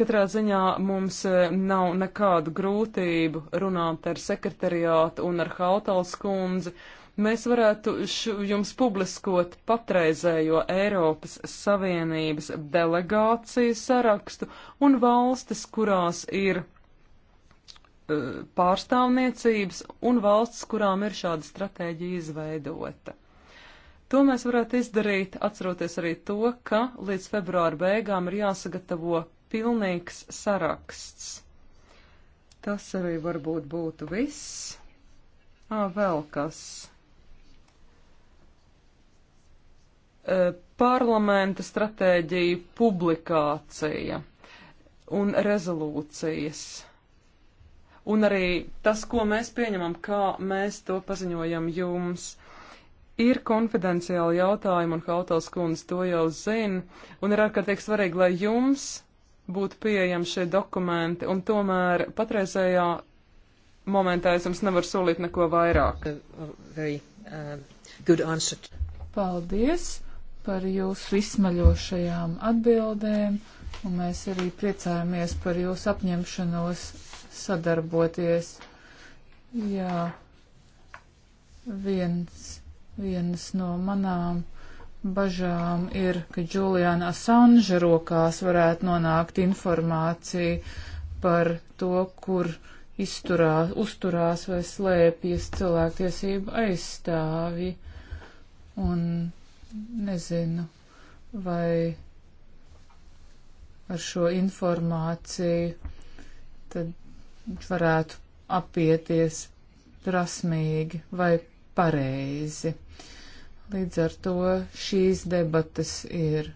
Katrā ziņā mums eh, nav nekādu grūtību runāt ar sekretariātu un ar Hautals kundzi. Mēs varētu š, jums publiskot patreizējo Eiropas Savienības delegāciju sarakstu un valstis, kurās ir pārstāvniecības un valsts, kurām ir šāda stratēģija izveidota. To mēs varētu izdarīt, atceroties arī to, ka līdz februāra beigām ir jāsagatavo pilnīgs saraksts. Tas arī varbūt būtu viss. Ā, vēl kas. parlamenta stratēģija publikācija un rezolūcijas un arī tas, ko mēs pieņemam, kā mēs to paziņojam jums. Ir konfidenciāli jautājumi, un Hautals kundze to jau zina, un ir ārkārtīgi svarīgi, lai jums būtu pieejami šie dokumenti, un tomēr patreizējā momentā es jums nevaru solīt neko vairāk. Very, um, Paldies par jūsu izsmaļošajām atbildēm, un mēs arī priecājamies par jūsu apņemšanos sadarboties. Jā, viens, vienas no manām bažām ir, ka Džuliana Asanža rokās varētu nonākt informācija par to, kur izturās, uzturās vai slēpjas cilvēktiesību aizstāvi. Un nezinu, vai ar šo informāciju tad viņš varētu apieties prasmīgi vai pareizi. Līdz ar to šīs debatas ir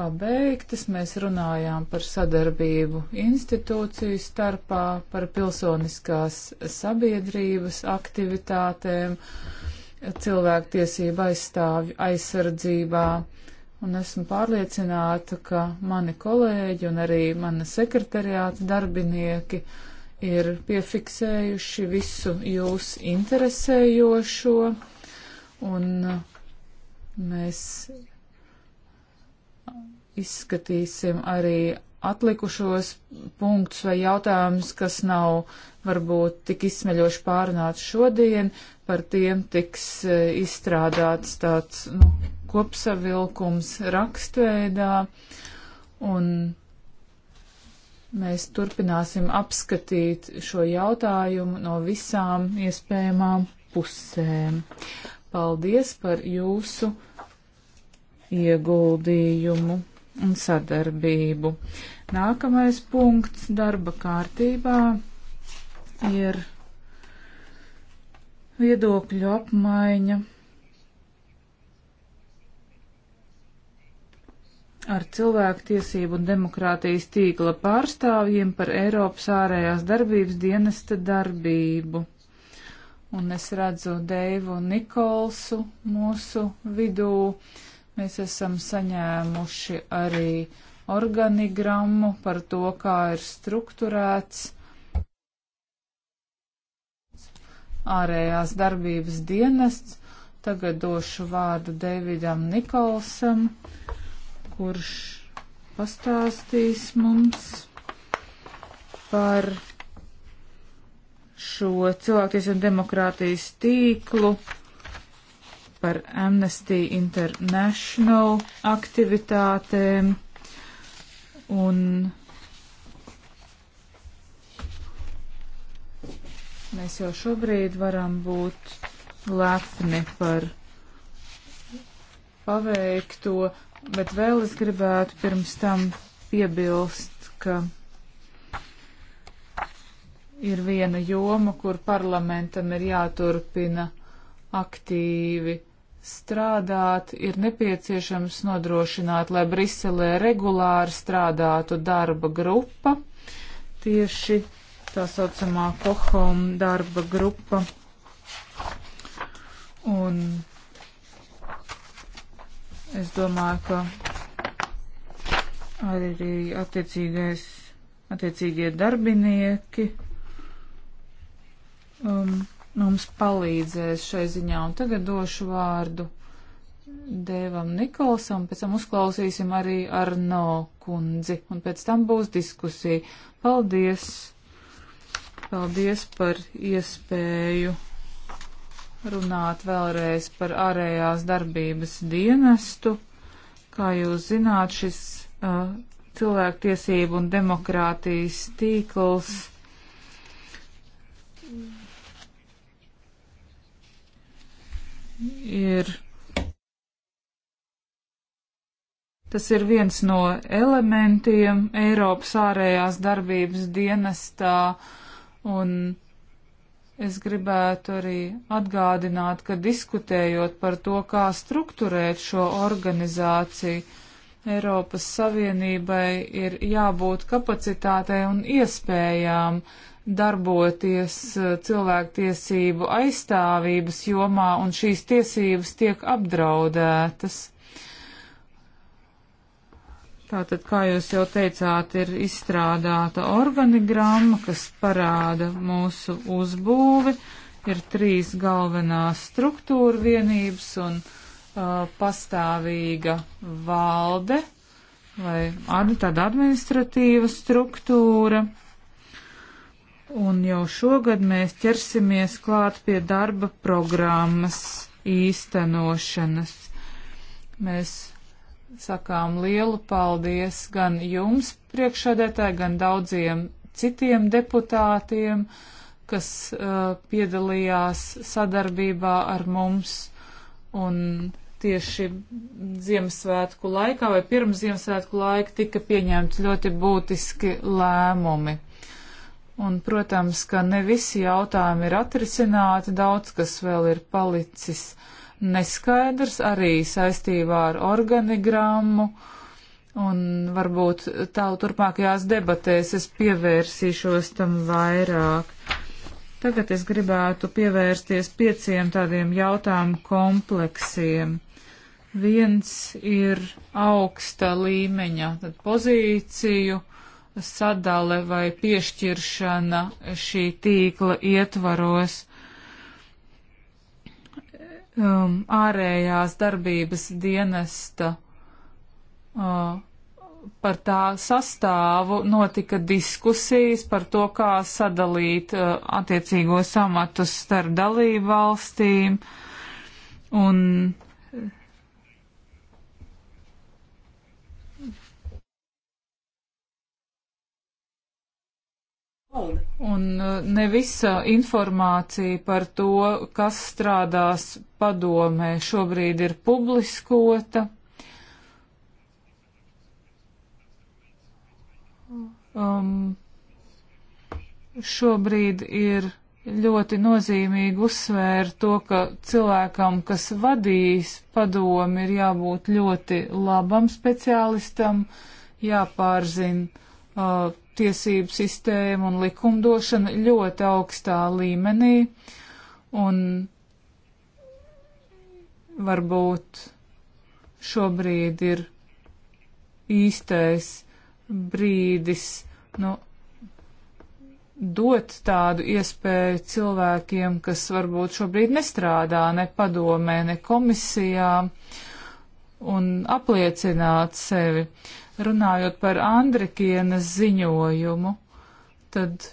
pabeigtas. Mēs runājām par sadarbību institūciju starpā, par pilsoniskās sabiedrības aktivitātēm, cilvēktiesību aizstāvju aizsardzībā. Un esmu pārliecināta, ka mani kolēģi un arī mana sekretariāta darbinieki uh, ir piefiksējuši visu jūs interesējošo, un mēs izskatīsim arī atlikušos punktus vai jautājumus, kas nav varbūt tik izsmeļoši pārunāts šodien, par tiem tiks e, izstrādāts tāds nu, kopsavilkums rakstveidā. Un Mēs turpināsim apskatīt šo jautājumu no visām iespējamām pusēm. Paldies par jūsu ieguldījumu un sadarbību. Nākamais punkts darba kārtībā ir viedokļu apmaiņa ar cilvēktiesību un demokrātijas tīkla pārstāvjiem par Eiropas ārējās darbības dienesta darbību. Un es redzu Deivu Nikolsu mūsu vidū. Mēs esam saņēmuši arī organigrammu par to, kā ir strukturēts ārējās darbības dienests. Tagad došu vārdu Deividam Nikolsam. Uh, kurš pastāstīs mums par šo cilvēkties un demokrātijas tīklu, par Amnesty International aktivitātēm un mēs jau šobrīd varam būt lepni par paveikto Bet vēl es gribētu pirms tam piebilst, ka ir viena joma, kur parlamentam ir jāturpina aktīvi strādāt, ir nepieciešams nodrošināt, lai Briselē regulāri strādātu darba grupa, tieši tā saucamā kohom darba grupa. Un Es domāju, ka arī attiecīgais, attiecīgie darbinieki um, mums palīdzēs šai ziņā. Un tagad došu vārdu Dēvam Nikolsam, pēc tam uzklausīsim arī Arno kundzi, un pēc tam būs diskusija. Paldies! Paldies par iespēju! runāt vēlreiz par ārējās darbības dienestu. Kā jūs zināt, šis uh, cilvēktiesību un demokrātijas tīkls ir. Tas ir viens no elementiem Eiropas ārējās darbības dienestā un Es gribētu arī atgādināt, ka diskutējot par to, kā strukturēt šo organizāciju, Eiropas Savienībai ir jābūt kapacitātei un iespējām darboties eh, cilvēktiesību aizstāvības jomā, un šīs tiesības tiek apdraudētas. Tātad, kā jūs jau teicāt, ir izstrādāta organigramma, kas parāda mūsu uzbūvi. Ir trīs galvenās struktūra vienības un uh, pastāvīga valde vai ad, tāda administratīva struktūra. Un jau šogad mēs ķersimies klāt pie darba programmas īstenošanas. Mēs sakām lielu paldies gan jums, priekšsēdētāji, gan daudziem citiem deputātiem, kas uh, piedalījās sadarbībā ar mums. Un tieši Ziemassvētku laikā vai pirms Ziemassvētku laika tika pieņemti ļoti būtiski lēmumi. Un, protams, ka ne visi jautājumi ir atrisināti, daudz kas vēl ir palicis uh, neskaidrs arī saistībā ar organigrammu. Un varbūt tālu turpmākajās debatēs es pievērsīšos tam vairāk. Tagad es gribētu pievērsties pieciem tādiem jautājumu kompleksiem. Viens ir augsta līmeņa pozīciju sadale vai piešķiršana šī tīkla ietvaros um, ārējās darbības dienesta uh, par tā sastāvu notika diskusijas par to, kā sadalīt uh, attiecīgo samatus starp dalību valstīm. Un uh, Un uh, ne visa informācija par to, kas strādās padomē, šobrīd ir publiskota. Um, šobrīd ir ļoti nozīmīgi uzsvērt to, ka cilvēkam, kas vadīs padomu, ir jābūt ļoti labam speciālistam, jāpārzina uh, tiesību sistēma un likumdošana ļoti augstā līmenī un varbūt šobrīd ir īstais brīdis nu, dot tādu iespēju cilvēkiem, kas varbūt šobrīd nestrādā ne padomē, ne komisijā, un apliecināt sevi. Runājot par Andrikienas ziņojumu, tad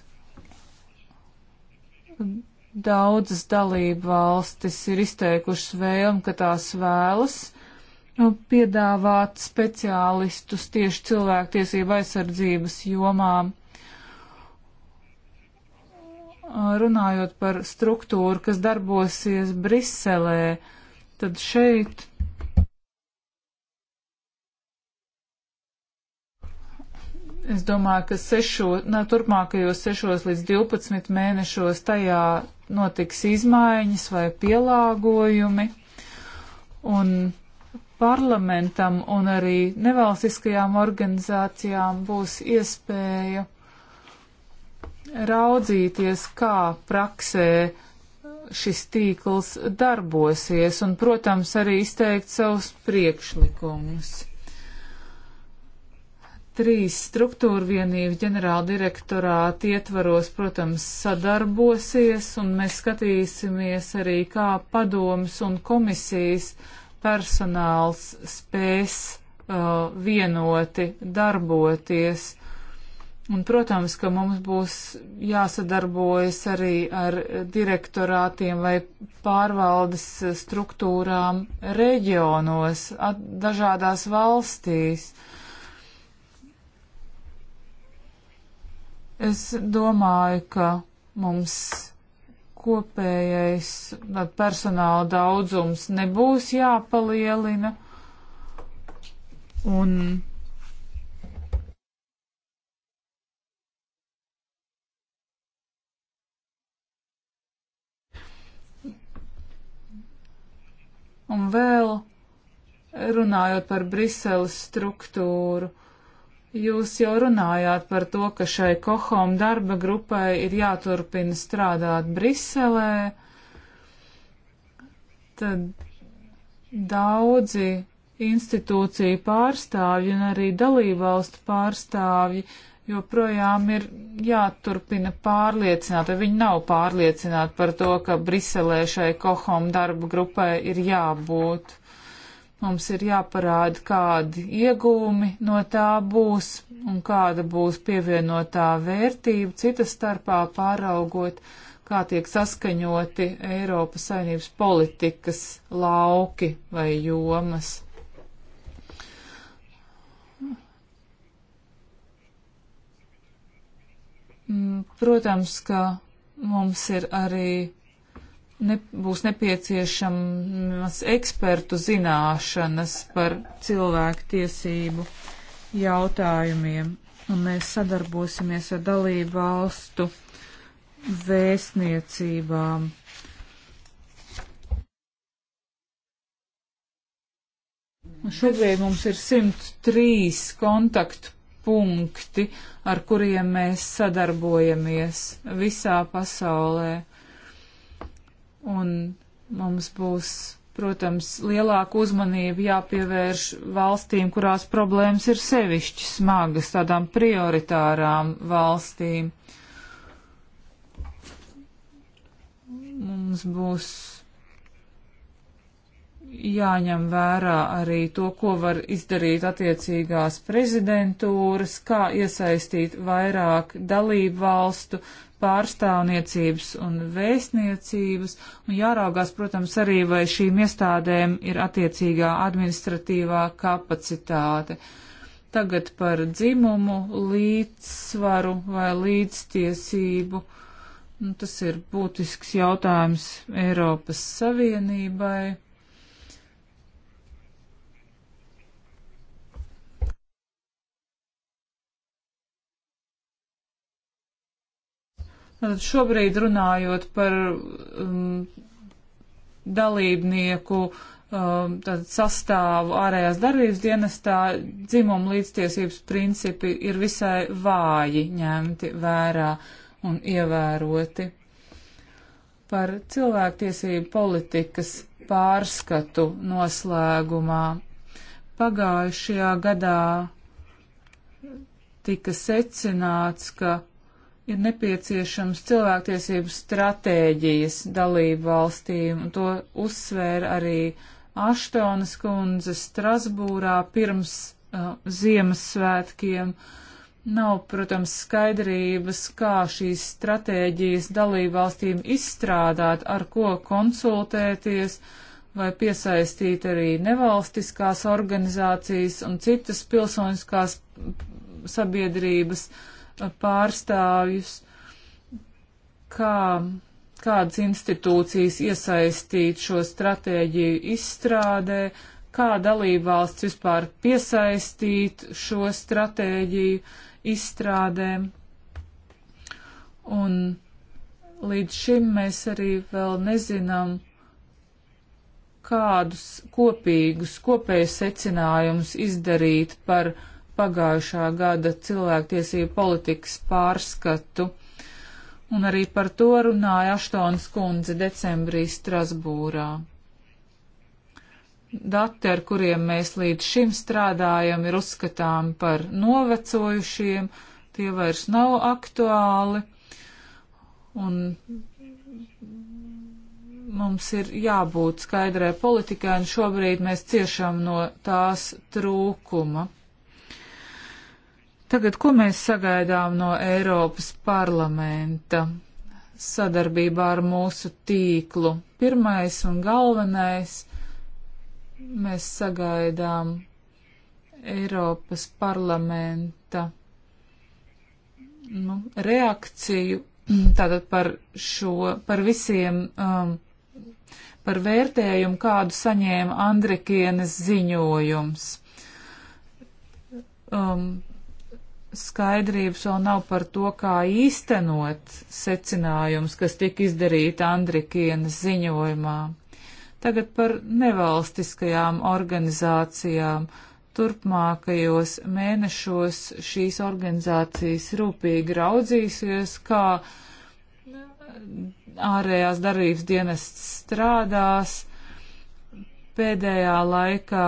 daudzas dalību valstis ir izteikušas vēlmu, ka tās vēlas nu, piedāvāt speciālistus tieši cilvēktiesību aizsardzības jomām runājot par struktūru, kas darbosies Briselē, tad šeit Es domāju, ka sešu, nā, turpmākajos 6 līdz 12 mēnešos tajā notiks izmaiņas vai pielāgojumi. Un parlamentam un arī nevalstiskajām organizācijām būs iespēja raudzīties, kā praksē šis tīkls darbosies un, protams, arī izteikt savus priekšlikumus trīs struktūra vienības ģenerāla direktorāti ietvaros, protams, sadarbosies, un mēs skatīsimies arī, kā padomas un komisijas personāls spēs uh, vienoti darboties. Un, protams, ka mums būs jāsadarbojas arī ar direktorātiem vai pārvaldes struktūrām reģionos, dažādās valstīs. Uh, Es domāju, ka mums kopējais personāla daudzums nebūs jāpalielina. Un Un vēl runājot par Briseles struktūru, uh, Jūs jau runājāt par to, ka šai kohom darba grupai ir jāturpina strādāt Briselē. Tad daudzi institūciju pārstāvji un arī dalībvalstu pārstāvji joprojām ir jāturpina pārliecināt, vai viņi nav pārliecināti par to, ka Briselē šai kohom darba grupai ir jābūt. Mums ir jāparāda, kādi ieguvumi no tā būs un kāda būs pievienotā vērtība, cita starpā pāraugot, kā tiek saskaņoti Eiropas saimnības politikas lauki vai jomas. Mm, protams, ka mums ir arī ne, būs nepieciešamas ekspertu zināšanas par cilvēktiesību jautājumiem, un mēs sadarbosimies ar dalību valstu vēstniecībām. Un šobrīd mums ir 103 kontaktu punkti, ar kuriem mēs sadarbojamies visā pasaulē. Un mums būs, protams, lielāka uzmanība jāpievērš valstīm, kurās problēmas ir sevišķi smagas, tādām prioritārām valstīm. Mums būs jāņem vērā arī to, ko var izdarīt attiecīgās prezidentūras, kā iesaistīt vairāk dalību valstu, pārstāvniecības un vēstniecības, un jāraugās, protams, arī, vai šīm iestādēm ir attiecīgā administratīvā kapacitāte. Tagad par dzimumu, līdzsvaru vai līdztiesību. Nu, tas ir būtisks jautājums Eiropas Savienībai. Šobrīd runājot par um, dalībnieku um, sastāvu ārējās darbības dienestā, dzimuma līdztiesības principi ir visai vāji ņemti vērā un ievēroti. Par cilvēktiesību politikas pārskatu noslēgumā pagājušajā gadā tika secināts, ka ir nepieciešams cilvēktiesību stratēģijas dalību valstīm, un to uzsvēra arī Aštonas kundze Strasbūrā pirms uh, Ziemassvētkiem. Nav, protams, skaidrības, kā šīs stratēģijas dalību valstīm izstrādāt, ar ko konsultēties, vai piesaistīt arī nevalstiskās organizācijas un citas pilsoniskās sabiedrības uh, pārstāvjus, kā, kādas institūcijas iesaistīt šo stratēģiju izstrādē, kā dalībvalsts vispār piesaistīt šo stratēģiju izstrādē. Un līdz šim mēs arī vēl nezinām, kādus kopīgus, kopējus secinājumus izdarīt par pagājušā gada cilvēktiesību politikas pārskatu, un arī par to runāja Aštons kundze decembrī Strasbūrā. Dati, ar kuriem mēs līdz šim strādājam, ir uzskatām par novecojušiem, tie vairs nav aktuāli, un mums ir jābūt skaidrai politikai, un šobrīd mēs ciešam no tās trūkuma. Tagad, ko mēs sagaidām no Eiropas parlamenta sadarbībā ar mūsu tīklu? Pirmais un galvenais - mēs sagaidām Eiropas parlamenta nu, reakciju [CLEARS THROAT] tātad par šo, par visiem, um, par vērtējumu, kādu saņēma Andrikienes ziņojums. Um, skaidrības vēl nav par to, kā īstenot secinājums, kas tika izdarīta Andrikienas ziņojumā. Tagad par nevalstiskajām organizācijām. Turpmākajos mēnešos šīs organizācijas rūpīgi raudzīsies, kā ārējās darbības dienests strādās. Pēdējā laikā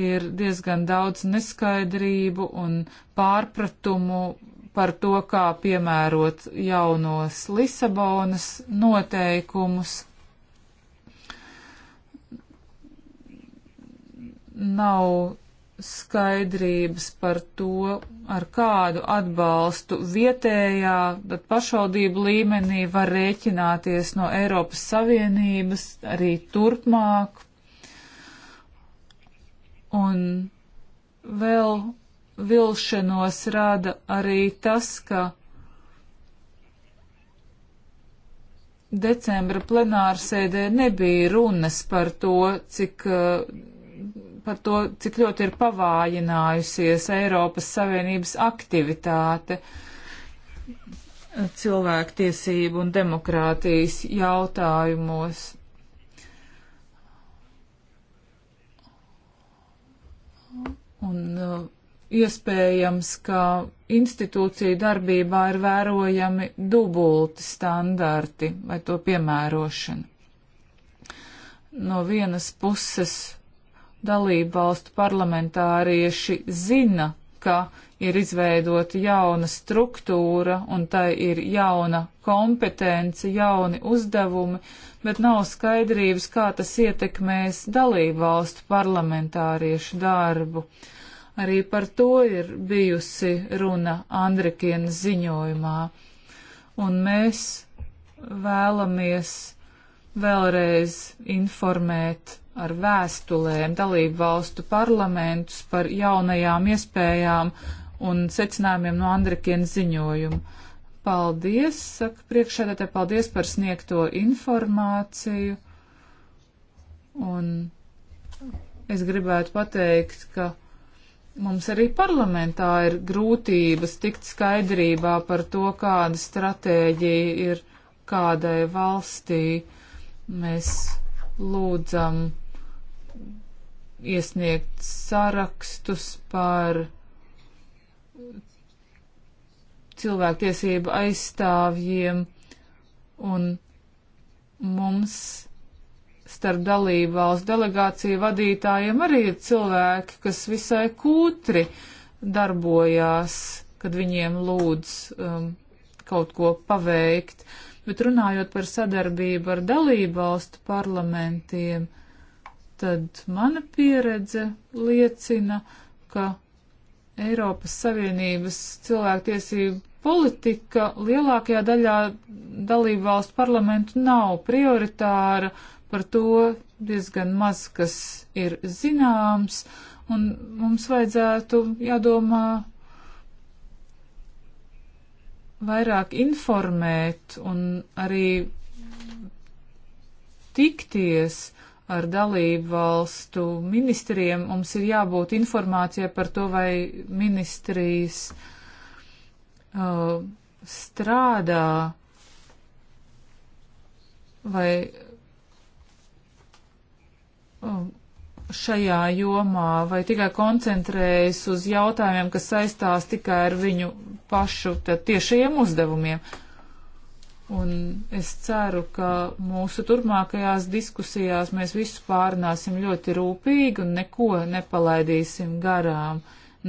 ir diezgan daudz neskaidrību un pārpratumu par to, kā piemērot jaunos Lisabonas noteikumus. Nav skaidrības par to, ar kādu atbalstu vietējā, tad pašvaldību līmenī var rēķināties no Eiropas Savienības arī turpmāk. Un vēl vilšanos rada arī tas, ka decembra plenārsēdē nebija runas par to, cik, eh, par to, cik ļoti ir pavājinājusies Eiropas Savienības aktivitāte cilvēktiesību un demokrātijas jautājumos. Un uh, iespējams, ka institūciju darbībā ir vērojami dubulti standarti vai to piemērošana. No vienas puses dalībvalstu parlamentārieši zina, ka ir izveidota jauna struktūra un tai ir jauna kompetence, jauni uzdevumi, bet nav skaidrības, kā tas ietekmēs dalību valstu parlamentāriešu darbu. Arī par to ir bijusi runa Andrikienas ziņojumā. Un mēs vēlamies vēlreiz informēt ar vēstulēm dalību valstu parlamentus par jaunajām iespējām un secinājumiem no Andrikienas ziņojuma. Paldies, saka priekšēdētāji, paldies par sniegto informāciju. Un es gribētu pateikt, ka mums arī parlamentā ir grūtības tikt skaidrībā par to, kāda stratēģija ir kādai valstī. Mēs lūdzam iesniegt sarakstus par cilvēktiesību aizstāvjiem un mums starp dalību valstu delegāciju vadītājiem arī ir cilvēki, kas visai kūtri darbojās, kad viņiem lūdz um, kaut ko paveikt. Bet runājot par sadarbību ar dalību valstu parlamentiem, tad mana pieredze liecina, ka Eiropas Savienības cilvēktiesību politika lielākajā daļā dalību valstu parlamentu nav prioritāra, par to diezgan maz kas ir zināms, un mums vajadzētu jādomā vairāk informēt un arī tikties ar dalību valstu ministriem mums ir jābūt informācijai par to, vai ministrijas uh, strādā vai uh, šajā jomā, vai tikai koncentrējas uz jautājumiem, kas saistās tikai ar viņu pašu tiešajiem uzdevumiem. Uh, Un es ceru, ka mūsu turpmākajās diskusijās mēs visus pārnāsim ļoti rūpīgi un neko nepalaidīsim garām,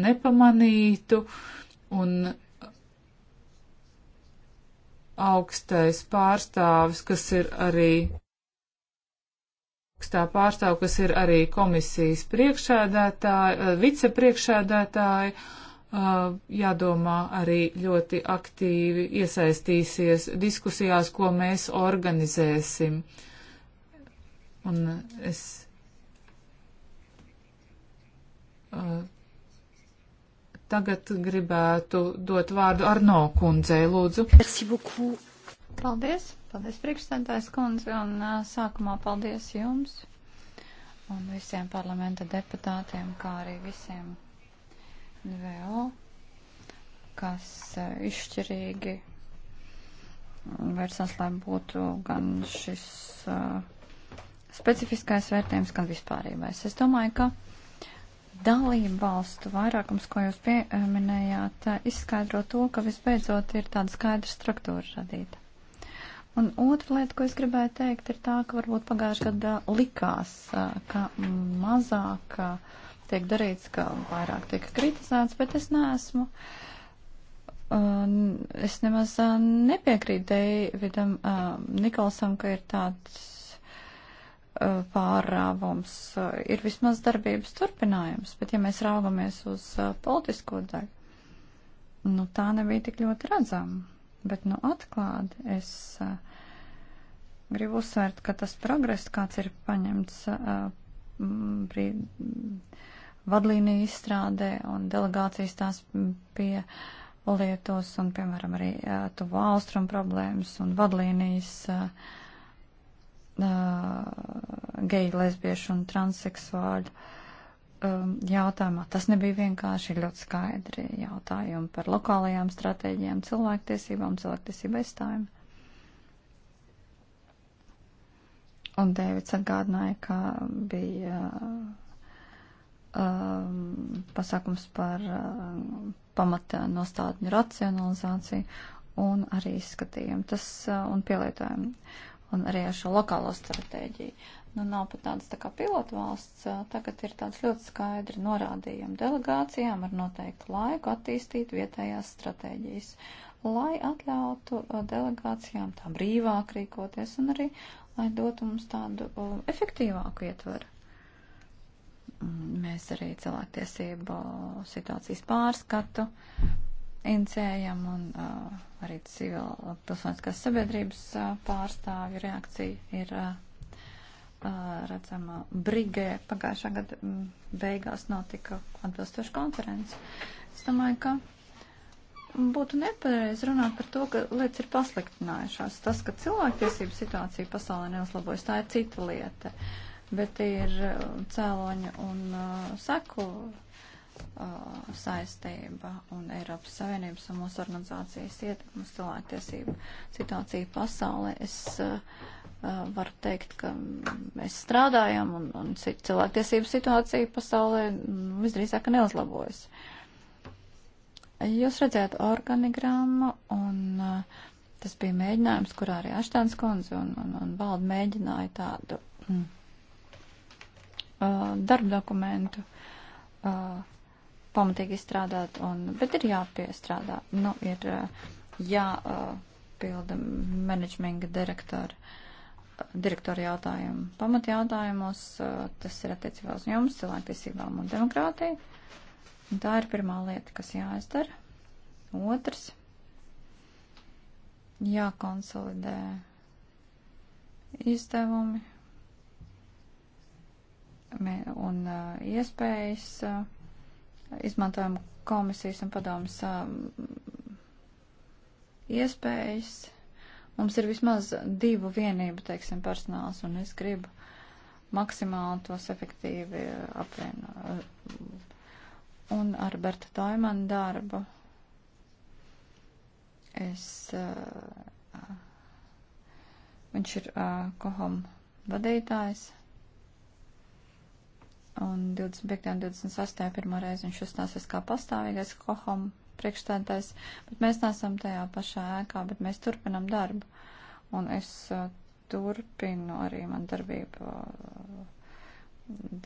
nepamanītu. Un augstais pārstāvis, kas ir arī augstā pārstāva, kas ir arī komisijas priekšēdētāja, eh, vicepriekšēdētāja Uh, jādomā arī ļoti aktīvi iesaistīsies diskusijās, ko mēs organizēsim. Un es uh, tagad gribētu dot vārdu Arno kundzei, lūdzu. Paldies, paldies priekšstādājas kundze, un uh, sākumā paldies jums un visiem parlamenta deputātiem, kā arī visiem NVO, kas eh, izšķirīgi vērsās, lai būtu gan šis eh, specifiskais vērtējums, gan vispārībais. Es domāju, ka dalību valstu vairākums, ko jūs pieminējāt, eh, izskaidro to, ka visbeidzot ir tāda skaidra struktūra radīta. Un otra lieta, ko es gribēju teikt, ir tā, ka varbūt pagājušajā gadā likās, ka mazāk uh, tiek darīts, ka vairāk tiek kritizēts, bet es neesmu. Uh, es nemaz uh, nepiekrītu Deividam uh, Nikolsam, ka ir tāds pārāvums, ir vismaz darbības turpinājums, bet ja mēs raugamies uz politisko daļu, nu tā nebija tik ļoti redzama, bet nu atklāti es uh, gribu uzsvērt, ka tas progress, kāds ir paņemts uh, brīd, vadlīniju izstrādē un delegācijas tās pie lietos un, piemēram, arī tuvo austrumu problēmas un vadlīnijas uh, geju, lesbiešu un transseksuāļu um, jautājumā. Tas nebija vienkārši ļoti skaidri jautājumi par lokālajām stratēģijām, cilvēktiesībām, cilvēktiesību aizstājumu. Un Dēvids atgādināja, ka bija uh, um, pasākums par um, pamata nostādņu racionalizāciju un arī izskatījumu tas uh, un pielietojumu un arī ar šo lokālo stratēģiju. Nu, nav pat tādas tā kā pilotu valsts, uh, tagad ir tāds ļoti skaidri norādījumi delegācijām ar noteiktu laiku attīstīt vietējās stratēģijas, lai atļautu uh, delegācijām tā brīvāk rīkoties un arī, lai dotu mums tādu uh, efektīvāku ietveru. Mēs arī cilvēktiesību situācijas pārskatu inicējam un uh, arī civil pilsoniskās sabiedrības uh, pārstāvju reakcija ir uh, uh redzama Brigē. Pagājušā gada mm, beigās notika atbilstoša konference. Es domāju, ka būtu nepareizi runāt par to, ka lietas ir pasliktinājušās. Tas, ka cilvēktiesību situācija pasaulē neuzlabojas, tā ir cita lieta. Uh, bet ir uh, cēloņa un uh, saku uh, saistība un Eiropas Savienības un mūsu organizācijas ietekmes cilvēktiesību situāciju pasaulē. Es uh, varu teikt, ka mēs strādājam un, un cilvēktiesību situācija pasaulē mm, visdrīzāk neuzlabojas. Jūs redzējāt organigrammu un uh, tas bija mēģinājums, kurā arī Aštāns kundze un, un, un valda mēģināja tādu. Mm uh, darba dokumentu uh, pamatīgi izstrādāt, un, bet ir jāpiestrādā. Nu, ir uh, jāpilda uh, menedžmenga direktora direktori jautājumu pamat jautājumos, uh, tas ir attiecībā uz jums, cilvēktiesībām un demokrātiju. Un tā ir pirmā lieta, kas jāizdara. Otrs jākonsolidē izdevumi un iespējas izmantojam komisijas un padomas iespējas. Mums ir vismaz divu vienību, teiksim, personāls, un es gribu maksimāli tos efektīvi apvienot. Un ar Berta Toimanu darbu es. Uh, viņš ir uh, kohom vadītājs un 25. un 28. pirmo reizi viņš uzstāsies kā pastāvīgais kohom priekšstādājs, bet mēs nesam tajā pašā ēkā, bet mēs turpinam darbu. Un es uh, turpinu arī man darbību uh,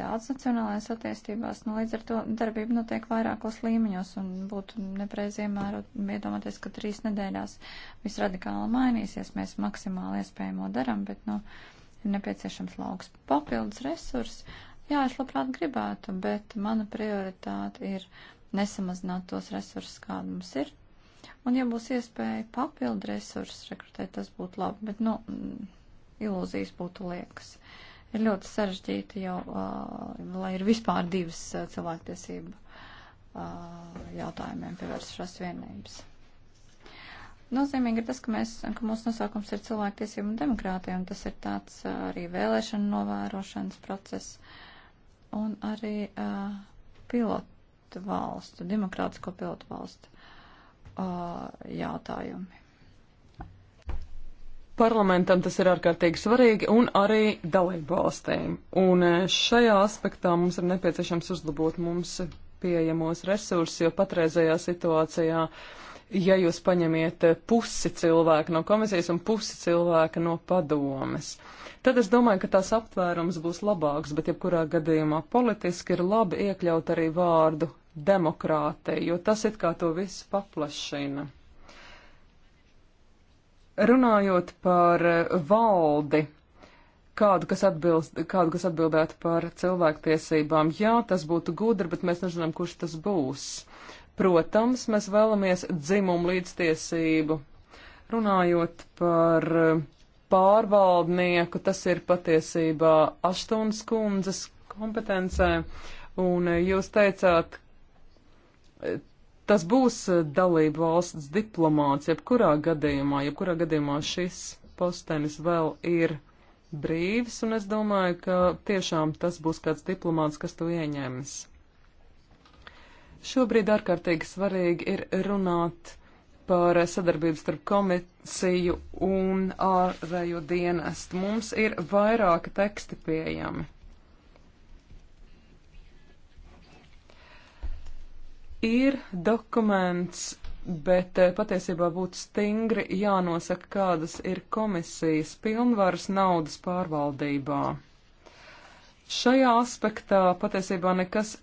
daudz nacionālajās attīstībās. Nu, līdz ar to darbība notiek vairākos līmeņos un būtu nepreiz iemērot, iedomāties, ka trīs nedēļās viss radikāli mainīsies. Mēs maksimāli iespējamo daram, bet, nu, ir nepieciešams lauks papildus resursi, Jā, es labprāt gribētu, bet mana prioritāte ir nesamazināt tos resursus, kādi mums ir. Un, ja būs iespēja papildu resursus rekrutēt, tas būtu labi, bet, nu, mm, ilūzijas būtu liekas. Ir ļoti sarežģīti jau, uh, lai ir vispār divas uh, cilvēktiesību uh, jautājumiem pievērsušās vienības. Nozīmīgi ir tas, ka, mēs, ka mūsu nosaukums ir cilvēktiesība un demokrātija, un tas ir tāds uh, arī vēlēšana novērošanas process. Uh, un arī uh, pilotu valstu, demokrātisko pilotu valstu uh, jautājumi. Parlamentam tas ir ārkārtīgi svarīgi un arī dalību valstīm. Un uh, šajā aspektā mums ir nepieciešams uzlabot mums pieejamos resursus, jo patreizajā situācijā uh, ja jūs paņemiet eh, pusi cilvēku no komisijas un pusi cilvēka no padomes. Tad es domāju, ka tās aptvērums būs labāks, bet jebkurā gadījumā politiski ir labi iekļaut arī vārdu demokrātija, jo tas it kā to visu paplašina. Runājot par eh, valdi, kādu, kas, atbilst, kādu, kas atbildētu par cilvēktiesībām. Jā, tas būtu gudri, bet mēs nezinām, kurš tas būs. Protams, mēs vēlamies dzimumu līdztiesību. Runājot par eh, pārvaldnieku, tas ir patiesībā Aštons kundzes kompetencē, un eh, jūs teicāt, eh, tas būs dalību valsts diplomāts, jebkurā gadījumā, jebkurā gadījumā šis postenis vēl ir brīvs, un es domāju, ka tiešām tas būs kāds diplomāts, kas to ieņems. Šobrīd ārkārtīgi svarīgi ir runāt par sadarbību starp komisiju un ārējo dienestu. Mums ir vairāki teksti pieejami. Ir dokuments, bet eh, patiesībā būtu stingri jānosaka, kādas ir komisijas pilnvaras naudas pārvaldībā. Šajā aspektā patiesībā nekas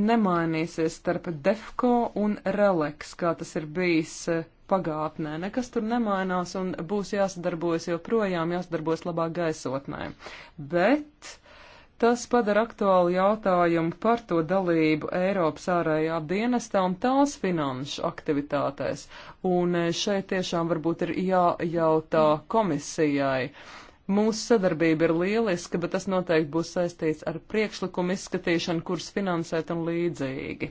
nemainīsies starp DEFCO un RELEX, kā tas ir bijis eh, pagātnē. Nekas tur nemainās un būs jāsadarbojas joprojām, jāsadarbojas labā gaisotnē. Bet tas padara aktuālu jautājumu par to dalību Eiropas ārējā dienestā un tās finanšu aktivitātēs. Un eh, šeit tiešām varbūt ir jājautā komisijai. Mūsu sadarbība ir lieliska, bet tas noteikti būs saistīts ar priekšlikumu izskatīšanu, kurus finansēt un līdzīgi.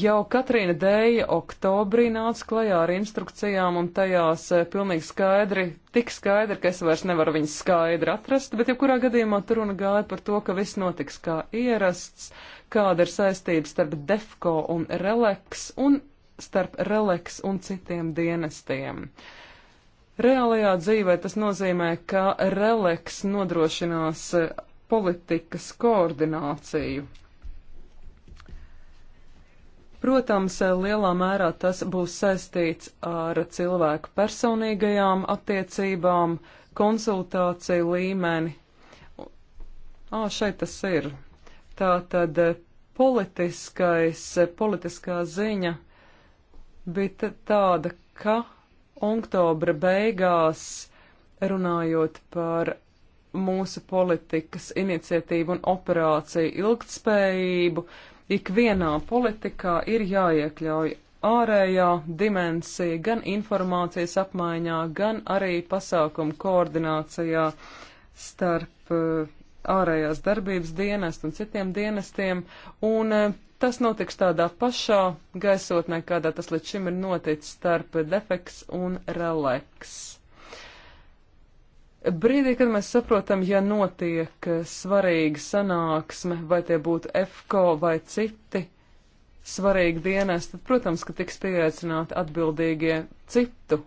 Jau Katrīna Dēja oktobrī nāca klajā ar instrukcijām, un tajās eh, pilnīgi skaidri, tik skaidri, ka es vairs nevaru viņas skaidri atrast, bet jebkurā gadījumā tur runa gāja par to, ka viss notiks kā ierasts, kāda ir saistība starp DEFCO un RELEX un starp RELEX un citiem dienestiem. Uh, Reālajā dzīvē tas nozīmē, ka releks nodrošinās e, politikas koordināciju. Protams, e, lielā mērā tas būs saistīts ar cilvēku personīgajām attiecībām, konsultāciju līmeni. Ā, šeit tas ir. Tā tad e, politiskais, politiskā ziņa bija tāda, ka oktobra beigās, runājot par mūsu politikas iniciatīvu un operāciju ilgtspējību, ikvienā politikā ir jāiekļauj ārējā dimensija gan informācijas apmaiņā, gan arī pasākumu koordinācijā starp uh, ārējās darbības dienestu un citiem dienestiem, un eh, tas notiks tādā pašā gaisotnē, kādā tas līdz šim ir noticis starp defeks un releks. Brīdī, kad mēs saprotam, ja notiek svarīga sanāksme, vai tie būtu FCO vai citi svarīgi dienesti, tad, protams, ka tiks pieaicināti atbildīgie citu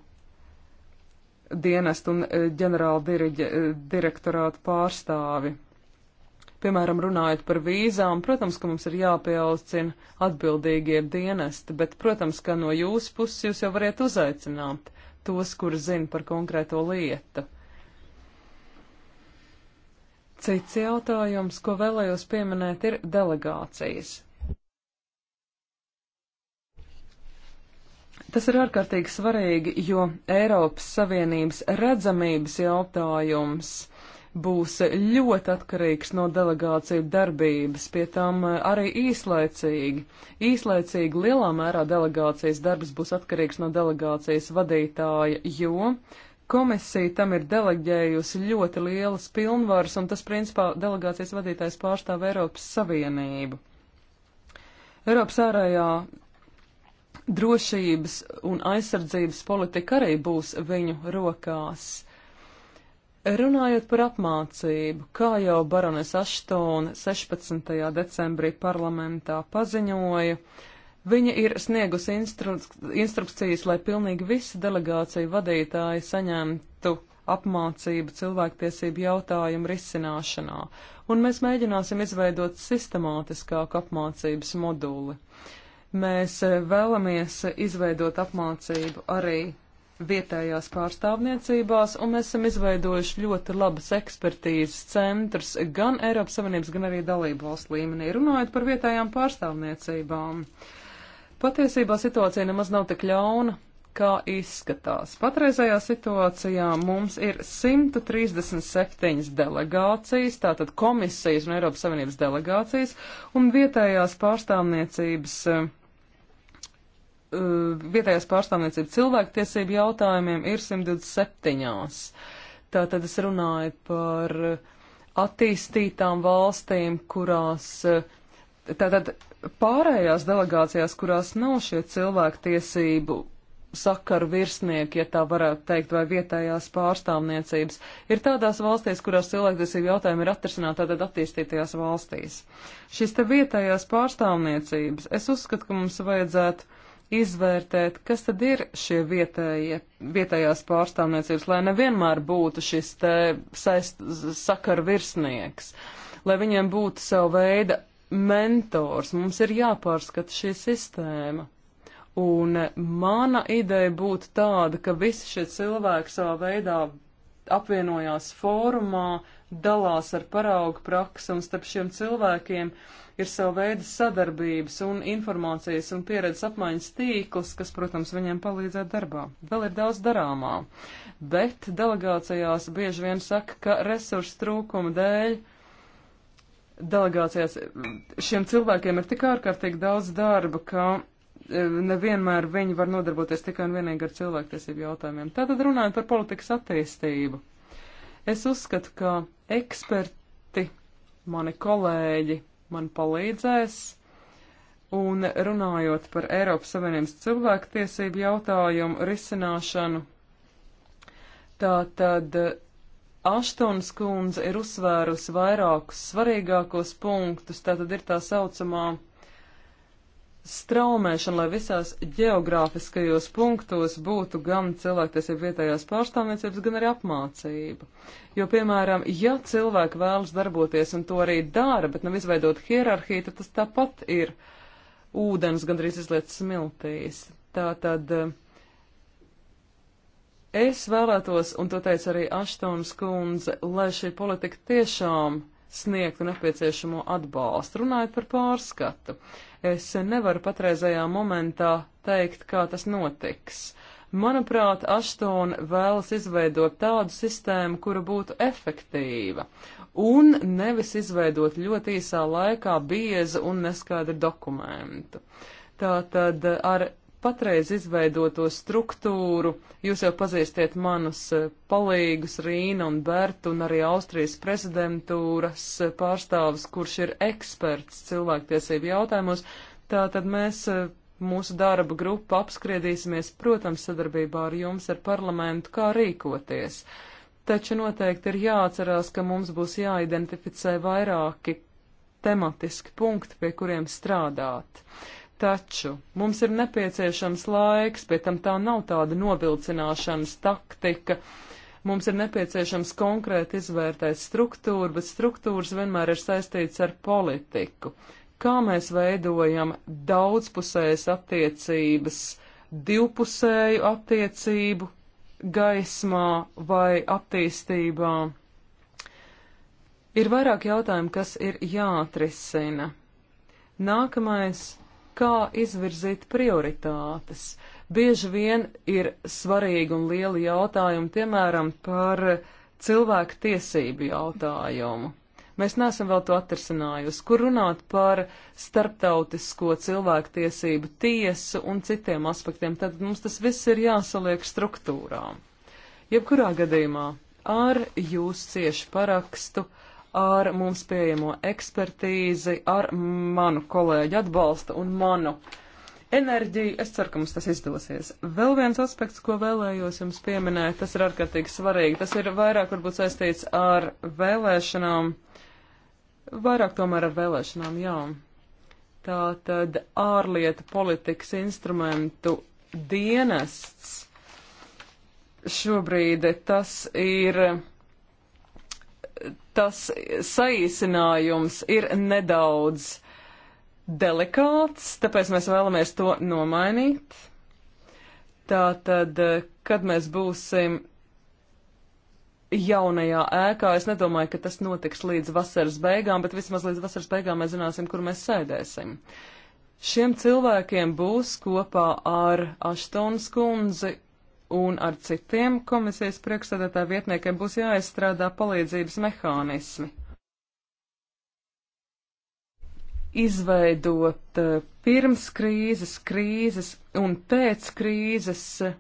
dienestu un eh, ģenerāla eh, direktorāta pārstāvi. Piemēram, runājot par vīzām, protams, ka mums ir jāpieaucina atbildīgie dienesti, bet, protams, ka no jūsu puses jūs jau variet uzaicināt tos, kuri zina par konkrēto lietu. Cits jautājums, ko vēlējos pieminēt, ir delegācijas. Tas ir ārkārtīgi svarīgi, jo Eiropas Savienības redzamības jautājums būs ļoti atkarīgs no delegāciju darbības, pie tam eh, arī īslaicīgi. Īslaicīgi lielā mērā delegācijas darbs būs atkarīgs no delegācijas vadītāja, jo komisija tam ir deleģējusi ļoti lielas pilnvaras, un tas principā delegācijas vadītājs pārstāv Eiropas Savienību. Eiropas ārējā drošības un aizsardzības politika arī būs viņu rokās. Runājot par apmācību, kā jau barones Aštona 16. decembrī parlamentā paziņoja, viņa ir sniegusi instruk instrukcijas, lai pilnīgi visi delegāciju vadītāji saņemtu apmācību cilvēktiesību jautājumu risināšanā, un mēs mēģināsim izveidot sistemātiskāku apmācības moduli. Mēs eh, vēlamies izveidot apmācību arī vietējās pārstāvniecībās, un mēs esam izveidojuši ļoti labas ekspertīzes centrus gan Eiropas Savienības, gan arī dalību valsts līmenī, runājot par vietējām pārstāvniecībām. Patiesībā situācija nemaz nav tik ļauna, kā izskatās. Patreizajā situācijā mums ir 137 delegācijas, tātad komisijas un Eiropas Savienības delegācijas, un vietējās pārstāvniecības uh, Uh, vietējās pārstāvniecības cilvēktiesību jautājumiem ir 127. Tātad es runāju par attīstītām valstīm, kurās, uh, tātad pārējās delegācijās, kurās nav šie cilvēktiesību sakaru virsnieki, ja tā varētu teikt, vai vietējās pārstāvniecības, ir tādās valstīs, kurās cilvēktiesību jautājumi ir atrisināti tātad attīstītajās valstīs. Šis te vietējās pārstāvniecības, es uzskatu, ka mums vajadzētu izvērtēt, kas tad ir šie vietējie, vietējās pārstāvniecības, lai nevienmēr būtu šis te saist, sakaru virsnieks, lai viņiem būtu sava veida mentors. Mums ir jāpārskata šī sistēma. Un mana ideja būtu tāda, ka visi šie cilvēki savā veidā apvienojās fórumā, dalās ar paraugu praksi, un starp šiem cilvēkiem ir sava veida sadarbības un informācijas un pieredzes apmaiņas tīkls, kas, protams, viņiem palīdzētu darbā. Vēl ir daudz darāmā, bet delegācijās bieži vien saka, ka resursu trūkuma dēļ delegācijās šiem cilvēkiem ir tik ārkārtīgi daudz darba, ka e, nevienmēr viņi var nodarboties tikai un vienīgi ar cilvēktiesību jautājumiem. Tātad runājot par politikas attīstību. Es uzskatu, ka eksperti, mani kolēģi man palīdzēs. Un runājot par Eiropas Savienības cilvēktiesību jautājumu risināšanu, tā tad Aštons kundze ir uzsvērusi vairākus svarīgākos punktus, tā tad ir tā saucamā straumēšana, lai visās geogrāfiskajos punktos būtu gan cilvēktiesība vietējās pārstāvniecības, gan arī apmācība. Jo, piemēram, ja cilvēki vēlas darboties un to arī dara, bet nav izveidot hierarhiju, tad tas tāpat ir ūdens gandrīz izliet smiltīs. Tā tad eh, es vēlētos, un to teica arī Aštons kundze, lai šī politika tiešām sniegtu nepieciešamo atbalstu. Runājot par pārskatu, es nevaru patreizajā momentā teikt, kā tas notiks. Manuprāt, Aštona vēlas izveidot tādu sistēmu, kura būtu efektīva, un nevis izveidot ļoti īsā laikā biezu un neskaidru dokumentu. Tātad ar patreiz izveidoto struktūru. Jūs jau pazīstiet manus eh, palīgus Rīnu un Bertu un arī Austrijas prezidentūras eh, pārstāvis, kurš ir eksperts cilvēktiesību jautājumos. Tātad mēs eh, mūsu darba grupu apskriedīsimies, protams, sadarbībā ar jums, ar parlamentu, kā rīkoties. Taču noteikti ir jāatcerās, ka mums būs jāidentificē vairāki tematiski punkti, pie kuriem strādāt. Uh, Taču mums ir nepieciešams laiks, pie tam tā nav tāda novilcināšanas taktika. Mums ir nepieciešams konkrēti izvērtēt struktūru, bet struktūras vienmēr ir saistīts ar politiku. Kā mēs veidojam daudzpusējas attiecības, divpusēju attiecību gaismā vai attīstībā? Ir vairāk jautājumu, kas ir jāatrisina. Nākamais kā izvirzīt prioritātes. Bieži vien ir svarīgi un lieli jautājumi, piemēram, par cilvēku tiesību jautājumu. Mēs neesam vēl to atrisinājusi, kur runāt par starptautisko cilvēktiesību tiesu un citiem aspektiem. Tad mums tas viss ir jāsaliek struktūrā. Jebkurā gadījumā ar jūsu ciešu parakstu uh, ar mums pieejamo ekspertīzi, ar manu kolēģu atbalstu un manu enerģiju. Es ceru, ka mums tas izdosies. Vēl viens aspekts, ko vēlējos jums pieminēt, tas ir ārkārtīgi svarīgi. Tas ir vairāk varbūt saistīts ar vēlēšanām, vairāk tomēr ar vēlēšanām, jā. Tā tad ārlietu politikas instrumentu dienests šobrīd tas ir tas saīsinājums ir nedaudz delikāts, tāpēc mēs vēlamies to nomainīt. Tātad, kad mēs būsim jaunajā ēkā, es nedomāju, ka tas notiks līdz vasaras beigām, bet vismaz līdz vasaras beigām mēs zināsim, kur mēs sēdēsim. Šiem cilvēkiem būs kopā ar Aštons kundzi un ar citiem komisijas priekšsēdētāju vietniekiem būs jāizstrādā palīdzības mehānismi. Izveidot eh, pirms krīzes, krīzes un pēc krīzes eh,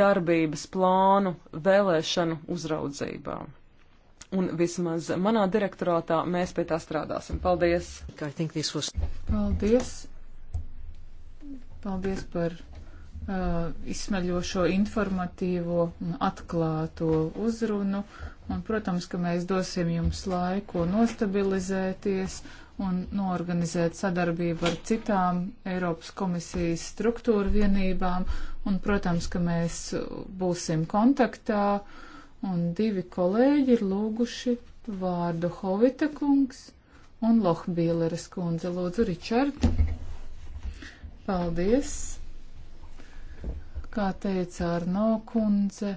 darbības plānu vēlēšanu uzraudzībā. Un vismaz manā direktorātā mēs pie tā strādāsim. Paldies! Was... Paldies! Paldies par Uh, izsmeļošo, informatīvo un atklāto uzrunu. Un, protams, ka mēs dosim jums laiku nostabilizēties un noorganizēt sadarbību ar citām Eiropas komisijas struktūra vienībām. Un, protams, ka mēs būsim kontaktā. Un divi kolēģi ir lūguši vārdu Hovita kungs un Lohbīleres kundze. Lūdzu, Ričard. Paldies! Kā teica Arno kundze,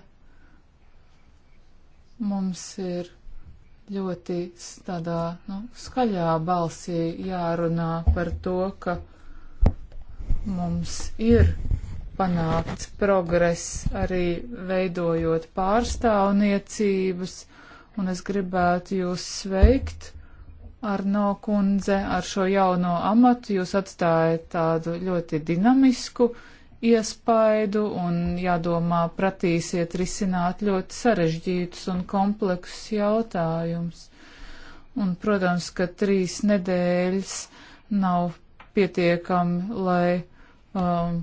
mums ir ļoti tādā nu, skaļā balsī jārunā par to, ka mums ir panākts progress arī veidojot pārstāvniecības, un es gribētu jūs sveikt. Arno kundze, ar šo jauno amatu jūs atstājat tādu ļoti dinamisku iespaidu un jādomā pratīsiet risināt ļoti sarežģītus un kompleksus jautājumus. Un, protams, ka trīs nedēļas nav pietiekami, lai um,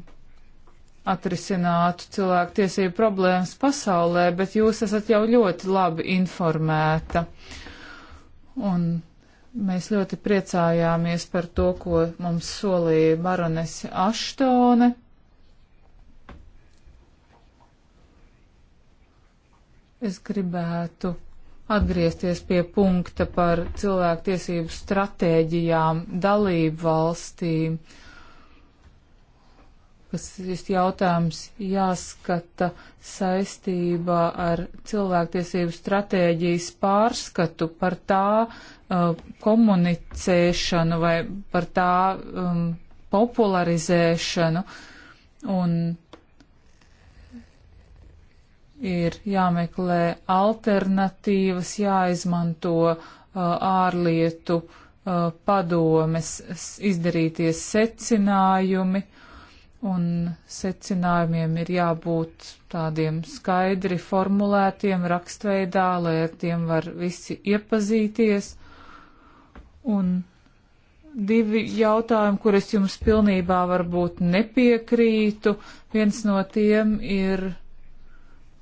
atrisinātu cilvēku tiesību problēmas pasaulē, bet jūs esat jau ļoti labi informēta. Un mēs ļoti priecājāmies par to, ko mums solīja baronese Aštone Es gribētu atgriezties pie punkta par cilvēktiesību stratēģijām dalību valstīm, kas šis jautājums jāskata saistībā ar cilvēktiesību stratēģijas pārskatu par tā uh, komunicēšanu vai par tā um, popularizēšanu. Un ir jāmeklē alternatīvas, jāizmanto uh, ārlietu uh, padomes izdarīties secinājumi, un secinājumiem ir jābūt tādiem skaidri formulētiem rakstveidā, lai ar tiem var visi iepazīties. Un divi jautājumi, kur es jums pilnībā varbūt nepiekrītu. Viens no tiem ir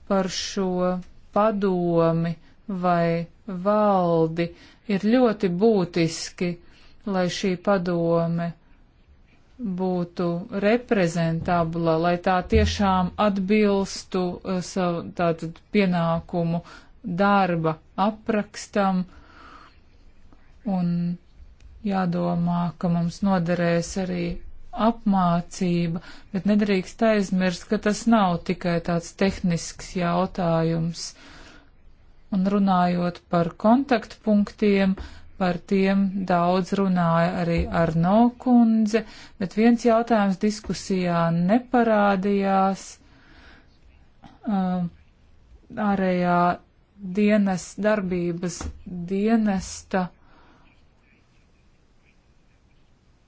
par šo padomi vai valdi ir ļoti būtiski, lai šī padome būtu reprezentabla, lai tā tiešām atbilstu uh, savu tātad pienākumu darba aprakstam un jādomā, ka mums noderēs arī apmācība, bet nedrīkst aizmirst, ka tas nav tikai tāds tehnisks jautājums. Un runājot par kontaktpunktiem, par tiem daudz runāja arī Arno kundze, bet viens jautājums diskusijā neparādījās. Um, ārējā dienas darbības dienesta. Uh,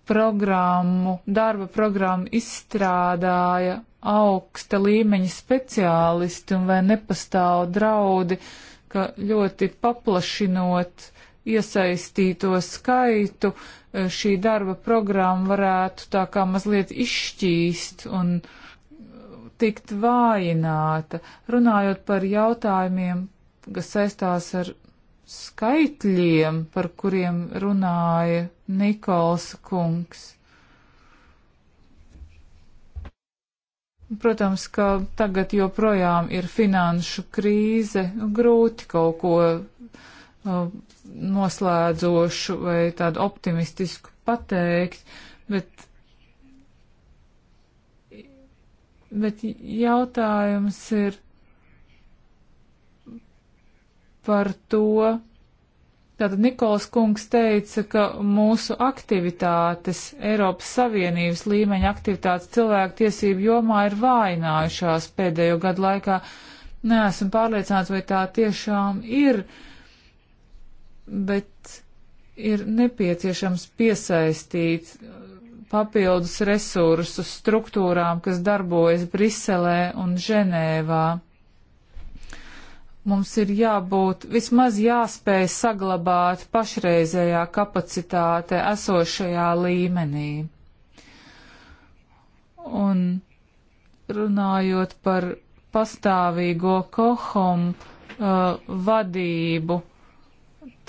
programmu, darba programmu izstrādāja augsta līmeņa speciālisti un vai nepastāv draudi, ka ļoti paplašinot iesaistīto skaitu, e, šī darba programma varētu tā kā mazliet izšķīst un e, tikt vājināta. Runājot par jautājumiem, kas saistās ar skaitļiem, par kuriem runāja Nikols kungs. Protams, ka tagad joprojām ir finanšu krīze, nu, grūti kaut ko uh, noslēdzošu vai tādu optimistisku pateikt, bet, bet jautājums ir, par to, Tātad Nikolas kungs teica, ka mūsu aktivitātes, Eiropas Savienības līmeņa aktivitātes cilvēku tiesību jomā ir vājinājušās pēdējo gadu laikā. Neesmu pārliecināts, vai tā tiešām ir, bet ir nepieciešams piesaistīt papildus resursus struktūrām, kas darbojas Briselē un Ženēvā. Mums ir jābūt, vismaz jāspēj saglabāt pašreizējā kapacitāte esošajā līmenī. Un runājot par pastāvīgo kohom uh, vadību,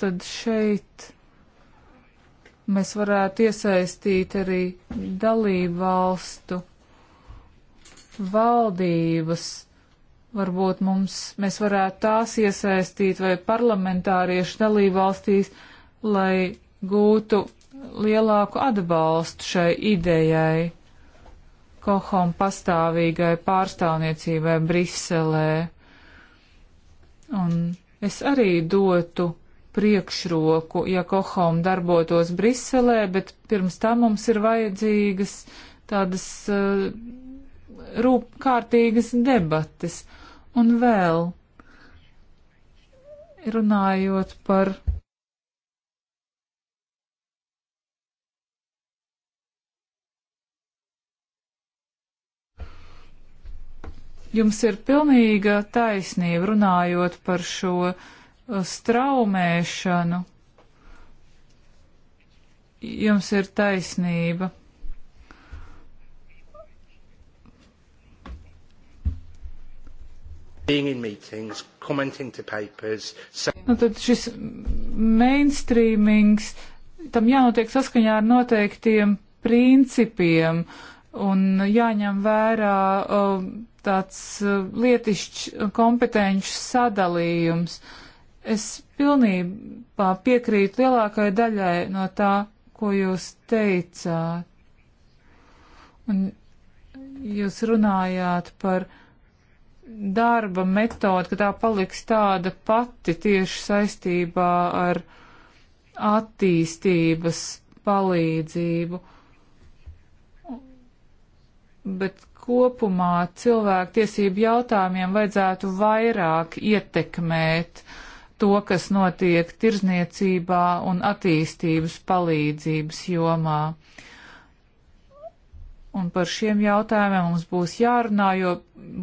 tad šeit mēs varētu iesaistīt arī dalību valstu valdības Varbūt mums, mēs varētu tās iesaistīt vai parlamentārieši dalībvalstīs, lai gūtu lielāku atbalstu šai idejai, kohom pastāvīgai pārstāvniecībai Briselē. Un es arī dotu priekšroku, ja kohom darbotos Briselē, bet pirms tam mums ir vajadzīgas tādas uh, rūpkārtīgas debates. Un vēl runājot par. Jums ir pilnīga taisnība runājot par šo uh, straumēšanu. Jums ir taisnība. Meetings, papers, so... Nu, tad šis mainstreamings, tam jānotiek saskaņā ar noteiktiem principiem un jāņem vērā uh, tāds uh, lietišķs kompetenci sadalījums. Es pilnībā piekrītu lielākajai daļai no tā, ko jūs teicāt. Un jūs runājāt par uh, darba metode, ka tā paliks tāda pati tieši saistībā ar attīstības palīdzību. Bet kopumā cilvēktiesību jautājumiem vajadzētu vairāk ietekmēt to, kas notiek tirzniecībā un attīstības palīdzības jomā un par šiem jautājumiem mums būs jārunā, jo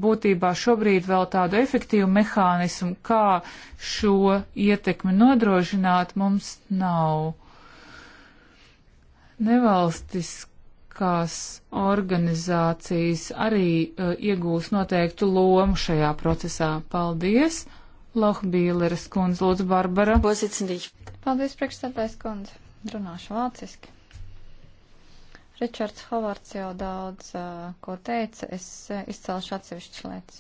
būtībā šobrīd vēl tādu efektīvu mehānismu, kā šo ietekmi nodrošināt, mums nav. Nevalstiskās organizācijas arī uh, iegūs noteiktu lomu šajā procesā. Paldies! Lohbīleres kundze, lūdzu, Barbara. Paldies, priekšstādājs kundze. Runāšu vāciski. Ričards Hovards jau daudz uh, ko teica, es uh, izcelšu atsevišķas lietas.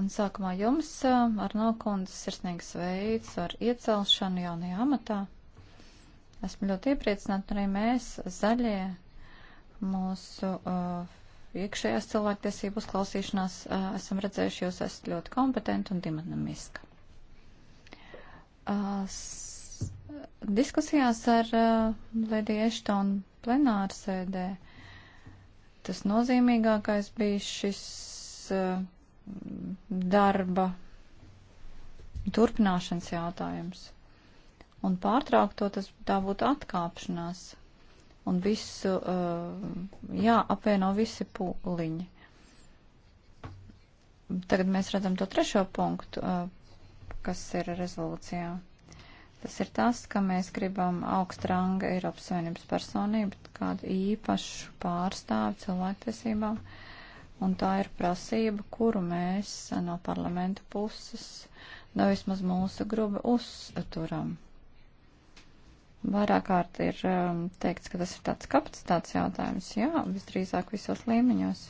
Un sākumā jums uh, ar nokundas sirsnīgas veids ar iecelšanu jaunajā amatā. Esmu ļoti iepriecināta arī mēs, zaļie, mūsu uh, iekšējās cilvēktiesību uzklausīšanās uh, esam redzējuši, jūs esat ļoti kompetenti un dinamiska. Uh, diskusijās ar uh, Lady Ashtonu plenārsēdē tas nozīmīgākais bija šis eh, darba turpināšanas jautājums. Un pārtraukt to, tas tā būtu atkāpšanās. Un visu, eh, jā, apvieno visi pūliņi. Tagad mēs redzam to trešo punktu, eh, kas ir rezolūcijā. Tas ir tas, ka mēs gribam augstu ranga Eiropas Savienības personību, kādu īpašu pārstāvu cilvēktiesībām. Un tā ir prasība, kuru mēs no parlamenta puses, no vismaz mūsu gruba, uzturam. Vairāk kārt ir um, teikts, ka tas ir tāds kapacitātes jautājums, jā, visdrīzāk visos līmeņos.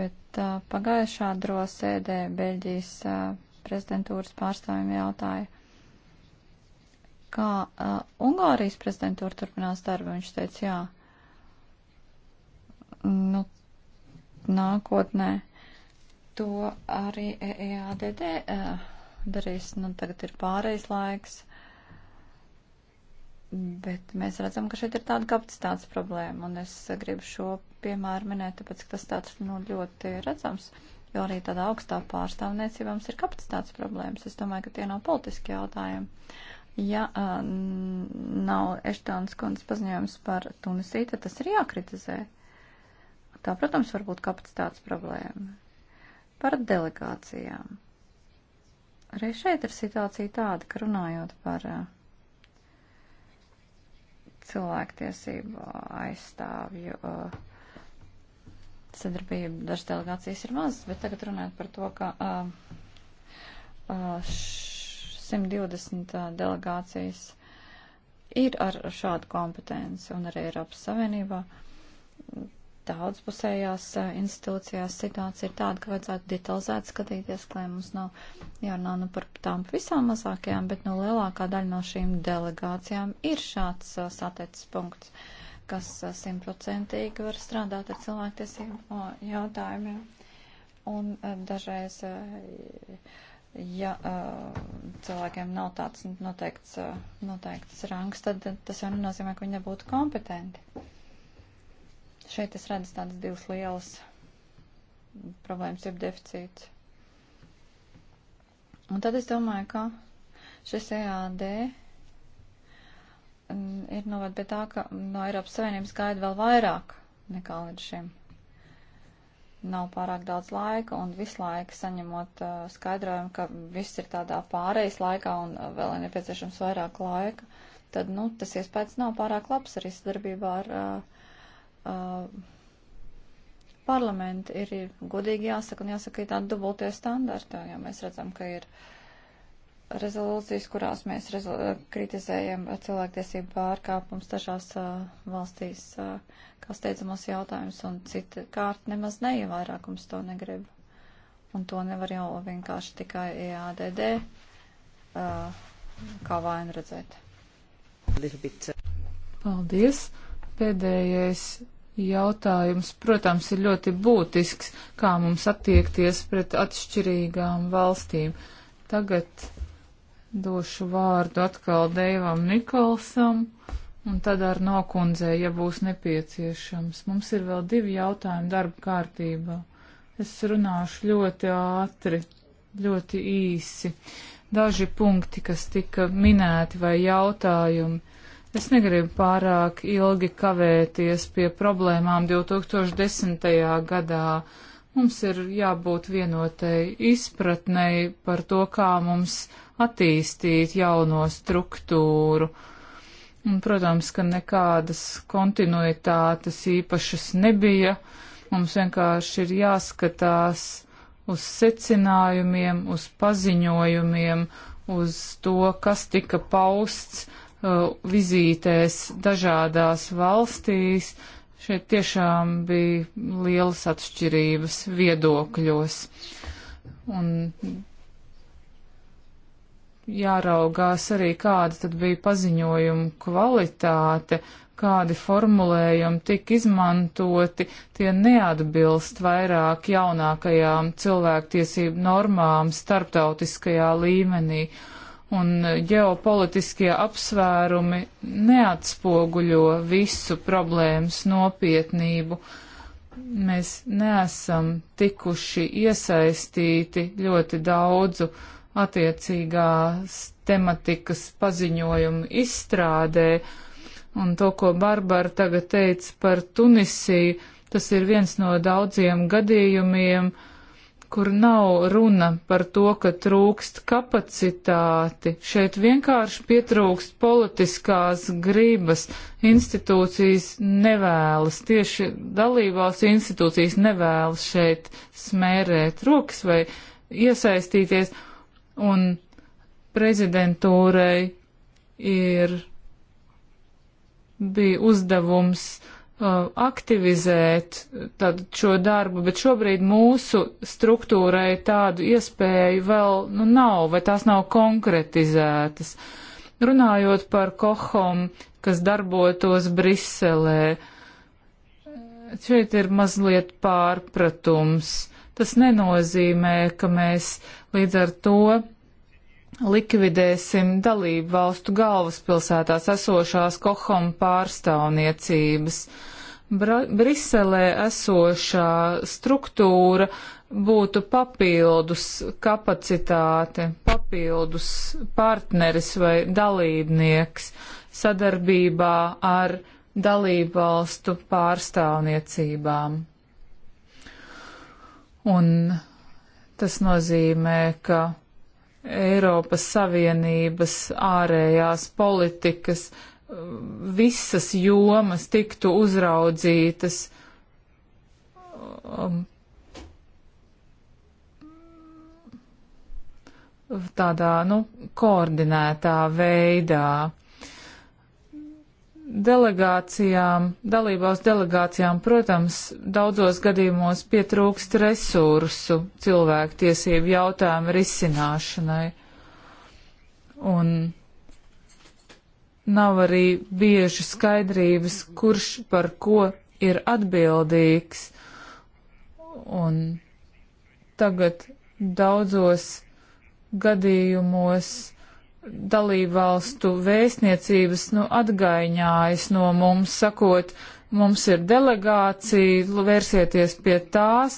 Bet uh, pagājušā drosēdē Beļģijas uh, prezidentūras pārstāvjiem jautāju, kā uh, Ungārijas prezidentūra turpinās darbu. Viņš teica, jā, nu, nākotnē to arī EADD e uh, darīs. Nu, tagad ir pārējais laiks. Bet mēs redzam, ka šeit ir tāda kapacitātes problēma, un es gribu šo piemēru minēt, tāpēc, ka tas tāds, nu, ļoti redzams. Uh, jo arī tādā augstā pārstāvniecībā mums ir kapacitātes problēmas. Es domāju, ka tie nav politiski jautājumi. Ja uh, nav Eštānas kundzes paziņojums par Tunisiju, tad tas ir jākritizē. Tā, protams, var būt kapacitātes problēma. Par delegācijām. Arī šeit ir situācija tāda, ka runājot par uh, cilvēktiesību aizstāvju uh, sadarbība dažas delegācijas ir mazas, bet tagad runājot par to, ka uh, uh, 120 delegācijas ir ar šādu kompetenci un arī Eiropas Savienībā daudzpusējās institūcijās situācija ir tāda, ka vajadzētu detalizēt skatīties, lai mums nav jārunā nu par tām visām mazākajām, bet no nu lielākā daļa no šīm delegācijām ir šāds satiecis punkts. Uh, kas simtprocentīgi var strādāt ar cilvēktiesību jautājumiem. Un dažreiz, ja cilvēkiem nav tāds noteikts, noteikts rangs, tad tas jau nenozīmē, ka viņi nebūtu kompetenti. Šeit es redzu tādas divas lielas problēmas, jeb deficīts. Un tad es domāju, ka šis EAD Mm, ir novad pie tā, ka no Eiropas Savienības gaida vēl vairāk nekā līdz šim. Nav pārāk daudz laika un visu laiku saņemot uh, skaidrojumu, ka viss ir tādā pārejas laikā un uh, vēl ir nepieciešams vairāk laika, tad, nu, tas iespējas nav pārāk labs arī sadarbībā ar uh, uh, parlamentu. Ir godīgi jāsaka un jāsaka, ir tāda dubultie standarta, jo mēs redzam, ka ir. Uh, rezolūcijas, kurās mēs rezo eh, kritizējam eh, cilvēktiesību pārkāpums dažās uh, valstīs, uh, kā steidzamos jautājumus, un cita kārt nemaz neievairākums to negrib. Un to nevar jau vienkārši tikai EADD uh, kā vainu redzēt. Paldies! Pēdējais jautājums, protams, ir ļoti būtisks, kā mums attiekties pret atšķirīgām valstīm. Tagad došu vārdu atkal Deivam Nikolsam un tad ar nokundzei, ja būs nepieciešams. Mums ir vēl divi jautājumi darba kārtībā. Es runāšu ļoti ātri, ļoti īsi. Daži punkti, kas tika minēti vai jautājumi. Es negribu pārāk ilgi kavēties pie problēmām 2010. gadā. Mums ir jābūt vienotai izpratnei par to, kā mums attīstīt jauno struktūru. Un, protams, ka nekādas kontinuitātes īpašas nebija. Mums vienkārši ir jāskatās uz secinājumiem, uz paziņojumiem, uz to, kas tika pausts uh, vizītēs dažādās valstīs. Šeit tiešām bija lielas atšķirības viedokļos. Un jāraugās arī, kāda tad bija paziņojuma kvalitāte, kādi formulējumi tika izmantoti, tie neatbilst vairāk jaunākajām cilvēktiesību normām starptautiskajā līmenī, un ģeopolitiskie apsvērumi neatspoguļo visu problēmas nopietnību mēs neesam tikuši iesaistīti ļoti daudzu attiecīgās tematikas paziņojumu izstrādē. Un to, ko Barbara tagad teica par Tunisiju, tas ir viens no daudziem gadījumiem, kur nav runa par to, ka trūkst kapacitāti. Šeit vienkārši pietrūkst politiskās gribas. Institūcijas nevēlas, tieši dalībvalsts institūcijas nevēlas šeit smērēt rokas vai iesaistīties un prezidentūrai ir bija uzdevums uh, aktivizēt uh, tad, šo darbu, bet šobrīd mūsu struktūrai tādu iespēju vēl nu, nav, vai tās nav konkretizētas. Runājot par kohom, kas darbotos Briselē, šeit ir mazliet pārpratums Tas nenozīmē, ka mēs līdz ar to likvidēsim dalību valstu galvaspilsētās esošās kohom pārstāvniecības. Bra Briselē esošā struktūra būtu papildus kapacitāte, papildus partneris vai dalībnieks sadarbībā ar dalību valstu pārstāvniecībām. Un tas nozīmē, ka Eiropas Savienības ārējās politikas um, visas jomas tiktu uzraudzītas. Um, tādā, nu, koordinētā veidā delegācijām, dalībās delegācijām, protams, daudzos gadījumos pietrūkst resursu cilvēktiesību jautājumu risināšanai. Un nav arī bieži skaidrības, kurš par ko ir atbildīgs. Un tagad daudzos gadījumos dalībvalstu vēstniecības nu, atgaiņājas no mums, sakot, mums ir delegācija, vērsieties pie tās.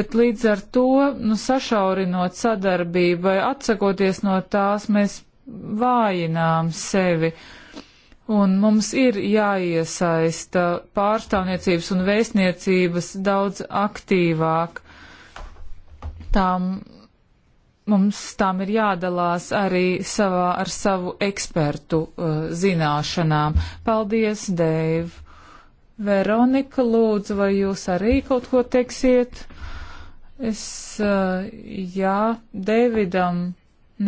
Bet līdz ar to, nu, sašaurinot sadarbību vai atsakoties no tās, mēs vājinām sevi. Uh, Un mums ir jāiesaista pārstāvniecības un vēstniecības daudz aktīvāk. Tām mums tām ir jādalās arī savā, ar savu ekspertu uh, zināšanām. Paldies, Deiv! Veronika, lūdzu, vai jūs arī kaut ko teiksiet? Es, uh, jā, Davidam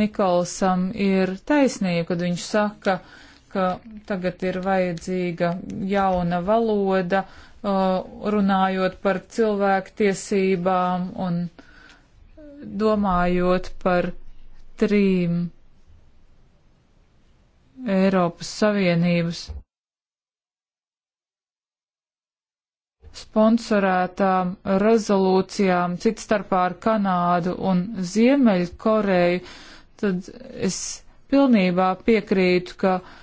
Nikolsam ir taisnība, kad viņš saka, ka ka tagad ir vajadzīga jauna valoda, uh, runājot par cilvēktiesībām un domājot par trim Eiropas Savienības sponsorētām rezolūcijām, cit starpā ar Kanādu un Ziemeļkoreju, tad es pilnībā piekrītu, ka uh,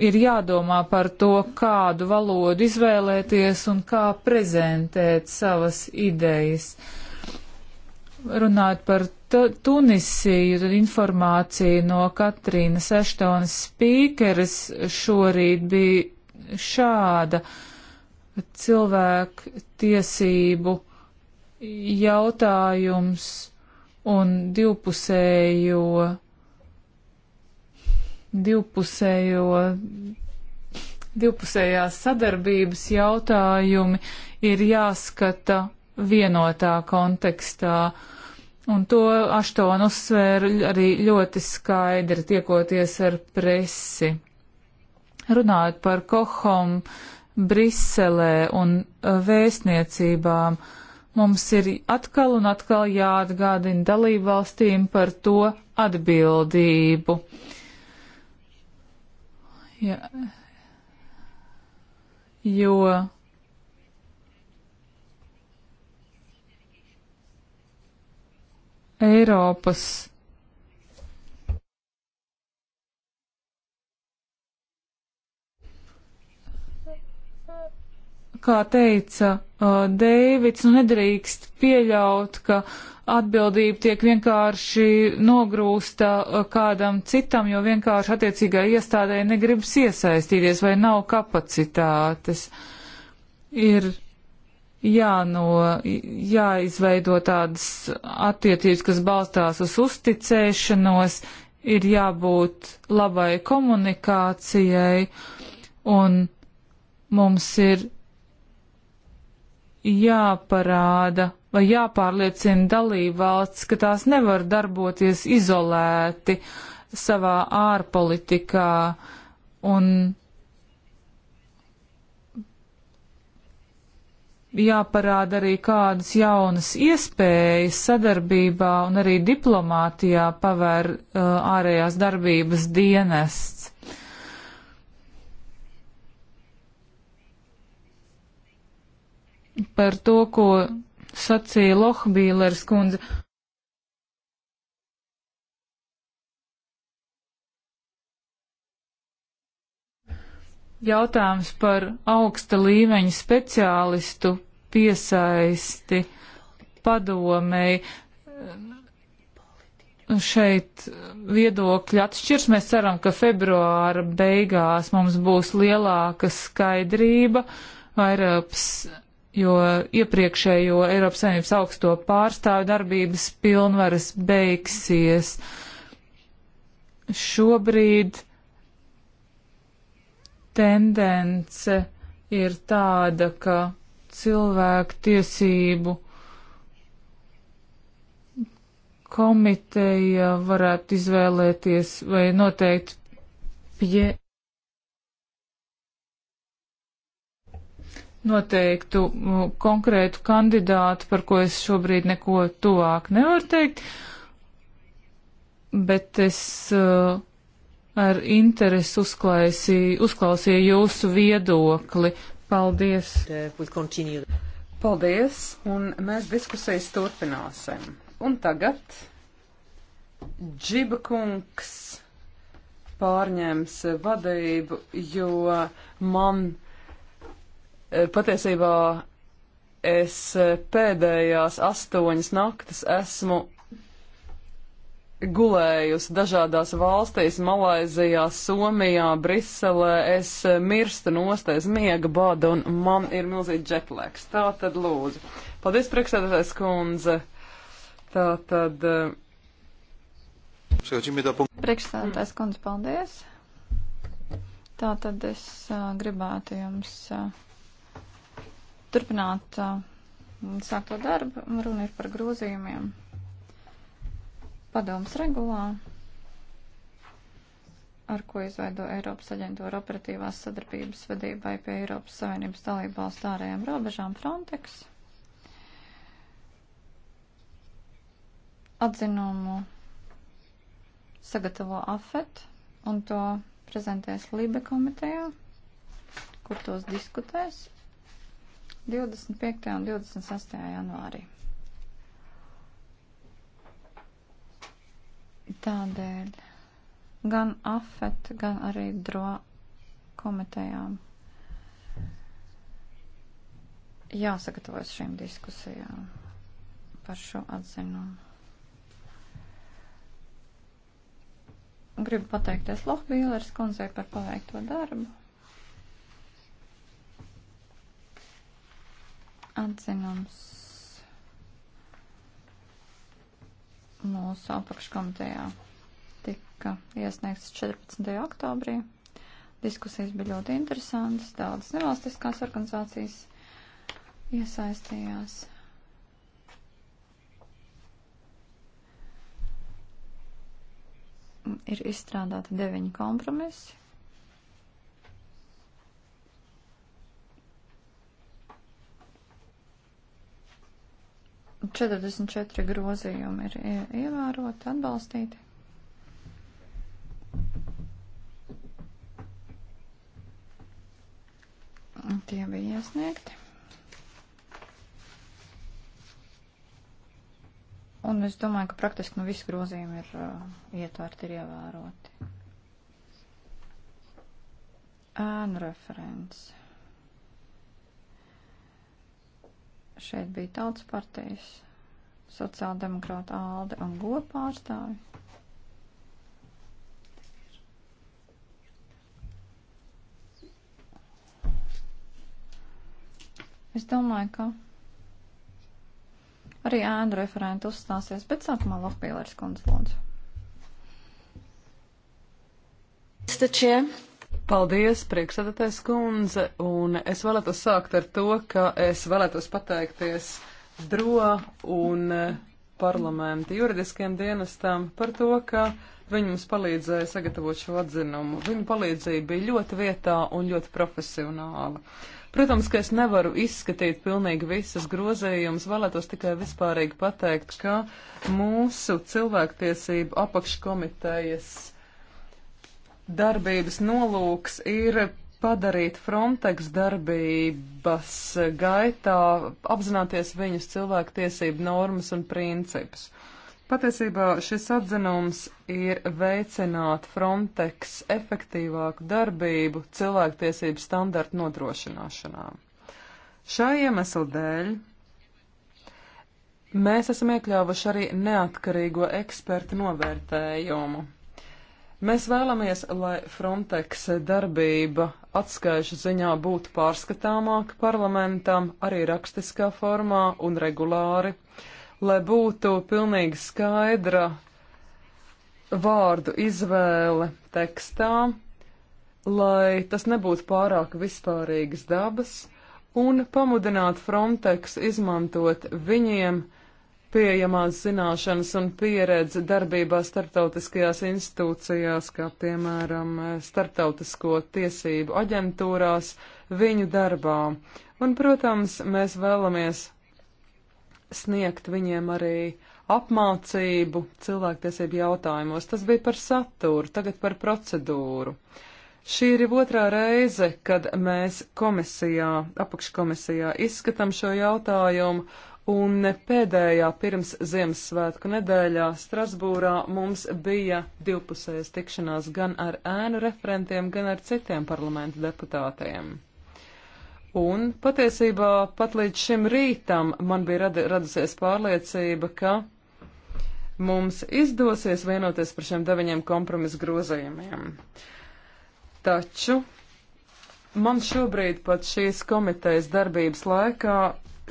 ir jādomā par to, kādu valodu izvēlēties un kā prezentēt savas idejas. Runāt par Tunisiju, tad informācija no Katrīnas Eštonas spīkeres šorīt bija šāda cilvēku tiesību jautājums un divpusējo divpusējo, divpusējās sadarbības jautājumi ir jāskata vienotā kontekstā. Un to Aštona uzsvēra arī ļoti skaidri, tiekoties ar presi. Runājot par Kohom, Briselē un vēstniecībām, mums ir atkal un atkal jāatgādina dalībvalstīm par to atbildību. Uh, Ja, jo Eiropas kā teica uh, Deivids, nu nedrīkst pieļaut, ka uh, atbildība tiek vienkārši nogrūsta uh, kādam citam, jo vienkārši attiecīgai iestādēji negribas iesaistīties vai nav kapacitātes. Ir jāno, jāizveido tādas attiecības, kas balstās uz uzticēšanos, ir jābūt labai komunikācijai un mums ir jāparāda vai jāpārliecina dalībvalsts, ka tās nevar darboties izolēti savā ārpolitikā un jāparāda arī kādas jaunas iespējas sadarbībā un arī diplomātijā pavēr uh, ārējās darbības dienests. Par to, ko sacīja Lohbīlers kundze. Jautājums par augsta līmeņa speciālistu piesaisti padomēji. Šeit viedokļi atšķirs. Mēs ceram, ka februāra beigās mums būs lielāka skaidrība, vairāks jo iepriekšējo Eiropas Savienības augsto pārstāvu darbības pilnvaras beigsies. Šobrīd tendence ir tāda, ka cilvēku tiesību komiteja varētu izvēlēties vai noteikt pie noteiktu konkrētu kandidātu, par ko es šobrīd neko tuvāk nevaru teikt, bet es uh, ar interesi uzklausīju, uzklausīju jūsu viedokli. Paldies! Paldies, un mēs diskusijas turpināsim. Un tagad Džiba kungs pārņems vadību, jo man Eh, patiesībā es eh, pēdējās astoņas naktis esmu gulējusi dažādās valstīs, Malaizijā, Somijā, Briselē. Es eh, mirstu nostais miega bada un man ir milzīgi džetlēks. Tā tad lūdzu. Paldies, priekšsēdētājs kundze. Tā tad. Priekšsēdētājs kundze, paldies. Tā tad es uh, gribētu jums. Uh, turpināt uh, sākto darbu. Runa ir par grozījumiem padoms regulā, ar ko izveido Eiropas aģentūra operatīvās sadarbības vadībai pie Eiropas Savienības dalību valstu ārējām robežām Frontex. Atzinumu sagatavo AFET un to prezentēs Libe komitejā, kur tos diskutēs. 25. un 26. janvārī. Tādēļ gan AFET, gan arī DRO komitejām jāsagatavojas šīm diskusijām par šo atzinumu. Gribu pateikties Lohbīlers kundzei par paveikto darbu. atzinums mūsu apakškomitejā tika iesniegts 14. oktobrī. Diskusijas bija ļoti interesantas, daudzas nevalstiskās organizācijas iesaistījās. Ir izstrādāti deviņi kompromisi, 44 grozījumi ir ievēroti, atbalstīti. Tie bija iesniegti. Un es domāju, ka praktiski nu, visi grozījumi ir uh, ietverti, ir ievēroti. Ēnu referenci. Šeit bija tautas partijas, sociāldemokrāta Alde un Gopa pārstāvi. Es domāju, ka arī ēnu referenti uzstāsies, bet sākumā Lohpīlērs kundze lūdzu. Mr. Chair, Paldies, priekšsēdētājs kundze, un es vēlētos sākt ar to, ka es vēlētos pateikties DRO un eh, parlamenta juridiskiem dienestam par to, ka Viņi mums palīdzēja sagatavot šo atzinumu. Viņa palīdzība bija ļoti vietā un ļoti profesionāla. Protams, ka es nevaru izskatīt pilnīgi visas grozējumus, vēlētos tikai vispārīgi pateikt, ka mūsu cilvēktiesību apakškomitejas darbības nolūks ir padarīt Frontex darbības gaitā, apzināties viņus cilvēku tiesību normas un principus. Patiesībā šis atzinums ir veicināt Frontex efektīvāku darbību cilvēktiesību standartu nodrošināšanā. Šā iemesla dēļ mēs esam iekļāvuši arī neatkarīgo ekspertu novērtējumu. Mēs vēlamies, lai Frontex darbība atskaišu ziņā būtu pārskatāmāka parlamentam arī rakstiskā formā un regulāri, lai būtu pilnīgi skaidra vārdu izvēle tekstā, lai tas nebūtu pārāk vispārīgas dabas, un pamudināt Frontex izmantot viņiem pieejamās zināšanas un pieredze darbībā starptautiskajās institūcijās, kā piemēram eh, starptautisko tiesību aģentūrās, viņu darbā. Un, protams, mēs vēlamies sniegt viņiem arī apmācību cilvēktiesību jautājumos. Tas bija par saturu, tagad par procedūru. Šī ir otrā reize, kad mēs komisijā, apakškomisijā izskatām šo jautājumu, Un pēdējā pirms Ziemassvētku nedēļā Strasbūrā mums bija divpusējas tikšanās gan ar ēnu referentiem, gan ar citiem parlamentu deputātiem. Un patiesībā pat līdz šim rītam man bija rad radusies pārliecība, ka mums izdosies vienoties par šiem deviņiem kompromisu grozījumiem. Taču man šobrīd pat šīs komitejas darbības laikā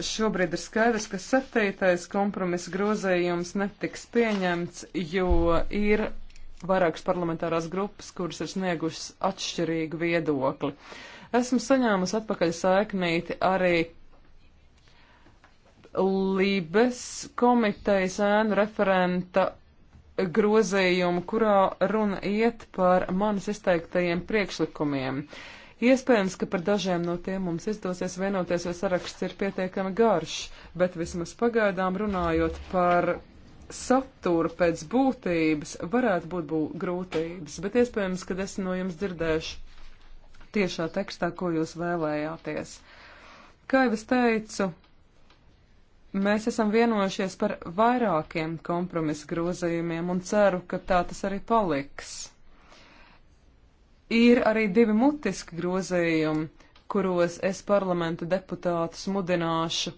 šobrīd ir skaidrs, ka septītais kompromisa grozējums netiks pieņemts, jo ir vairākas parlamentārās grupas, kuras ir sniegušas atšķirīgu viedokli. Esmu saņēmusi atpakaļ saiknīti arī Lībes komitejas ēnu referenta grozījumu, kurā runa iet par manis izteiktajiem priekšlikumiem. Uh, Iespējams, ka par dažiem no tiem mums izdosies vienoties, jo saraksts ir pietiekami garš, bet vismaz pagaidām runājot par saturu pēc būtības, varētu būt bū grūtības, bet iespējams, ka es no jums dzirdēšu tiešā tekstā, ko jūs vēlējāties. Kā jau es teicu, mēs esam vienojušies par vairākiem kompromisa grozījumiem un ceru, ka tā tas arī paliks. Ir arī divi mutiski grozējumi, kuros es parlamenta deputātus mudināšu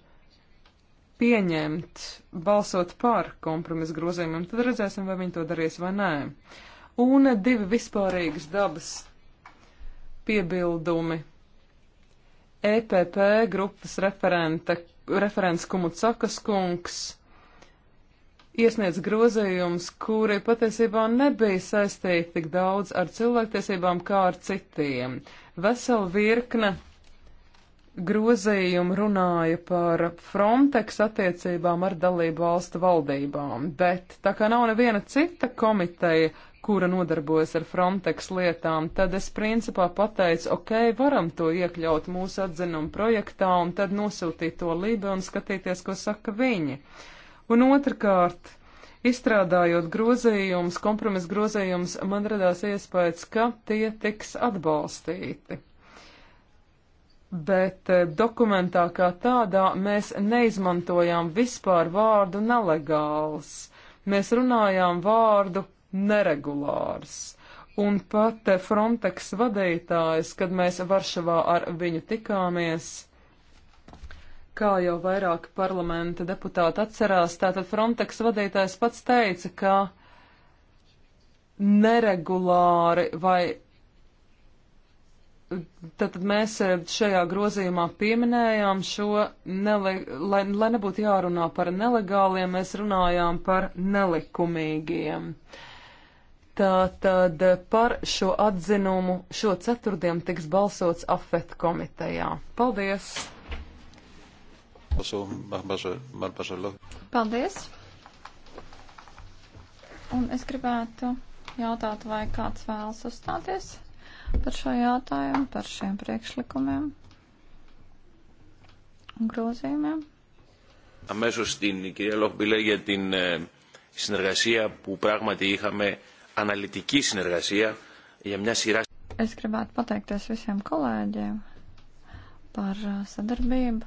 pieņemt, balsot par kompromisu grozījumiem, tad redzēsim, vai viņi to darīs vai nē. Un divi vispārīgas dabas piebildumi. EPP grupas referenta, referents Kumucakas kungs iesniedz grozījumus, kuri patiesībā nebija saistīti tik daudz ar cilvēktiesībām kā ar citiem. Vesela virkne grozījumu runāja par Frontex attiecībām ar dalību valstu valdībām, bet tā kā nav neviena cita komiteja, kura nodarbojas ar Frontex lietām, tad es principā pateicu, ok, varam to iekļaut mūsu atzinumu projektā un tad nosūtīt to Lībe un skatīties, ko saka viņi. Uh, Un otrkārt, izstrādājot grozījumus, kompromisu grozījumus, man radās iespējas, ka tie tiks atbalstīti. Bet eh, dokumentā kā tādā mēs neizmantojām vispār vārdu nelegāls. Mēs runājām vārdu neregulārs. Un pat eh, Frontex vadītājs, kad mēs Varšavā ar viņu tikāmies, Kā jau vairāki parlamenta deputāti atcerās, tātad Frontex vadītājs pats teica, ka neregulāri vai Tātad mēs šajā grozījumā pieminējām šo, nele, lai, lai nebūtu jārunā par nelegāliem, mēs runājām par nelikumīgiem. Tātad par šo atzinumu šo ceturtdien tiks balsots AFET komitejā. Paldies! Paldies! Un es gribētu jautāt, vai kāds vēlas uzstāties par šo jautājumu, par šiem priekšlikumiem un grozījumiem. Αμέσως στην κυρία Λοχμπιλέ για την ε, συνεργασία που πράγματι είχαμε, αναλυτική συνεργασία για μια σειρά. Es gribētu pateikties visiem kolēģiem par sadarbību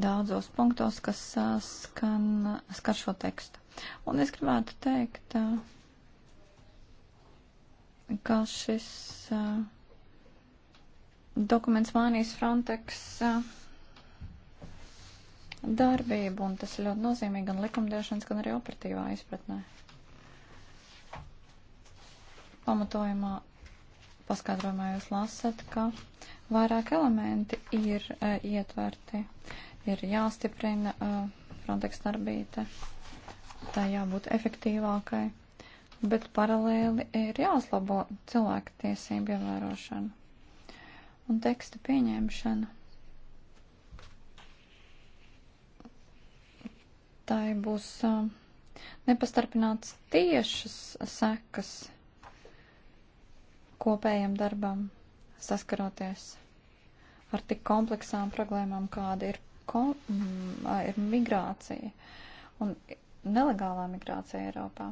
daudzos punktos, kas skan, skar šo tekstu. Un es gribētu teikt, ka šis dokuments mainīs Frontex darbību, un tas ir ļoti nozīmīgi gan likumdošanas, gan arī operatīvā izpratnē. Pamatojumā paskaidrojumā jūs lasat, ka vairāk elementi ir ietverti. Uh, ir jāstiprina uh, Frontex darbība, tā jābūt efektīvākai, bet paralēli ir jāuzlabo cilvēku tiesību ievērošana un teksta pieņemšana. Tā būs uh, nepastarpināts tiešas sekas kopējam darbam saskaroties ar tik kompleksām problēmām, kāda ir kom, mm, ir migrācija un nelegālā migrācija Eiropā.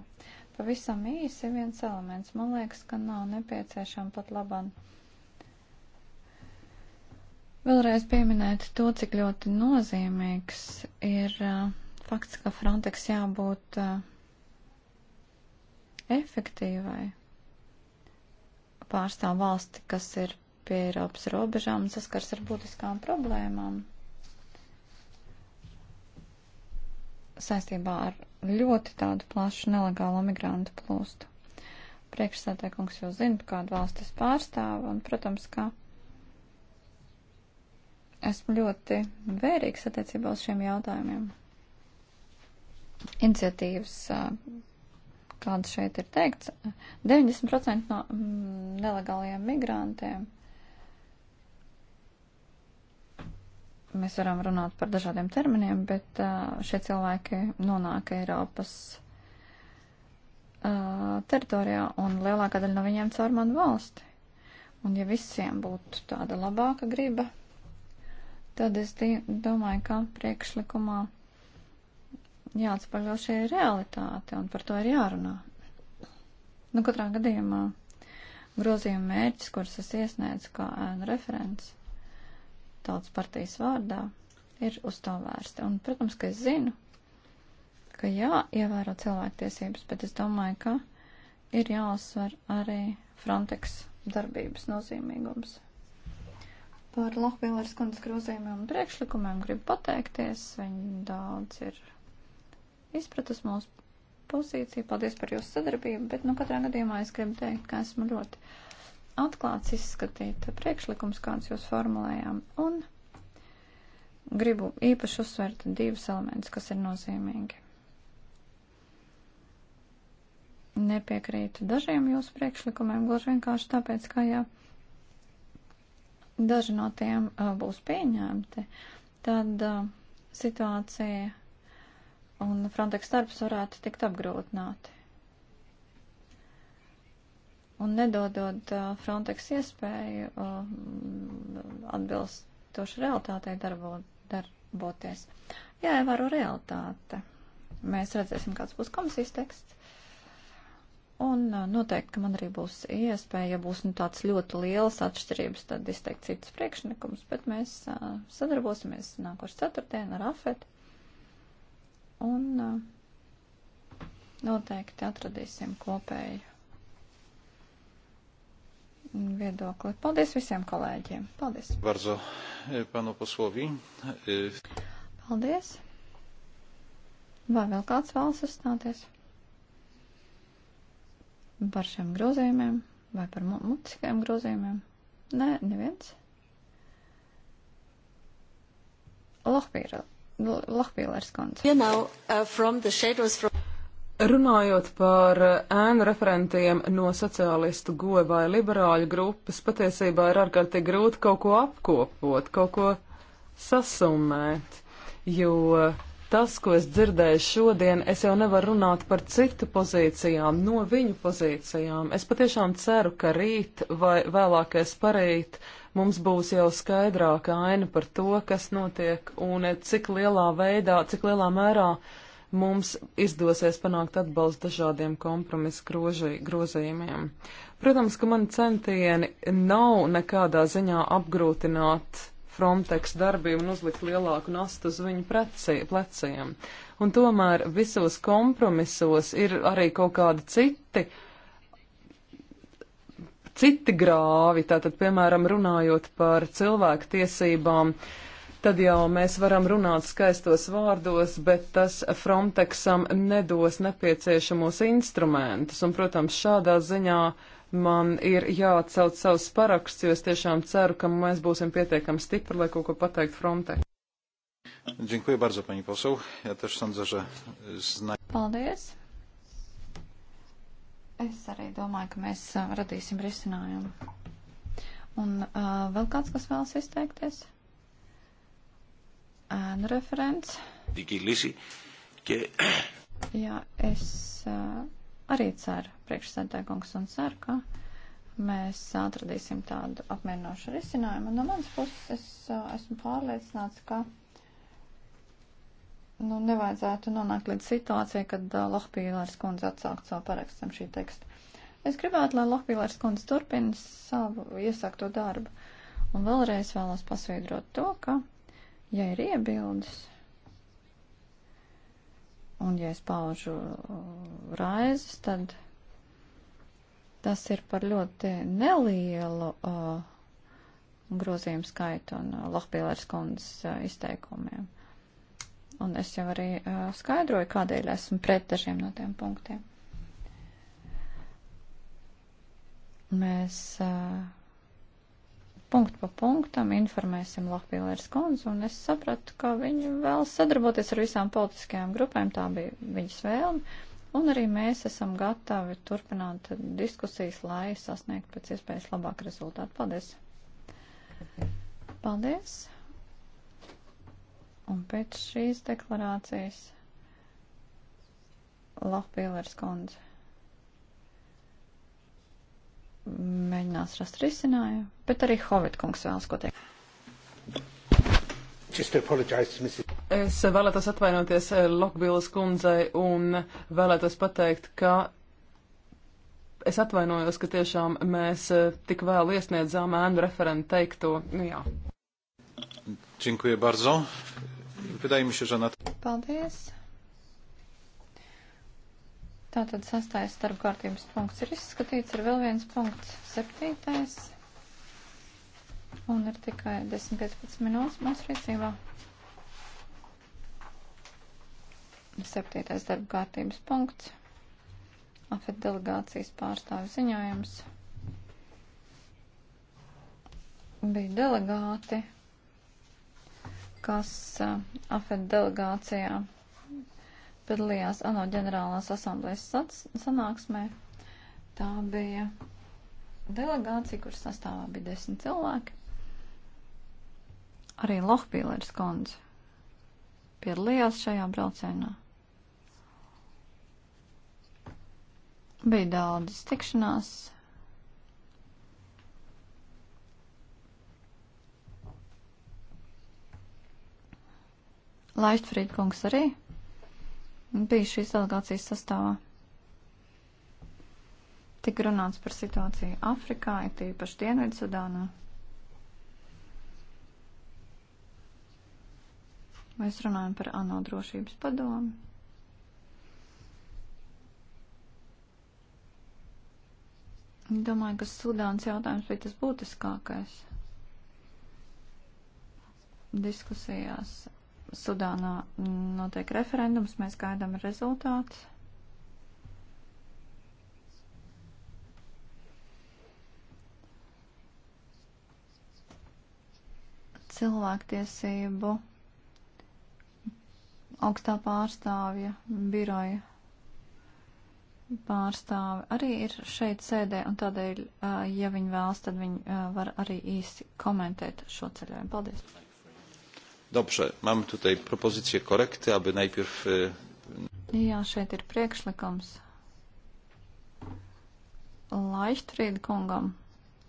Pavisam īsi viens elements. Man liekas, ka nav nepieciešama pat laban. Vēlreiz pieminēt to, cik ļoti nozīmīgs ir uh, fakts, ka Frontex jābūt uh, efektīvai. Pārstāv valsti, kas ir pie Eiropas robežām un saskars ar būtiskām problēmām. saistībā ar ļoti tādu plašu nelegālo migrantu plūstu. Priekšsēdētājs jau zina, kādu valsti es pārstāvu, un, protams, ka esmu ļoti vērīgs attiecībā uz šiem jautājumiem. Iniciatīvas, kādas šeit ir teikts, 90% no mm, nelegālajiem migrantiem – Mēs varam runāt par dažādiem terminiem, bet šie cilvēki nonāk Eiropas teritorijā un lielākā daļa no viņiem caur manu valsti. Un ja visiem būtu tāda labāka griba, tad es domāju, ka priekšlikumā jāatspaļo šī realitāte, un par to ir jārunā. Nu, katrā gadījumā grozījuma mērķis, kurus es iesniedzu kā ēnu referents, tautas partijas vārdā ir uz to vērsta. Un, protams, ka es zinu, ka jā, ievēro cilvēktiesības, bet es domāju, ka ir jāuzsver arī Frontex darbības nozīmīgums. Par Lohbīlers kundas grozījumiem un priekšlikumiem gribu pateikties. Viņi daudz ir izpratus mūsu pozīciju. Paldies par jūsu sadarbību, bet, nu, katrā gadījumā es gribu teikt, ka esmu ļoti atklāts izskatīt priekšlikums, kāds jūs formulējām, un gribu īpaši uzsvērt divus elementus, kas ir nozīmīgi. Nepiekrītu dažiem jūsu priekšlikumiem, gluži vienkārši tāpēc, ka, ja daži no tiem uh, būs pieņemti, tad uh, situācija un Frontex darbs varētu tikt apgrūtināti. Un nedodot uh, Frontex iespēju um, atbilstoši realitātei darboties. Jāievēro realitāte. Mēs redzēsim, kāds būs komisijas teksts. Un uh, noteikti, ka man arī būs iespēja, ja būs nu, tāds ļoti liels atšķirības, tad izteikt citas priekšnikums, bet mēs uh, sadarbosimies nākošu ceturtdienu ar AFET. Un uh, noteikti atradīsim kopēju viedokli. Paldies visiem kolēģiem. Paldies. Varzo, e, panu poslovī. E, Paldies. Vai vēl kāds vēlas uzstāties? Par šiem grozījumiem vai par mutiskajiem grozījumiem? Nē, neviens. Lohpīlers kundze. You know, uh, from the shadows from Runājot par ēnu referentiem no sociālistu goja vai liberāļu grupas, patiesībā ir ārkārtīgi grūti kaut ko apkopot, kaut ko sasummēt, jo tas, ko es dzirdēju šodien, es jau nevaru runāt par citu pozīcijām, no viņu pozīcijām. Es patiešām ceru, ka rīt vai vēlākais parīt mums būs jau skaidrāka aina par to, kas notiek un cik lielā veidā, cik lielā mērā mums izdosies panākt atbalstu dažādiem kompromisu grozījumiem. Protams, ka mani centieni nav nekādā ziņā apgrūtināt Frontex darbību un uzlikt lielāku nastu uz viņu preci, pleciem. Un tomēr visos kompromisos ir arī kaut kādi citi, citi grāvi, tātad, piemēram, runājot par cilvēku tiesībām. Uh, tad jau mēs varam runāt skaistos vārdos, bet tas Frontexam nedos nepieciešamos instrumentus. Un, protams, šādā ziņā man ir jāatcelt savus paraksts, jo es tiešām ceru, ka mēs būsim pietiekami stipri, lai kaut ko pateikt Frontex. Dziękuję bardzo pani poseł. Ja też sądzę, że zna... Paldies. Es arī domāju, ka mēs uh, radīsim risinājumu. Un uh, vēl kāds, kas vēlas izteikties? ēnu referents. [CLEARS THROAT] Jā, es arī ceru, priekšsēdētājkungs, un ceru, ka mēs atradīsim tādu apmierinošu risinājumu. No manas puses es esmu pārliecināts, ka nu, nevajadzētu nonākt līdz situācijai, kad uh, Lohpīlērs kundze atsākt savu parakstam šī teksta. Es gribētu, lai Lohpīlērs kundze turpina savu iesākto darbu. Un vēlreiz vēlos pasvīdrot to, ka Ja ir iebildes, un ja es paužu uh, raizes, tad tas ir par ļoti nelielu uh, grozījumu skaitu un uh, Lohpīlērs kundzes uh, izteikumiem. Un es jau arī uh, skaidroju, kādēļ esmu pret dažiem no tiem punktiem. Mēs uh, punktu pa punktam informēsim Lohpīlērs kundzi, un es sapratu, ka viņi vēl sadarboties ar visām politiskajām grupēm, tā bija viņas vēlme, un arī mēs esam gatavi turpināt diskusijas, lai sasniegtu pēc iespējas labāku rezultātu. Paldies! Paldies! Un pēc šīs deklarācijas Lohpīlērs kundze mēģinās rast risinājumu, bet arī Hovitkungs vēlas ko teikt. Es vēlētos atvainoties eh, Lokbīlas kundzei un vēlētos pateikt, ka es atvainojos, ka tiešām mēs eh, tik vēl iesniedzām ēnu referentu teikto. Nu, jā. Dziękuję bardzo. Wydaje mi się, że na... Paldies. Tātad sastais starp kārtības punkts ir izskatīts, ir vēl viens punkts, septītais, un ir tikai 10-15 minūtes mums rīcībā. Septītais darba kārtības punkts, afet delegācijas pārstāvi ziņojums. Bija delegāti, kas eh, afet delegācijā piedalījās ANO ģenerālās asamblējas sanāksmē. Tā bija delegācija, kuras sastāvā bija desmit cilvēki. Arī Lohpīlers kundze piedalījās šajā braucienā. Bija daudz tikšanās. Laištfrīd kungs arī bija šīs delegācijas sastāvā. Tik runāts par situāciju Afrikā, ir tīpaši Dienvidsudānā. Mēs runājam par ANO drošības padomu. Domāju, ka Sudāns jautājums bija tas būtiskākais diskusijās Sudānā notiek referendums, mēs gaidām rezultātus. Cilvēktiesību augstā pārstāvja biroja pārstāvi arī ir šeit sēdē, un tādēļ, ja viņi vēlas, tad viņi var arī īsi komentēt šo ceļojumu. Paldies! Dobrze, mam tutaj propozycję korekty, aby najpierw... Jā, šeit ir priekšlikums. Laištrīd kungam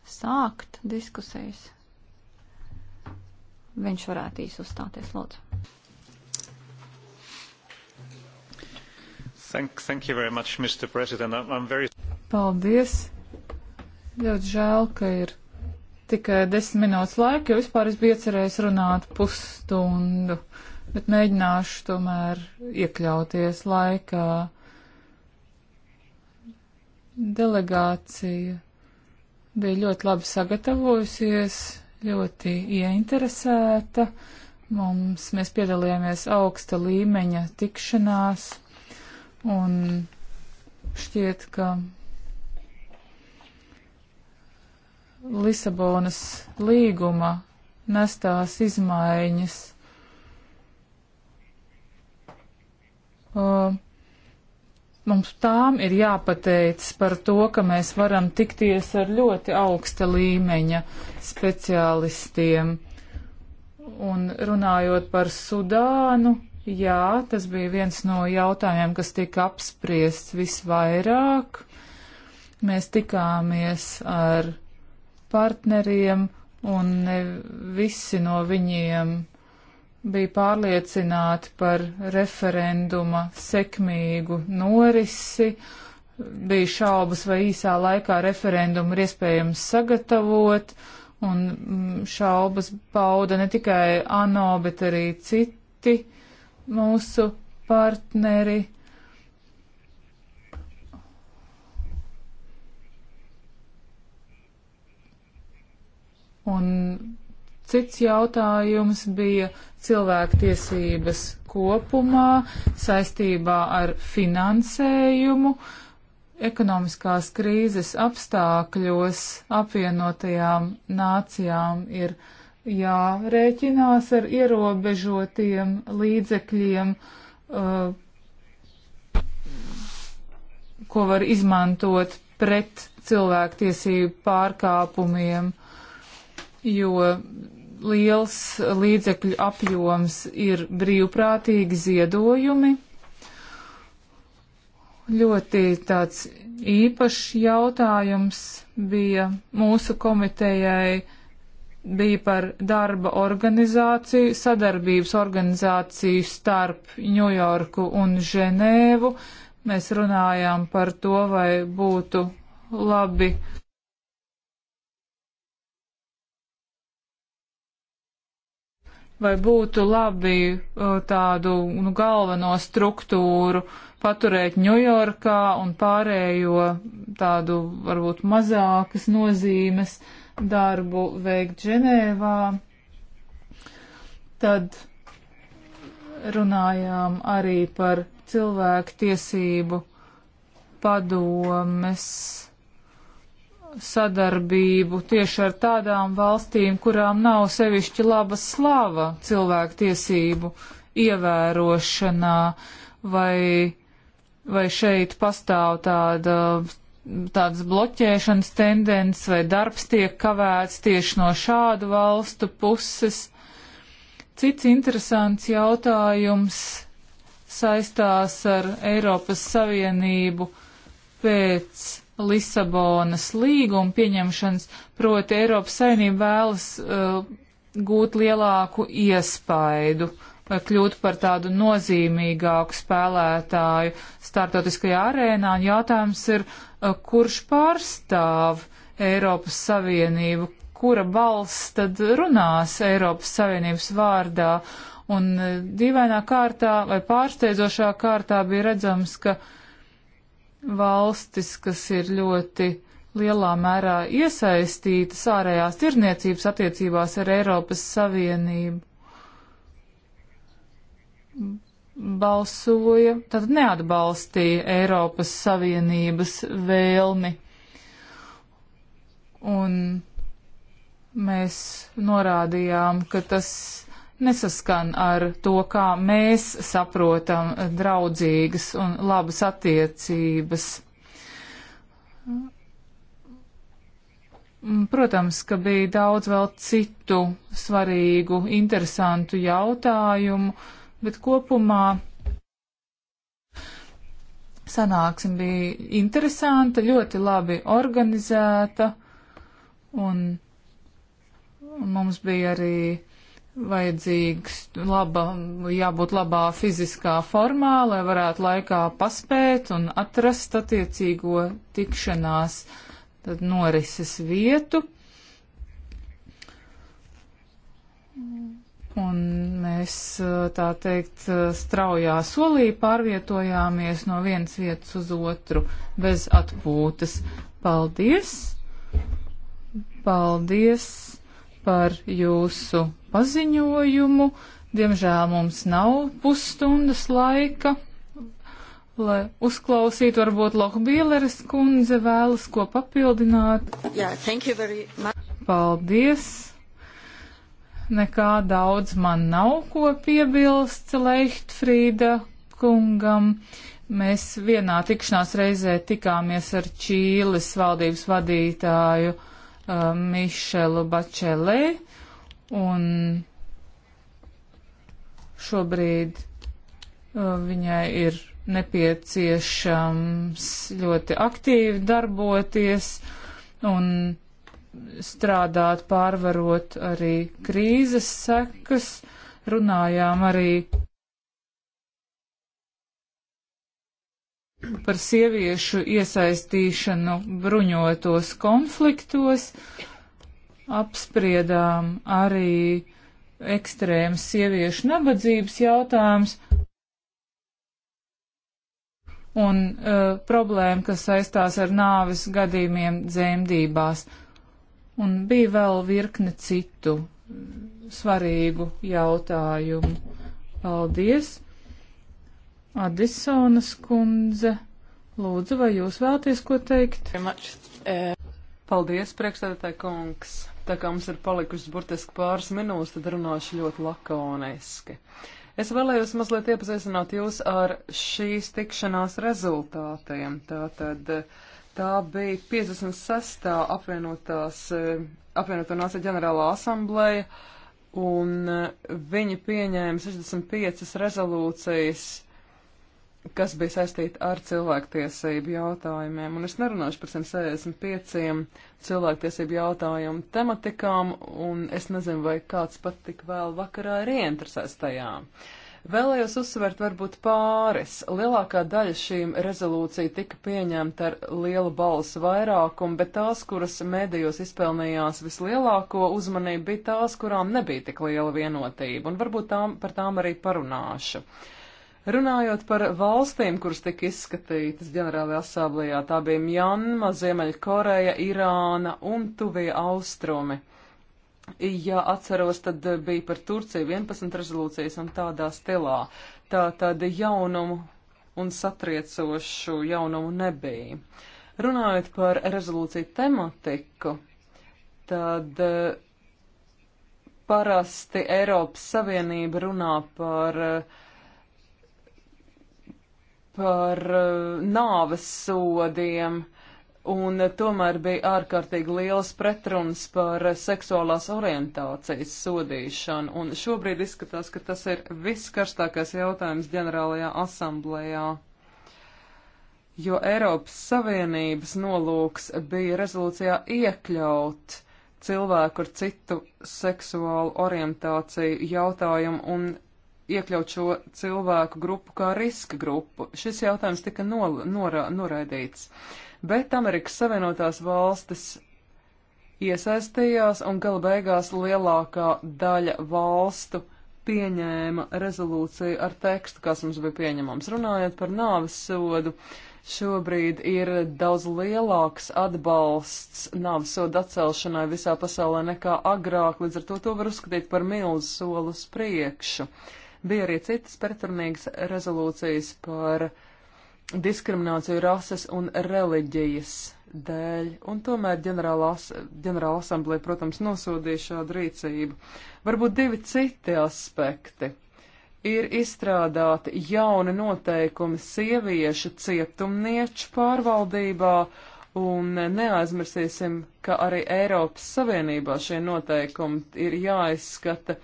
sākt diskusijas. Viņš varētu īsi uzstāties, lūdzu. Thank, thank you very much, Mr. President. I'm, I'm very... Paldies. Ļoti žēl, ka ir tikai desmit minūtes laika, jo vispār es biju cerējis runāt pusstundu, bet mēģināšu tomēr iekļauties laikā. Delegācija bija ļoti labi sagatavojusies, ļoti ieinteresēta. Mums, mēs piedalījāmies augsta līmeņa tikšanās un šķiet, ka Lisabonas līguma nestās izmaiņas. Uh, mums tām ir jāpateicas par to, ka mēs varam tikties ar ļoti augsta līmeņa speciālistiem. Un runājot par Sudānu, jā, tas bija viens no jautājumiem, kas tika apspriests visvairāk. Mēs tikāmies ar partneriem, un ne visi no viņiem bija pārliecināti par referenduma sekmīgu norisi. Bija šaubas, vai īsā laikā referendumu ir iespējams sagatavot, un mm, šaubas pauda ne tikai ANO, bet arī citi mūsu partneri. Un cits jautājums bija cilvēktiesības kopumā saistībā ar finansējumu. Ekonomiskās krīzes apstākļos apvienotajām nācijām ir jārēķinās ar ierobežotiem līdzekļiem, uh, ko var izmantot pret cilvēktiesību pārkāpumiem jo liels līdzekļu apjoms ir brīvprātīgi ziedojumi. Ļoti tāds īpašs jautājums bija mūsu komitejai, bija par darba organizāciju, sadarbības organizāciju starp Ņujorku un Ženēvu. Mēs runājām par to, vai būtu labi vai būtu labi uh, tādu nu, galveno struktūru paturēt Ņujorkā un pārējo tādu varbūt mazākas nozīmes darbu veikt Ženēvā. Tad runājām arī par cilvēku tiesību padomes sadarbību tieši ar tādām valstīm, kurām nav sevišķi laba slava cilvēktiesību ievērošanā, vai, vai šeit pastāv tāda, tādas bloķēšanas tendences, vai darbs tiek kavēts tieši no šādu valstu puses. Cits interesants jautājums saistās ar Eiropas Savienību pēc Lisabonas līguma pieņemšanas, proti Eiropas Savienība vēlas uh, gūt lielāku iespaidu vai kļūt par tādu nozīmīgāku spēlētāju startautiskajā arēnā, un jautājums ir, uh, kurš pārstāv Eiropas Savienību, kura balss tad runās Eiropas Savienības vārdā, un uh, dīvainā kārtā vai pārsteidzošā kārtā bija redzams, ka uh, valstis, kas ir ļoti lielā mērā iesaistītas ārējās tirniecības attiecībās ar Eiropas Savienību, balsoja, tad neatbalstīja Eiropas Savienības vēlmi. Un mēs norādījām, ka tas nesaskan ar to, kā mēs saprotam draudzīgas un labas attiecības. Protams, ka bija daudz vēl citu svarīgu, interesantu jautājumu, bet kopumā sanāksme bija interesanta, ļoti labi organizēta, un mums bija arī vajadzīgs laba, jābūt labā fiziskā formā, lai varētu laikā paspēt un atrast attiecīgo tikšanās tad norises vietu. Un mēs tā teikt straujā solī pārvietojāmies no vienas vietas uz otru bez atpūtas. Paldies! Paldies par jūsu paziņojumu. Diemžēl mums nav pusstundas laika, lai uzklausītu, varbūt Lohbīleres kundze vēlas ko papildināt. Yeah, Paldies! Nekā daudz man nav ko piebilst Leichtfrīda kungam. Mēs vienā tikšanās reizē tikāmies ar Čīles valdības vadītāju uh, Mišelu Bačelē un šobrīd uh, viņai ir nepieciešams ļoti aktīvi darboties un strādāt, pārvarot arī krīzes sekas. Runājām arī par sieviešu iesaistīšanu bruņotos konfliktos. Uh, apspriedām arī ekstrēmas sieviešu nabadzības jautājums un uh, problēma, kas saistās ar nāves gadījumiem dzemdībās. Un bija vēl virkne citu svarīgu jautājumu. Paldies! Adisonas kundze, lūdzu, vai jūs vēlties ko teikt? Uh, Paldies, priekšstādātāji kungs! Tā kā mums ir palikušas burtiski pāris minūtes, tad runāšu ļoti lakoniski. Es vēlējos mazliet iepazīstināt jūs ar šīs tikšanās rezultātiem. Tātad tā bija 56. apvienotās, apvienoto nāciju ģenerālā asambleja, un viņi pieņēma 65 rezolūcijas kas bija saistīta ar cilvēktiesību jautājumiem. Un es nerunāšu par 165 cilvēktiesību jautājumu tematikām, un es nezinu, vai kāds pat tik vēl vakarā ir ieinteresēts tajā. Vēlējos uzsvērt varbūt pāris. Lielākā daļa šīm rezolūcija tika pieņemta ar lielu balsu vairākumu, bet tās, kuras mēdījos izpelnījās vislielāko uzmanību, bija tās, kurām nebija tik liela vienotība, un varbūt tām, par tām arī parunāšu. Uh, Runājot par valstīm, kuras tika izskatītas ģenerālajā asamblējā, tā bija Mjanma, Ziemeļkoreja, Irāna un Tuvie Austrumi. Ja atceros, tad bija par Turciju 11 rezolūcijas un tādā stilā. Tā tad jaunumu un satriecošu jaunumu nebija. Runājot par rezolūciju tematiku, tad eh, parasti Eiropas Savienība runā par uh, par eh, nāves sodiem, un tomēr bija ārkārtīgi liels pretruns par seksuālās orientācijas sodīšanu, un šobrīd izskatās, ka tas ir viskarstākais jautājums ģenerālajā asamblējā. Jo Eiropas Savienības nolūks bija rezolūcijā iekļaut cilvēku ar citu seksuālu orientāciju jautājumu un iekļaut šo cilvēku grupu kā riska grupu. Šis jautājums tika nol, norā, noraidīts, bet Amerikas Savienotās valstis iesaistījās un gala beigās lielākā daļa valstu pieņēma rezolūciju ar tekstu, kas mums bija pieņemams. Runājot par nāves sodu, šobrīd ir daudz lielāks atbalsts nāves sodu atcelšanai visā pasaulē nekā agrāk, līdz ar to to var uzskatīt par milzu soli uz priekšu. Uh, Bija arī citas pretrunīgas rezolūcijas par diskrimināciju rases un reliģijas dēļ, un tomēr ģenerāla, as ģenerāla asamblē, protams, nosodīja šādu rīcību. Varbūt divi citi aspekti. Ir izstrādāti jauni noteikumi sieviešu cietumnieču pārvaldībā, uh, Un neaizmirsīsim, ka arī Eiropas Savienībā šie noteikumi ir jāizskata,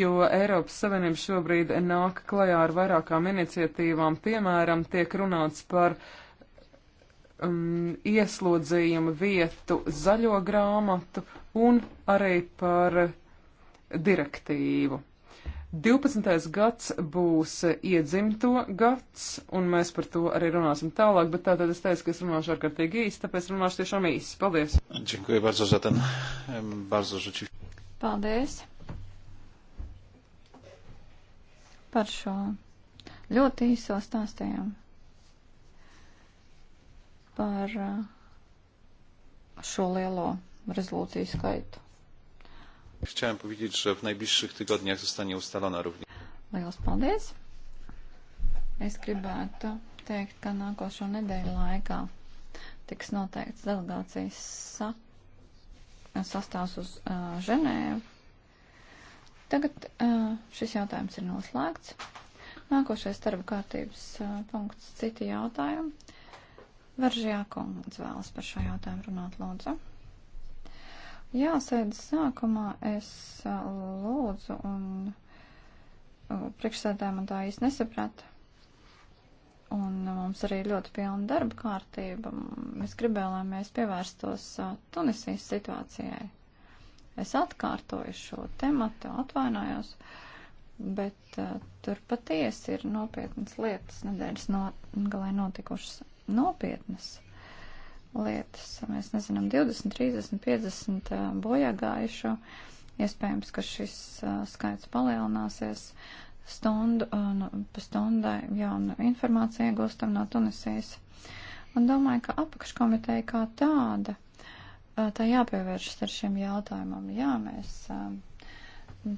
jo Eiropas Savienība šobrīd nāk klajā ar vairākām iniciatīvām. Piemēram, tiek runāts par um, ieslodzījumu vietu zaļo grāmatu un arī par direktīvu. 12. gads būs iedzimto gads, un mēs par to arī runāsim tālāk, bet tātad es teicu, ka es runāšu ārkārtīgi īsi, tāpēc runāšu tiešām īsi. Paldies! Paldies! Par šo ļoti īso stāstījumu. Par eh, šo lielo rezolūciju skaitu. Chciałem powiedzieć, że w najbliższych tygodniach zostanie ustalona również. Lielas paldies! Es gribētu teikt, ka nākošo nedēļu laikā tiks noteikts delegācijas sa sastāvs uz uh, Ženēvu. Tagad uh, šis jautājums ir noslēgts. Nākošais darba kārtības uh, punkts - citi jautājumi. Veržjā kungs vēlas par šo jautājumu runāt, lūdzu. Jā, sēdes sākumā es lūdzu un priekšsēdētāji man tā īsti nesaprata. Un mums arī ļoti pilna darba kārtība. Es gribēju, lai mēs pievērstos Tunisijas situācijai. Es atkārtoju šo tematu, atvainojos, bet uh, tur patiesi ir nopietnas lietas nedēļas no, galē notikušas nopietnas. Uh, lietas. Mēs nezinām 20, 30, 50 bojā gājušo. Iespējams, ka šis skaits palielināsies stundu, nu, pa stundai jaunu informāciju iegūstam no Tunisijas. Un domāju, ka apakškomiteja kā tāda, tā jāpievēršas ar šiem jautājumam. Jā, mēs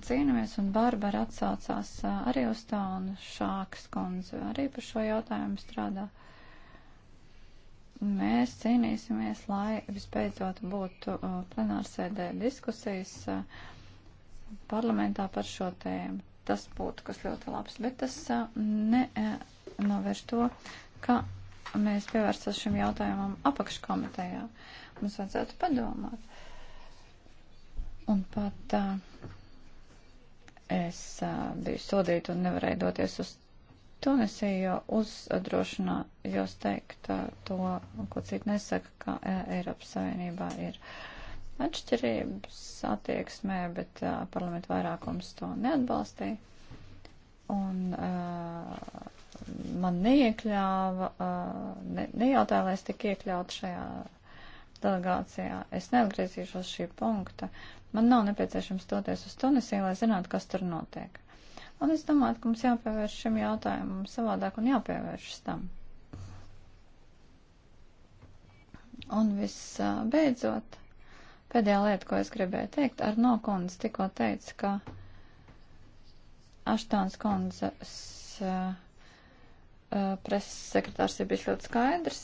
cīnāmies, un Barbara atsaucās arī uz tā, un Šāks kundze arī par šo jautājumu strādā. Uh, Mēs cīnīsimies, lai vispēcot būtu uh, plenārsēdē diskusijas uh, parlamentā par šo tēmu. Tas būtu kas ļoti labs, bet tas uh, nenovērš to, ka mēs pievērstos šim jautājumam apakškomitejā. Mums vajadzētu padomāt. Un pat uh, es uh, biju sodīta un nevarēju doties uz Tunisija uzdrošinā jūs teikt uh, to, ko citi nesaka, ka uh, Eiropas Savienībā ir atšķirības attieksmē, bet uh, parlamentu vairākums to neatbalstīja. Un uh, man neiekļāva, uh, ne, nejautāja, lai es tik iekļaut šajā delegācijā. Es neatgriezīšos šī punkta. Man nav nepieciešams doties uz Tunisiju, lai zinātu, kas tur notiek. Un es domāju, ka mums jāpievērš šim jautājumam savādāk un jāpievēršas tam. Un viss beidzot, pēdējā lieta, ko es gribēju teikt, ar nokundas tikko teica, ka Aštāns kundzes eh, preses sekretārs ir bijis ļoti skaidrs.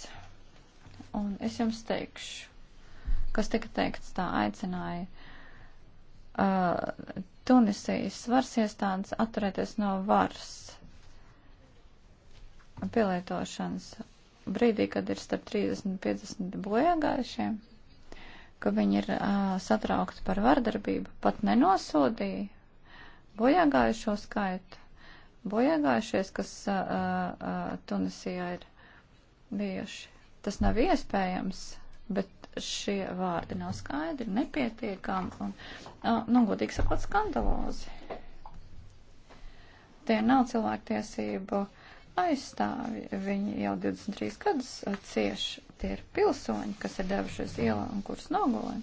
Un es jums teikšu, kas tika teikts tā aicināja uh, Tunisijas varas iestādes atturēties no varas pielietošanas brīdī, kad ir starp 30 un 50 bojāgājušiem, ka viņi ir uh, satraukti par vardarbību, pat nenosodīja bojāgājušo skaitu. Bojāgājušies, kas uh, uh, Tunisijā ir bijuši. Tas nav iespējams, bet šie vārdi nav skaidri, nepietiekami un, nu, godīgi sakot, skandalozi. Tie nav cilvēktiesību aizstāvi. Viņi jau 23 gadus cieš. Tie ir pilsoņi, kas ir devušies ielā un kurus nogulēm.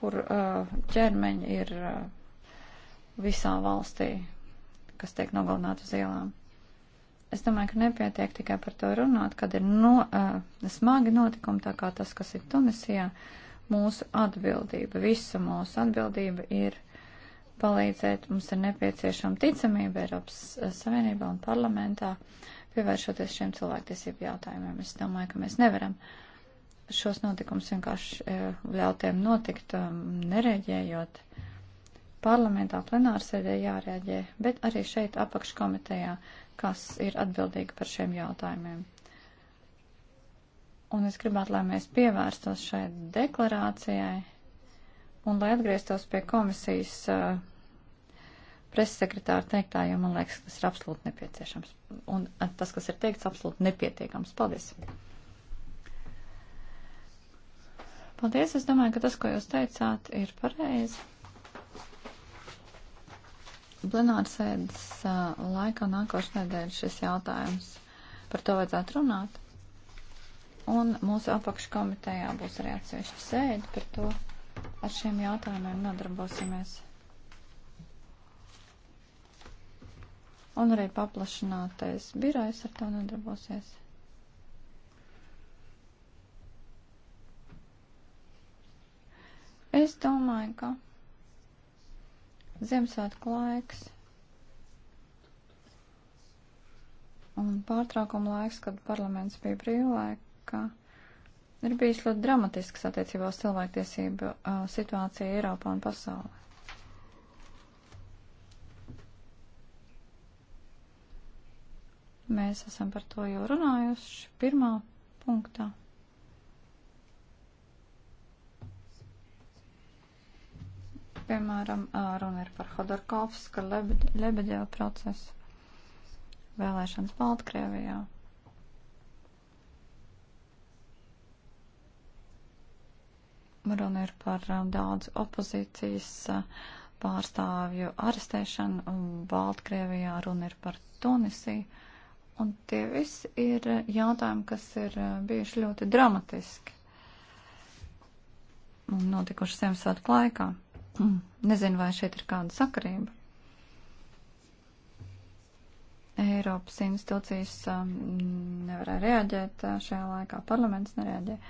Kur uh, ķermeņi ir uh, visā valstī, kas tiek nogalināti uz ielām. Es domāju, ka nepietiek tikai par to runāt, kad ir no, uh, smagi notikumi, tā kā tas, kas ir Tunisijā. Mūsu atbildība, visa mūsu atbildība ir palīdzēt. Mums ir nepieciešama ticamība Eiropas eh, Savienībā un parlamentā, pievēršoties šiem cilvēktiesību jautājumiem. Es domāju, ka mēs nevaram šos notikumus vienkārši eh, ļautiem notikt, nereģējot. Uh, parlamentā plenārsēdē jārēģē, bet arī šeit apakškomitejā, kas ir atbildīga par šiem jautājumiem. Un es gribētu, lai mēs pievērstos šai deklarācijai un lai atgrieztos pie komisijas uh, presesekretāra teiktā, jo man liekas, tas ir absolūti nepieciešams. Un uh, tas, kas ir teikts, absolūti nepietiekams. Paldies! Paldies! Es domāju, ka tas, ko jūs teicāt, ir pareizi plenārsēdes laikā nākošais nedēļa šis jautājums par to vajadzētu runāt. Un mūsu apakškomitejā būs arī atsevišķa sēde par to. Ar šiem jautājumiem nodarbosimies. Un arī paplašinātais birojs ar to nodarbosies. Es domāju, ka Ziemassvētku laiks un pārtraukuma laiks, kad parlaments bija brīvlaika, ir bijis ļoti dramatisks attiecībā uz cilvēktiesību uh, situāciju Eiropā un pasaulē. Mēs esam par to jau runājuši pirmā punktā. piemēram, runa ir par Hodorkovska, Lebedeva procesu, vēlēšanas Baltkrievijā. Runa ir par daudz opozīcijas pārstāvju arestēšanu Baltkrievijā, runa ir par Tunisiju. Un tie visi ir jautājumi, kas ir bijuši ļoti dramatiski un notikuši Ziemassvētku laikā. Mm, nezinu, vai šeit ir kāda sakarība. Eiropas institūcijas um, nevarēja reaģēt uh, šajā laikā, parlaments nereaģēja.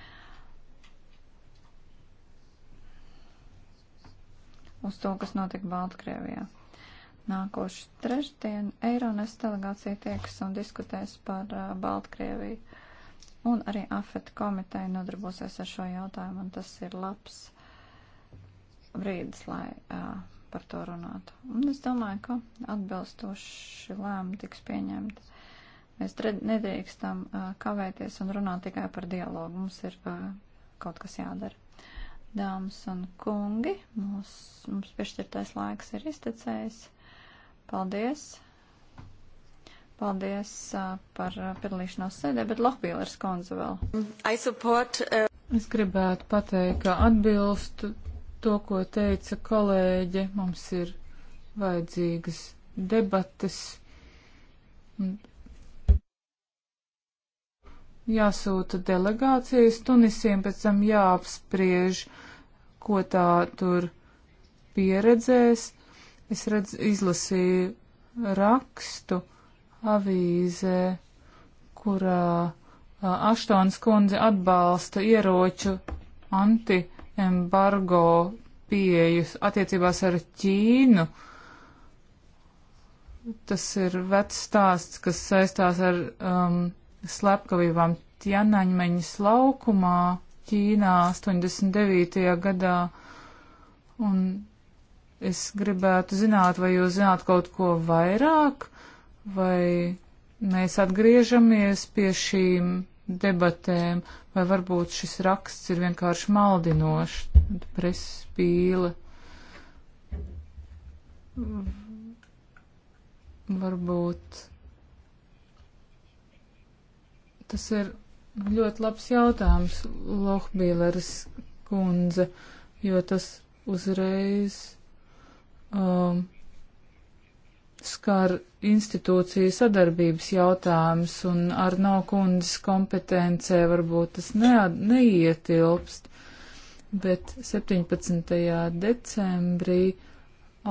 uz to, kas notika Baltkrievijā. Nākošu trešdienu Eironas delegācija tieks un diskutēs par uh, Baltkrieviju. Un arī AFET komiteja nodarbosies ar šo jautājumu, un tas ir labs brīdis, lai uh, par to runātu. Un es domāju, ka atbilstoši lēmumi tiks pieņemti. Mēs nedrīkstam uh, kavēties un runāt tikai par dialogu. Mums ir uh, kaut kas jādara. Dāmas un kungi, mūs, mums piešķirtais laiks ir iztecējis. Paldies! Paldies uh, par piedalīšanos sēdē, bet Lohbīlers konzu vēl. Support, uh... Es gribētu pateikt, ka atbilstu to, ko teica kolēģe. Mums ir vajadzīgas debates. Jāsūta delegācijas Tunisiem, pēc tam jāapspriež, ko tā tur pieredzēs. Es redz, izlasīju rakstu avīzē, kurā Aštons kundze atbalsta ieroču anti embargo pieejas attiecībās ar Ķīnu. Tas ir vecs stāsts, kas saistās ar um, slepkavībām Tianaņmeņas laukumā Ķīnā 89. gadā. Un es gribētu zināt, vai jūs zināt kaut ko vairāk, vai mēs atgriežamies pie šīm debatēm, vai varbūt šis raksts ir vienkārši maldinošs, preses pīle. Varbūt tas ir ļoti labs jautājums, Lohbīleres kundze, jo tas uzreiz um, skar institūciju sadarbības jautājums, un ar nav kundzes kompetencē varbūt tas ne, neietilpst, bet 17. decembrī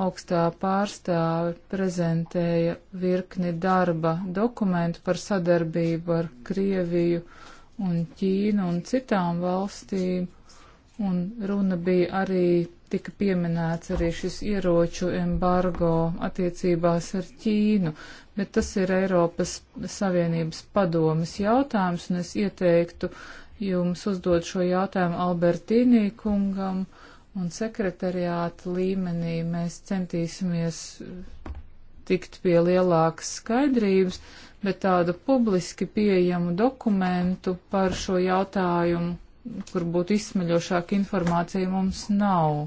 augstā pārstāve prezentēja virkni darba dokumentu par sadarbību ar Krieviju un Ķīnu un citām valstīm, un runa bija arī tika pieminēts arī šis ieroču embargo attiecībās ar Ķīnu, bet tas ir Eiropas Savienības padomas jautājums, un es ieteiktu jums uzdot šo jautājumu Albertīnī kungam, un sekretariāta līmenī mēs centīsimies tikt pie lielākas skaidrības, bet tādu publiski pieejamu dokumentu par šo jautājumu kur būtu izsmeļošāka informācija, mums nav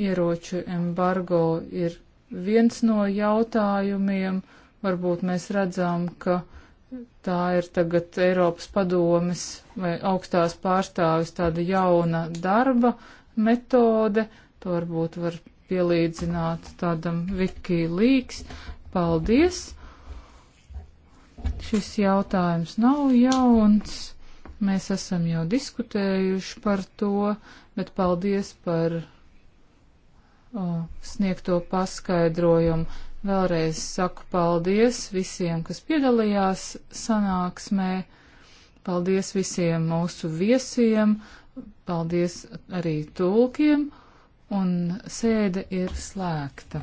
ieroču embargo ir viens no jautājumiem. Varbūt mēs redzam, ka tā ir tagad Eiropas padomes vai augstās pārstāvis tāda jauna darba metode. To varbūt var pielīdzināt tādam Wikileaks. Paldies! Šis jautājums nav jauns. Mēs esam jau diskutējuši par to, bet paldies par sniegto paskaidrojumu. Vēlreiz saku paldies visiem, kas piedalījās sanāksmē. Paldies visiem mūsu viesiem, paldies arī tulkiem, un sēde ir slēgta.